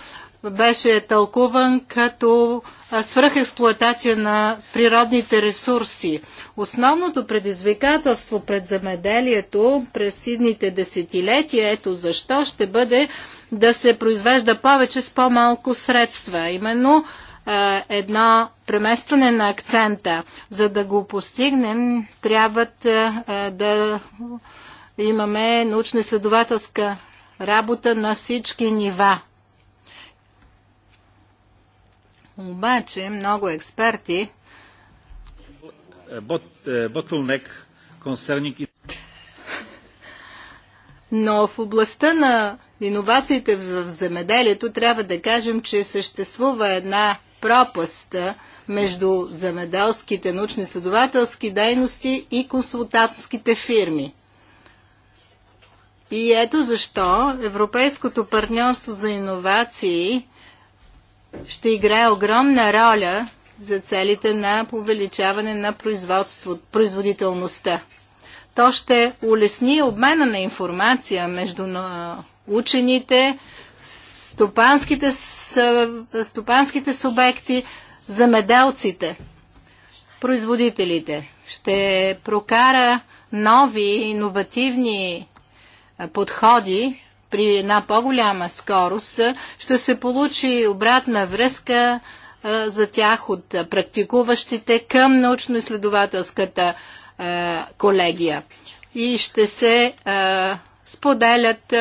беше тълкуван като свръхексплуатация на природните ресурси. Основното предизвикателство пред замеделието през идните десетилетия, ето защо, ще бъде да се произвежда повече с по-малко средства. Именно едно преместване на акцента. За да го постигнем, трябва да имаме научно-изследователска работа на всички нива. Обаче много експерти е, но в областта на иновациите в земеделието трябва да кажем, че съществува една пропаст между земеделските научно-изследователски дейности и консултантските фирми. И ето защо Европейското партньорство за иновации ще играе огромна роля за целите на увеличаване на производителността. То ще улесни обмена на информация между учените, стопанските, стопанските субекти, замеделците, производителите. Ще прокара нови иновативни подходи при една по-голяма скорост, ще се получи обратна връзка за тях от практикуващите към научно-изследователската колегия. И ще се споделят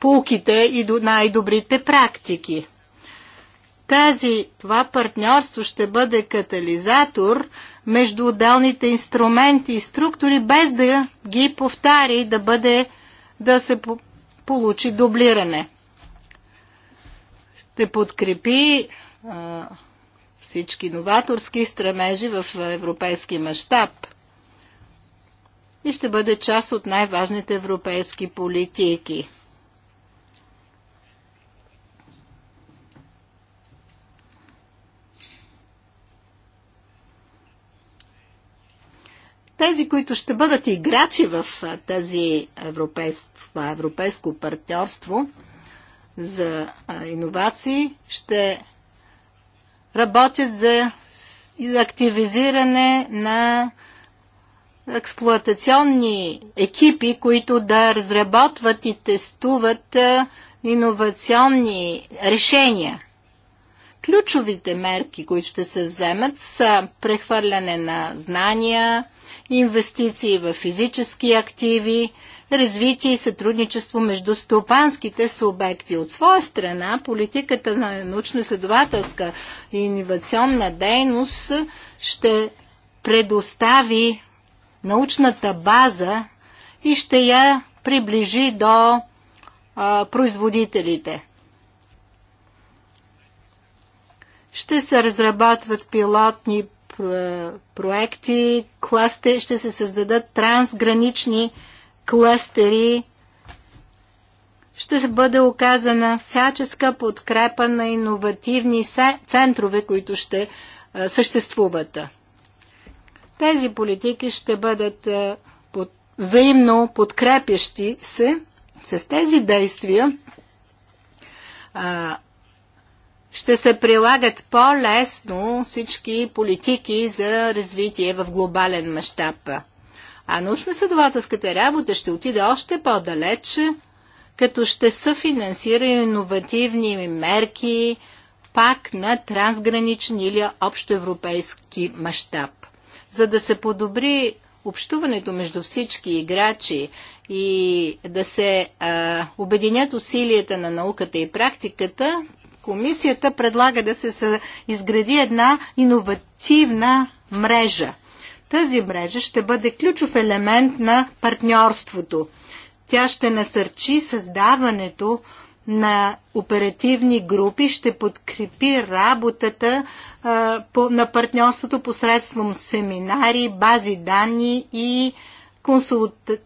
полките и до най-добрите практики. Тази, това партньорство ще бъде катализатор между отделните инструменти и структури, без да ги повтаря и да бъде да се получи дублиране. Ще подкрепи всички новаторски стремежи в европейски мащаб и ще бъде част от най-важните европейски политики. тези, които ще бъдат играчи в тази европейско, европейско партньорство за иновации, ще работят за активизиране на експлуатационни екипи, които да разработват и тестуват иновационни решения. Ключовите мерки, които ще се вземат, са прехвърляне на знания, инвестиции в физически активи, развитие и сътрудничество между стопанските субекти. От своя страна, политиката на научно-изследователска и инновационна дейност ще предостави научната база и ще я приближи до а, производителите. Ще се разработват пилотни проекти, кластери, ще се създадат трансгранични кластери, ще се бъде оказана всяческа подкрепа на иновативни центрове, които ще съществуват. Тези политики ще бъдат под, взаимно подкрепящи се с тези действия ще се прилагат по-лесно всички политики за развитие в глобален мащаб. А научно-следователската работа ще отиде още по-далеч, като ще съфинансира иновативни мерки пак на трансграничен или общоевропейски мащаб. За да се подобри общуването между всички играчи и да се а, обединят усилията на науката и практиката, Комисията предлага да се изгради една иновативна мрежа. Тази мрежа ще бъде ключов елемент на партньорството. Тя ще насърчи създаването на оперативни групи, ще подкрепи работата а, по, на партньорството посредством семинари, бази данни и консултации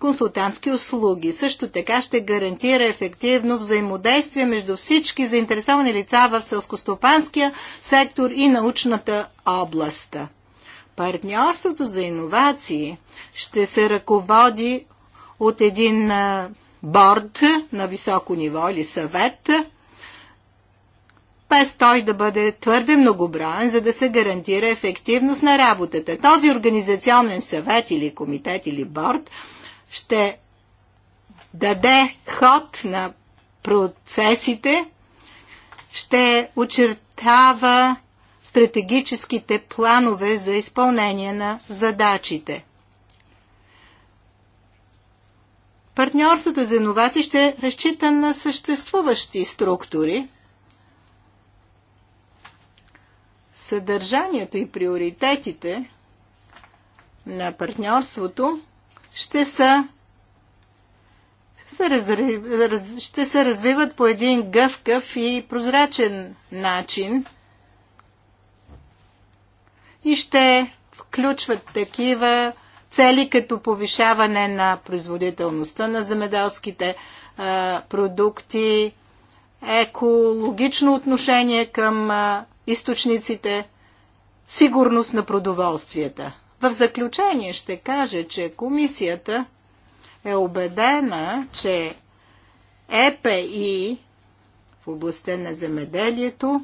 консултантски услуги. Също така ще гарантира ефективно взаимодействие между всички заинтересовани лица в селскостопанския сектор и научната област. Партньорството за иновации ще се ръководи от един борд на високо ниво или съвет, без той да бъде твърде многоброен, за да се гарантира ефективност на работата. Този организационен съвет или комитет или борд – ще даде ход на процесите, ще очертава стратегическите планове за изпълнение на задачите. Партньорството за иновации ще разчита на съществуващи структури. Съдържанието и приоритетите на партньорството – ще са се ще се развиват по един гъвкав и прозрачен начин и ще включват такива цели като повишаване на производителността на земеделските продукти, екологично отношение към източниците, сигурност на продоволствията. В заключение ще кажа, че комисията е убедена, че ЕПИ в областта на земеделието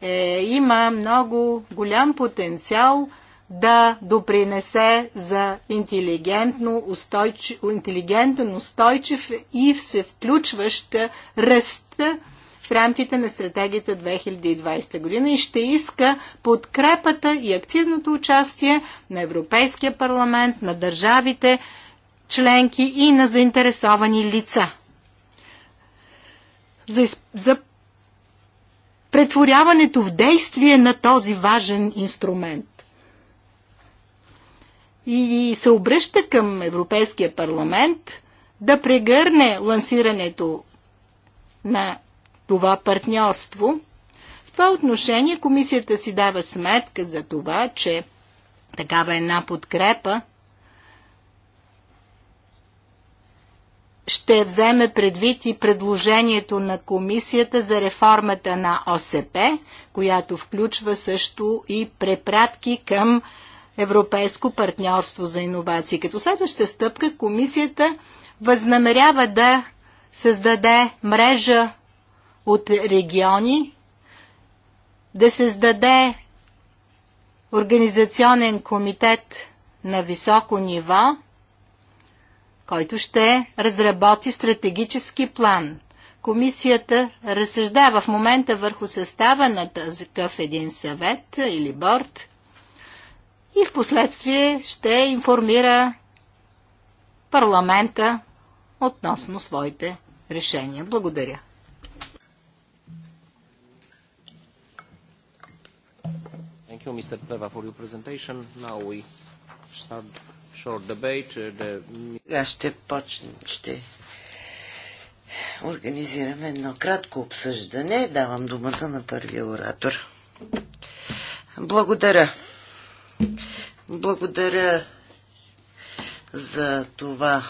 е, има много голям потенциал да допринесе за интелигентно устойчив, интелигентен, устойчив и всевключващ ръст в рамките на стратегията 2020 година и ще иска подкрепата и активното участие на Европейския парламент, на държавите, членки и на заинтересовани лица. За, за претворяването в действие на този важен инструмент. И се обръща към Европейския парламент да прегърне лансирането на това партньорство. В това отношение комисията си дава сметка за това, че такава една подкрепа ще вземе предвид и предложението на комисията за реформата на ОСП, която включва също и препратки към Европейско партньорство за иновации. Като следваща стъпка комисията възнамерява да създаде мрежа от региони, да създаде организационен комитет на високо ниво, който ще разработи стратегически план. Комисията разсъждава в момента върху състава на такъв един съвет или борт и в последствие ще информира парламента относно своите решения. Благодаря. you, Mr. Pleva, for your presentation. Now we start short debate. Uh, the... Сега ще почнем, ще организираме едно кратко обсъждане. Давам думата на първия оратор. Благодаря. Благодаря за това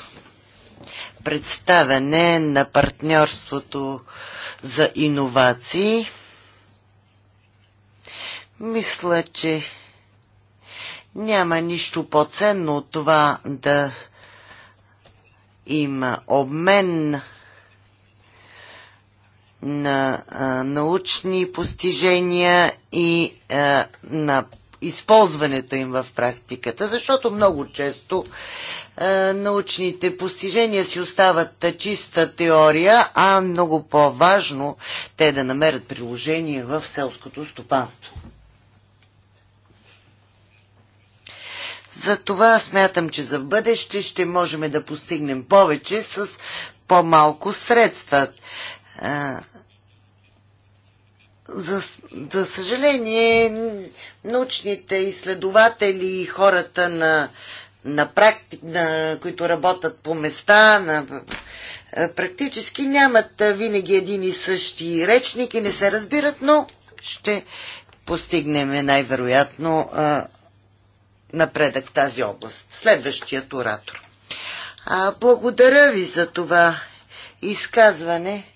представяне на партньорството за иновации – мисля, че няма нищо по-ценно от това да има обмен на а, научни постижения и а, на използването им в практиката, защото много често а, научните постижения си остават чиста теория, а много по-важно те да намерят приложение в селското стопанство. Затова смятам, че за бъдеще ще можем да постигнем повече с по-малко средства. За, за съжаление, научните изследователи и хората на, на практик, на, които работят по места, на, практически нямат винаги един и същи речник и не се разбират, но ще постигнем най-вероятно напредък в тази област. Следващият оратор. А, благодаря ви за това изказване,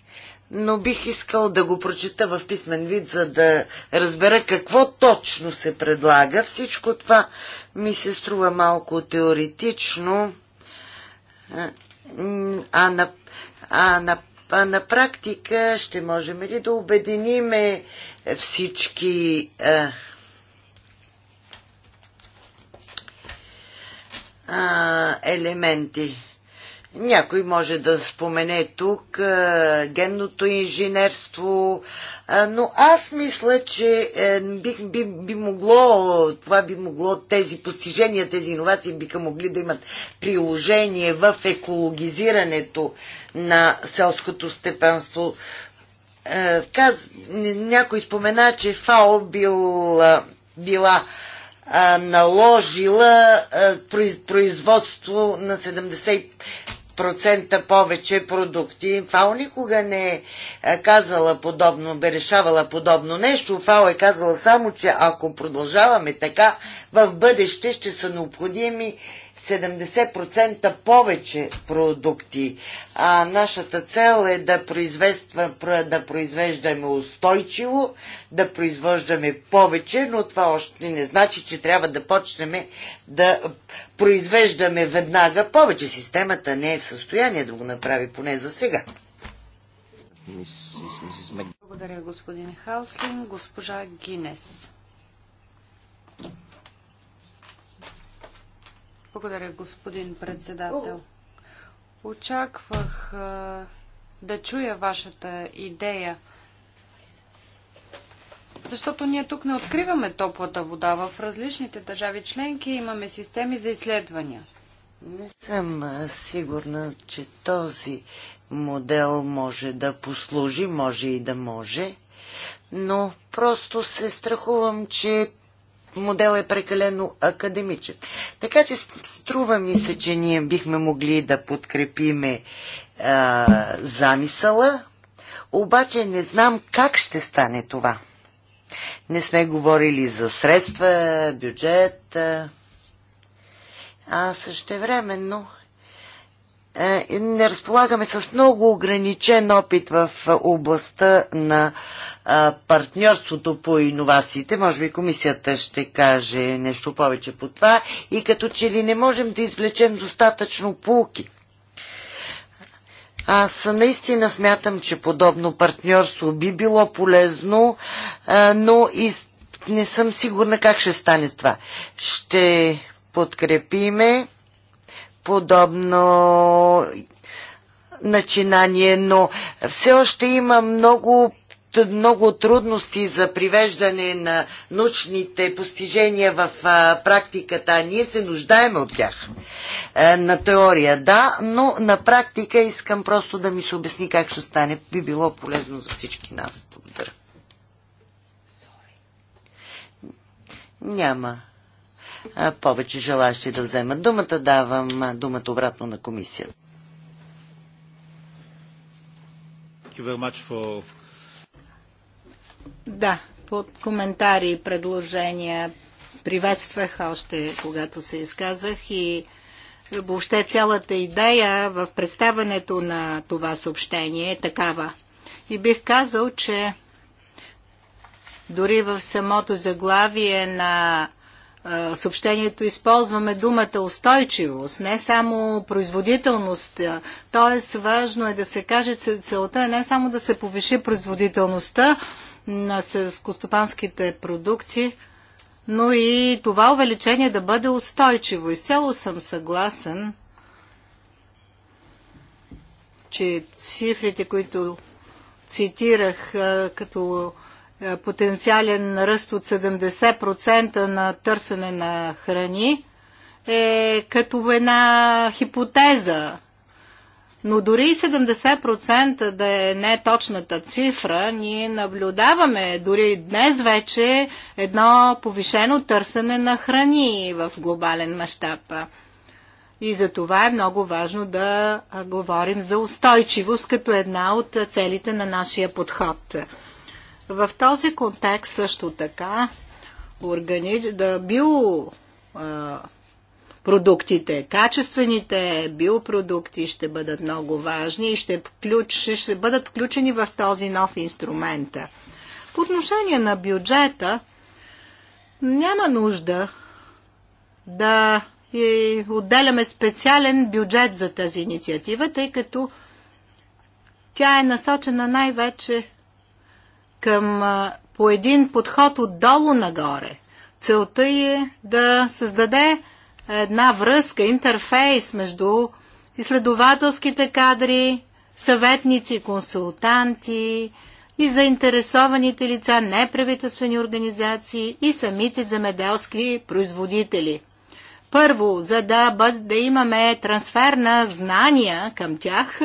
но бих искал да го прочита в писмен вид, за да разбера какво точно се предлага. Всичко това ми се струва малко теоретично, а на, а на, а на практика ще можем ли да обединиме всички. А, а, елементи. Някой може да спомене тук а, генното инженерство, а, но аз мисля, че а, е, би, би, би могло, това би могло, тези постижения, тези иновации биха могли да имат приложение в екологизирането на селското степенство. Е, каз, някой спомена, че ФАО бил, била наложила производство на 70% повече продукти. ФАО никога не е казала подобно, бе решавала подобно нещо. ФАО е казала само, че ако продължаваме така, в бъдеще ще са необходими 70% повече продукти. А нашата цел е да, да произвеждаме устойчиво, да произвеждаме повече, но това още не значи, че трябва да почнем да произвеждаме веднага повече. Системата не е в състояние да го направи, поне за сега. Благодаря, господин Хауслин. Госпожа Гинес. Благодаря, господин председател. Очаквах а, да чуя вашата идея. Защото ние тук не откриваме топлата вода. В различните държави членки имаме системи за изследвания. Не съм сигурна, че този модел може да послужи, може и да може, но просто се страхувам, че модел е прекалено академичен. Така че струва ми се, че ние бихме могли да подкрепиме а, замисъла, обаче не знам как ще стане това. Не сме говорили за средства, бюджет, а същевременно не разполагаме с много ограничен опит в областта на партньорството по иновациите. Може би комисията ще каже нещо повече по това и като че ли не можем да извлечем достатъчно полки. Аз наистина смятам, че подобно партньорство би било полезно, но и не съм сигурна как ще стане това. Ще подкрепиме подобно начинание, но все още има много много трудности за привеждане на научните постижения в практиката, ние се нуждаем от тях. на теория да, но на практика искам просто да ми се обясни как ще стане. Би било полезно за всички нас. Благодаря. Няма повече желащи да вземат думата. Давам думата обратно на комисията. Thank you very much for да, под коментари и предложения приветствах още когато се изказах и въобще цялата идея в представането на това съобщение е такава. И бих казал, че дори в самото заглавие на съобщението използваме думата устойчивост, не само производителност. Тоест важно е да се каже, че целта е не само да се повиши производителността, на селскостопанските продукти, но и това увеличение да бъде устойчиво. Изцяло съм съгласен, че цифрите, които цитирах като потенциален ръст от 70% на търсене на храни, е като една хипотеза но дори 70% да е неточната цифра, ние наблюдаваме дори днес вече едно повишено търсене на храни в глобален мащаб. И за това е много важно да говорим за устойчивост като една от целите на нашия подход. В този контекст също така органи... да био продуктите. Качествените биопродукти ще бъдат много важни и ще, включ, ще бъдат включени в този нов инструмент. По отношение на бюджета, няма нужда да и отделяме специален бюджет за тази инициатива, тъй като тя е насочена най-вече към по един подход отдолу нагоре. Целта е да създаде една връзка, интерфейс между изследователските кадри, съветници, консултанти и заинтересованите лица, неправителствени организации и самите земеделски производители. Първо, за да, бъд, да имаме трансфер на знания към тях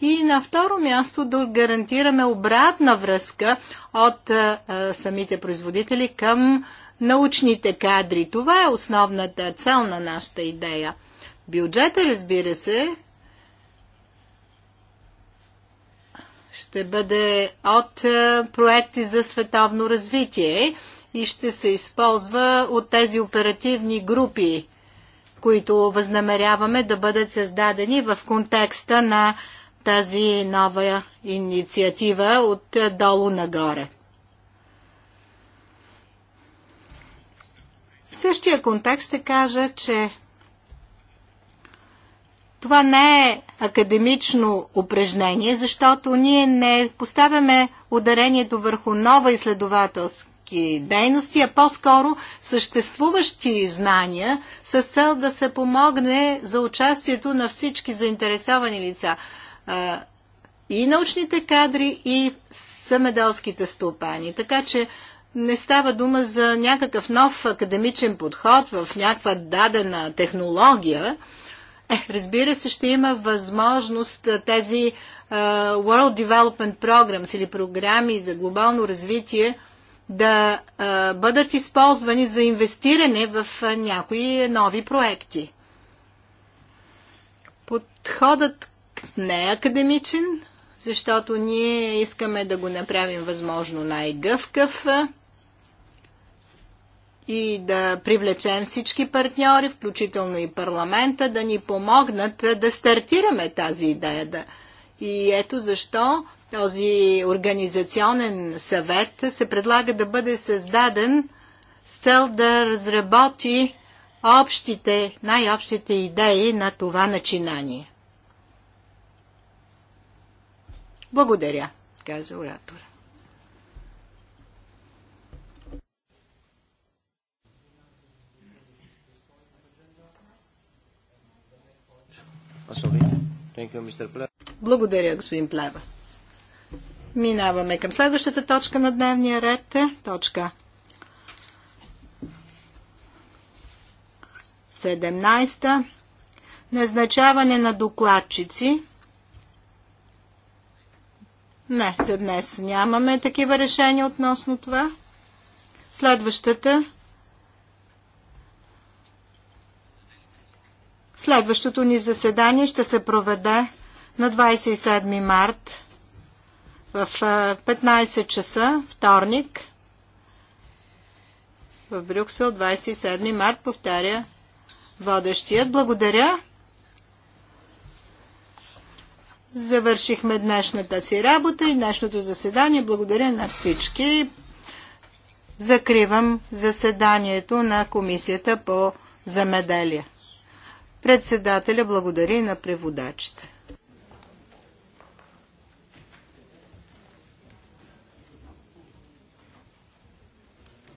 и на второ място да гарантираме обратна връзка от а, самите производители към а, научните кадри. Това е основната цел на нашата идея. Бюджета, разбира се, ще бъде от е, проекти за световно развитие и ще се използва от тези оперативни групи, които възнамеряваме да бъдат създадени в контекста на тази нова инициатива от е, долу нагоре. същия контекст ще кажа, че това не е академично упражнение, защото ние не поставяме ударението върху нова изследователски дейности, а по-скоро съществуващи знания с цел да се помогне за участието на всички заинтересовани лица. И научните кадри, и съмеделските стопани. Така че не става дума за някакъв нов академичен подход в някаква дадена технология. Е, разбира се, ще има възможност тези uh, World Development Programs или програми за глобално развитие да uh, бъдат използвани за инвестиране в uh, някои нови проекти. Подходът не е академичен, защото ние искаме да го направим възможно най-гъвкав и да привлечем всички партньори, включително и парламента, да ни помогнат да стартираме тази идея. И ето защо този организационен съвет се предлага да бъде създаден с цел да разработи общите, най-общите идеи на това начинание. Благодаря, каза оратора. Благодаря, господин Плева. Минаваме към следващата точка на дневния ред. Точка 17. Назначаване на докладчици. Не, за днес нямаме такива решения относно това. Следващата Следващото ни заседание ще се проведе на 27 март в 15 часа, вторник, в Брюксел, 27 март, повтаря водещият. Благодаря. Завършихме днешната си работа и днешното заседание. Благодаря на всички. Закривам заседанието на Комисията по замеделие. Председателя благодари на преводачите.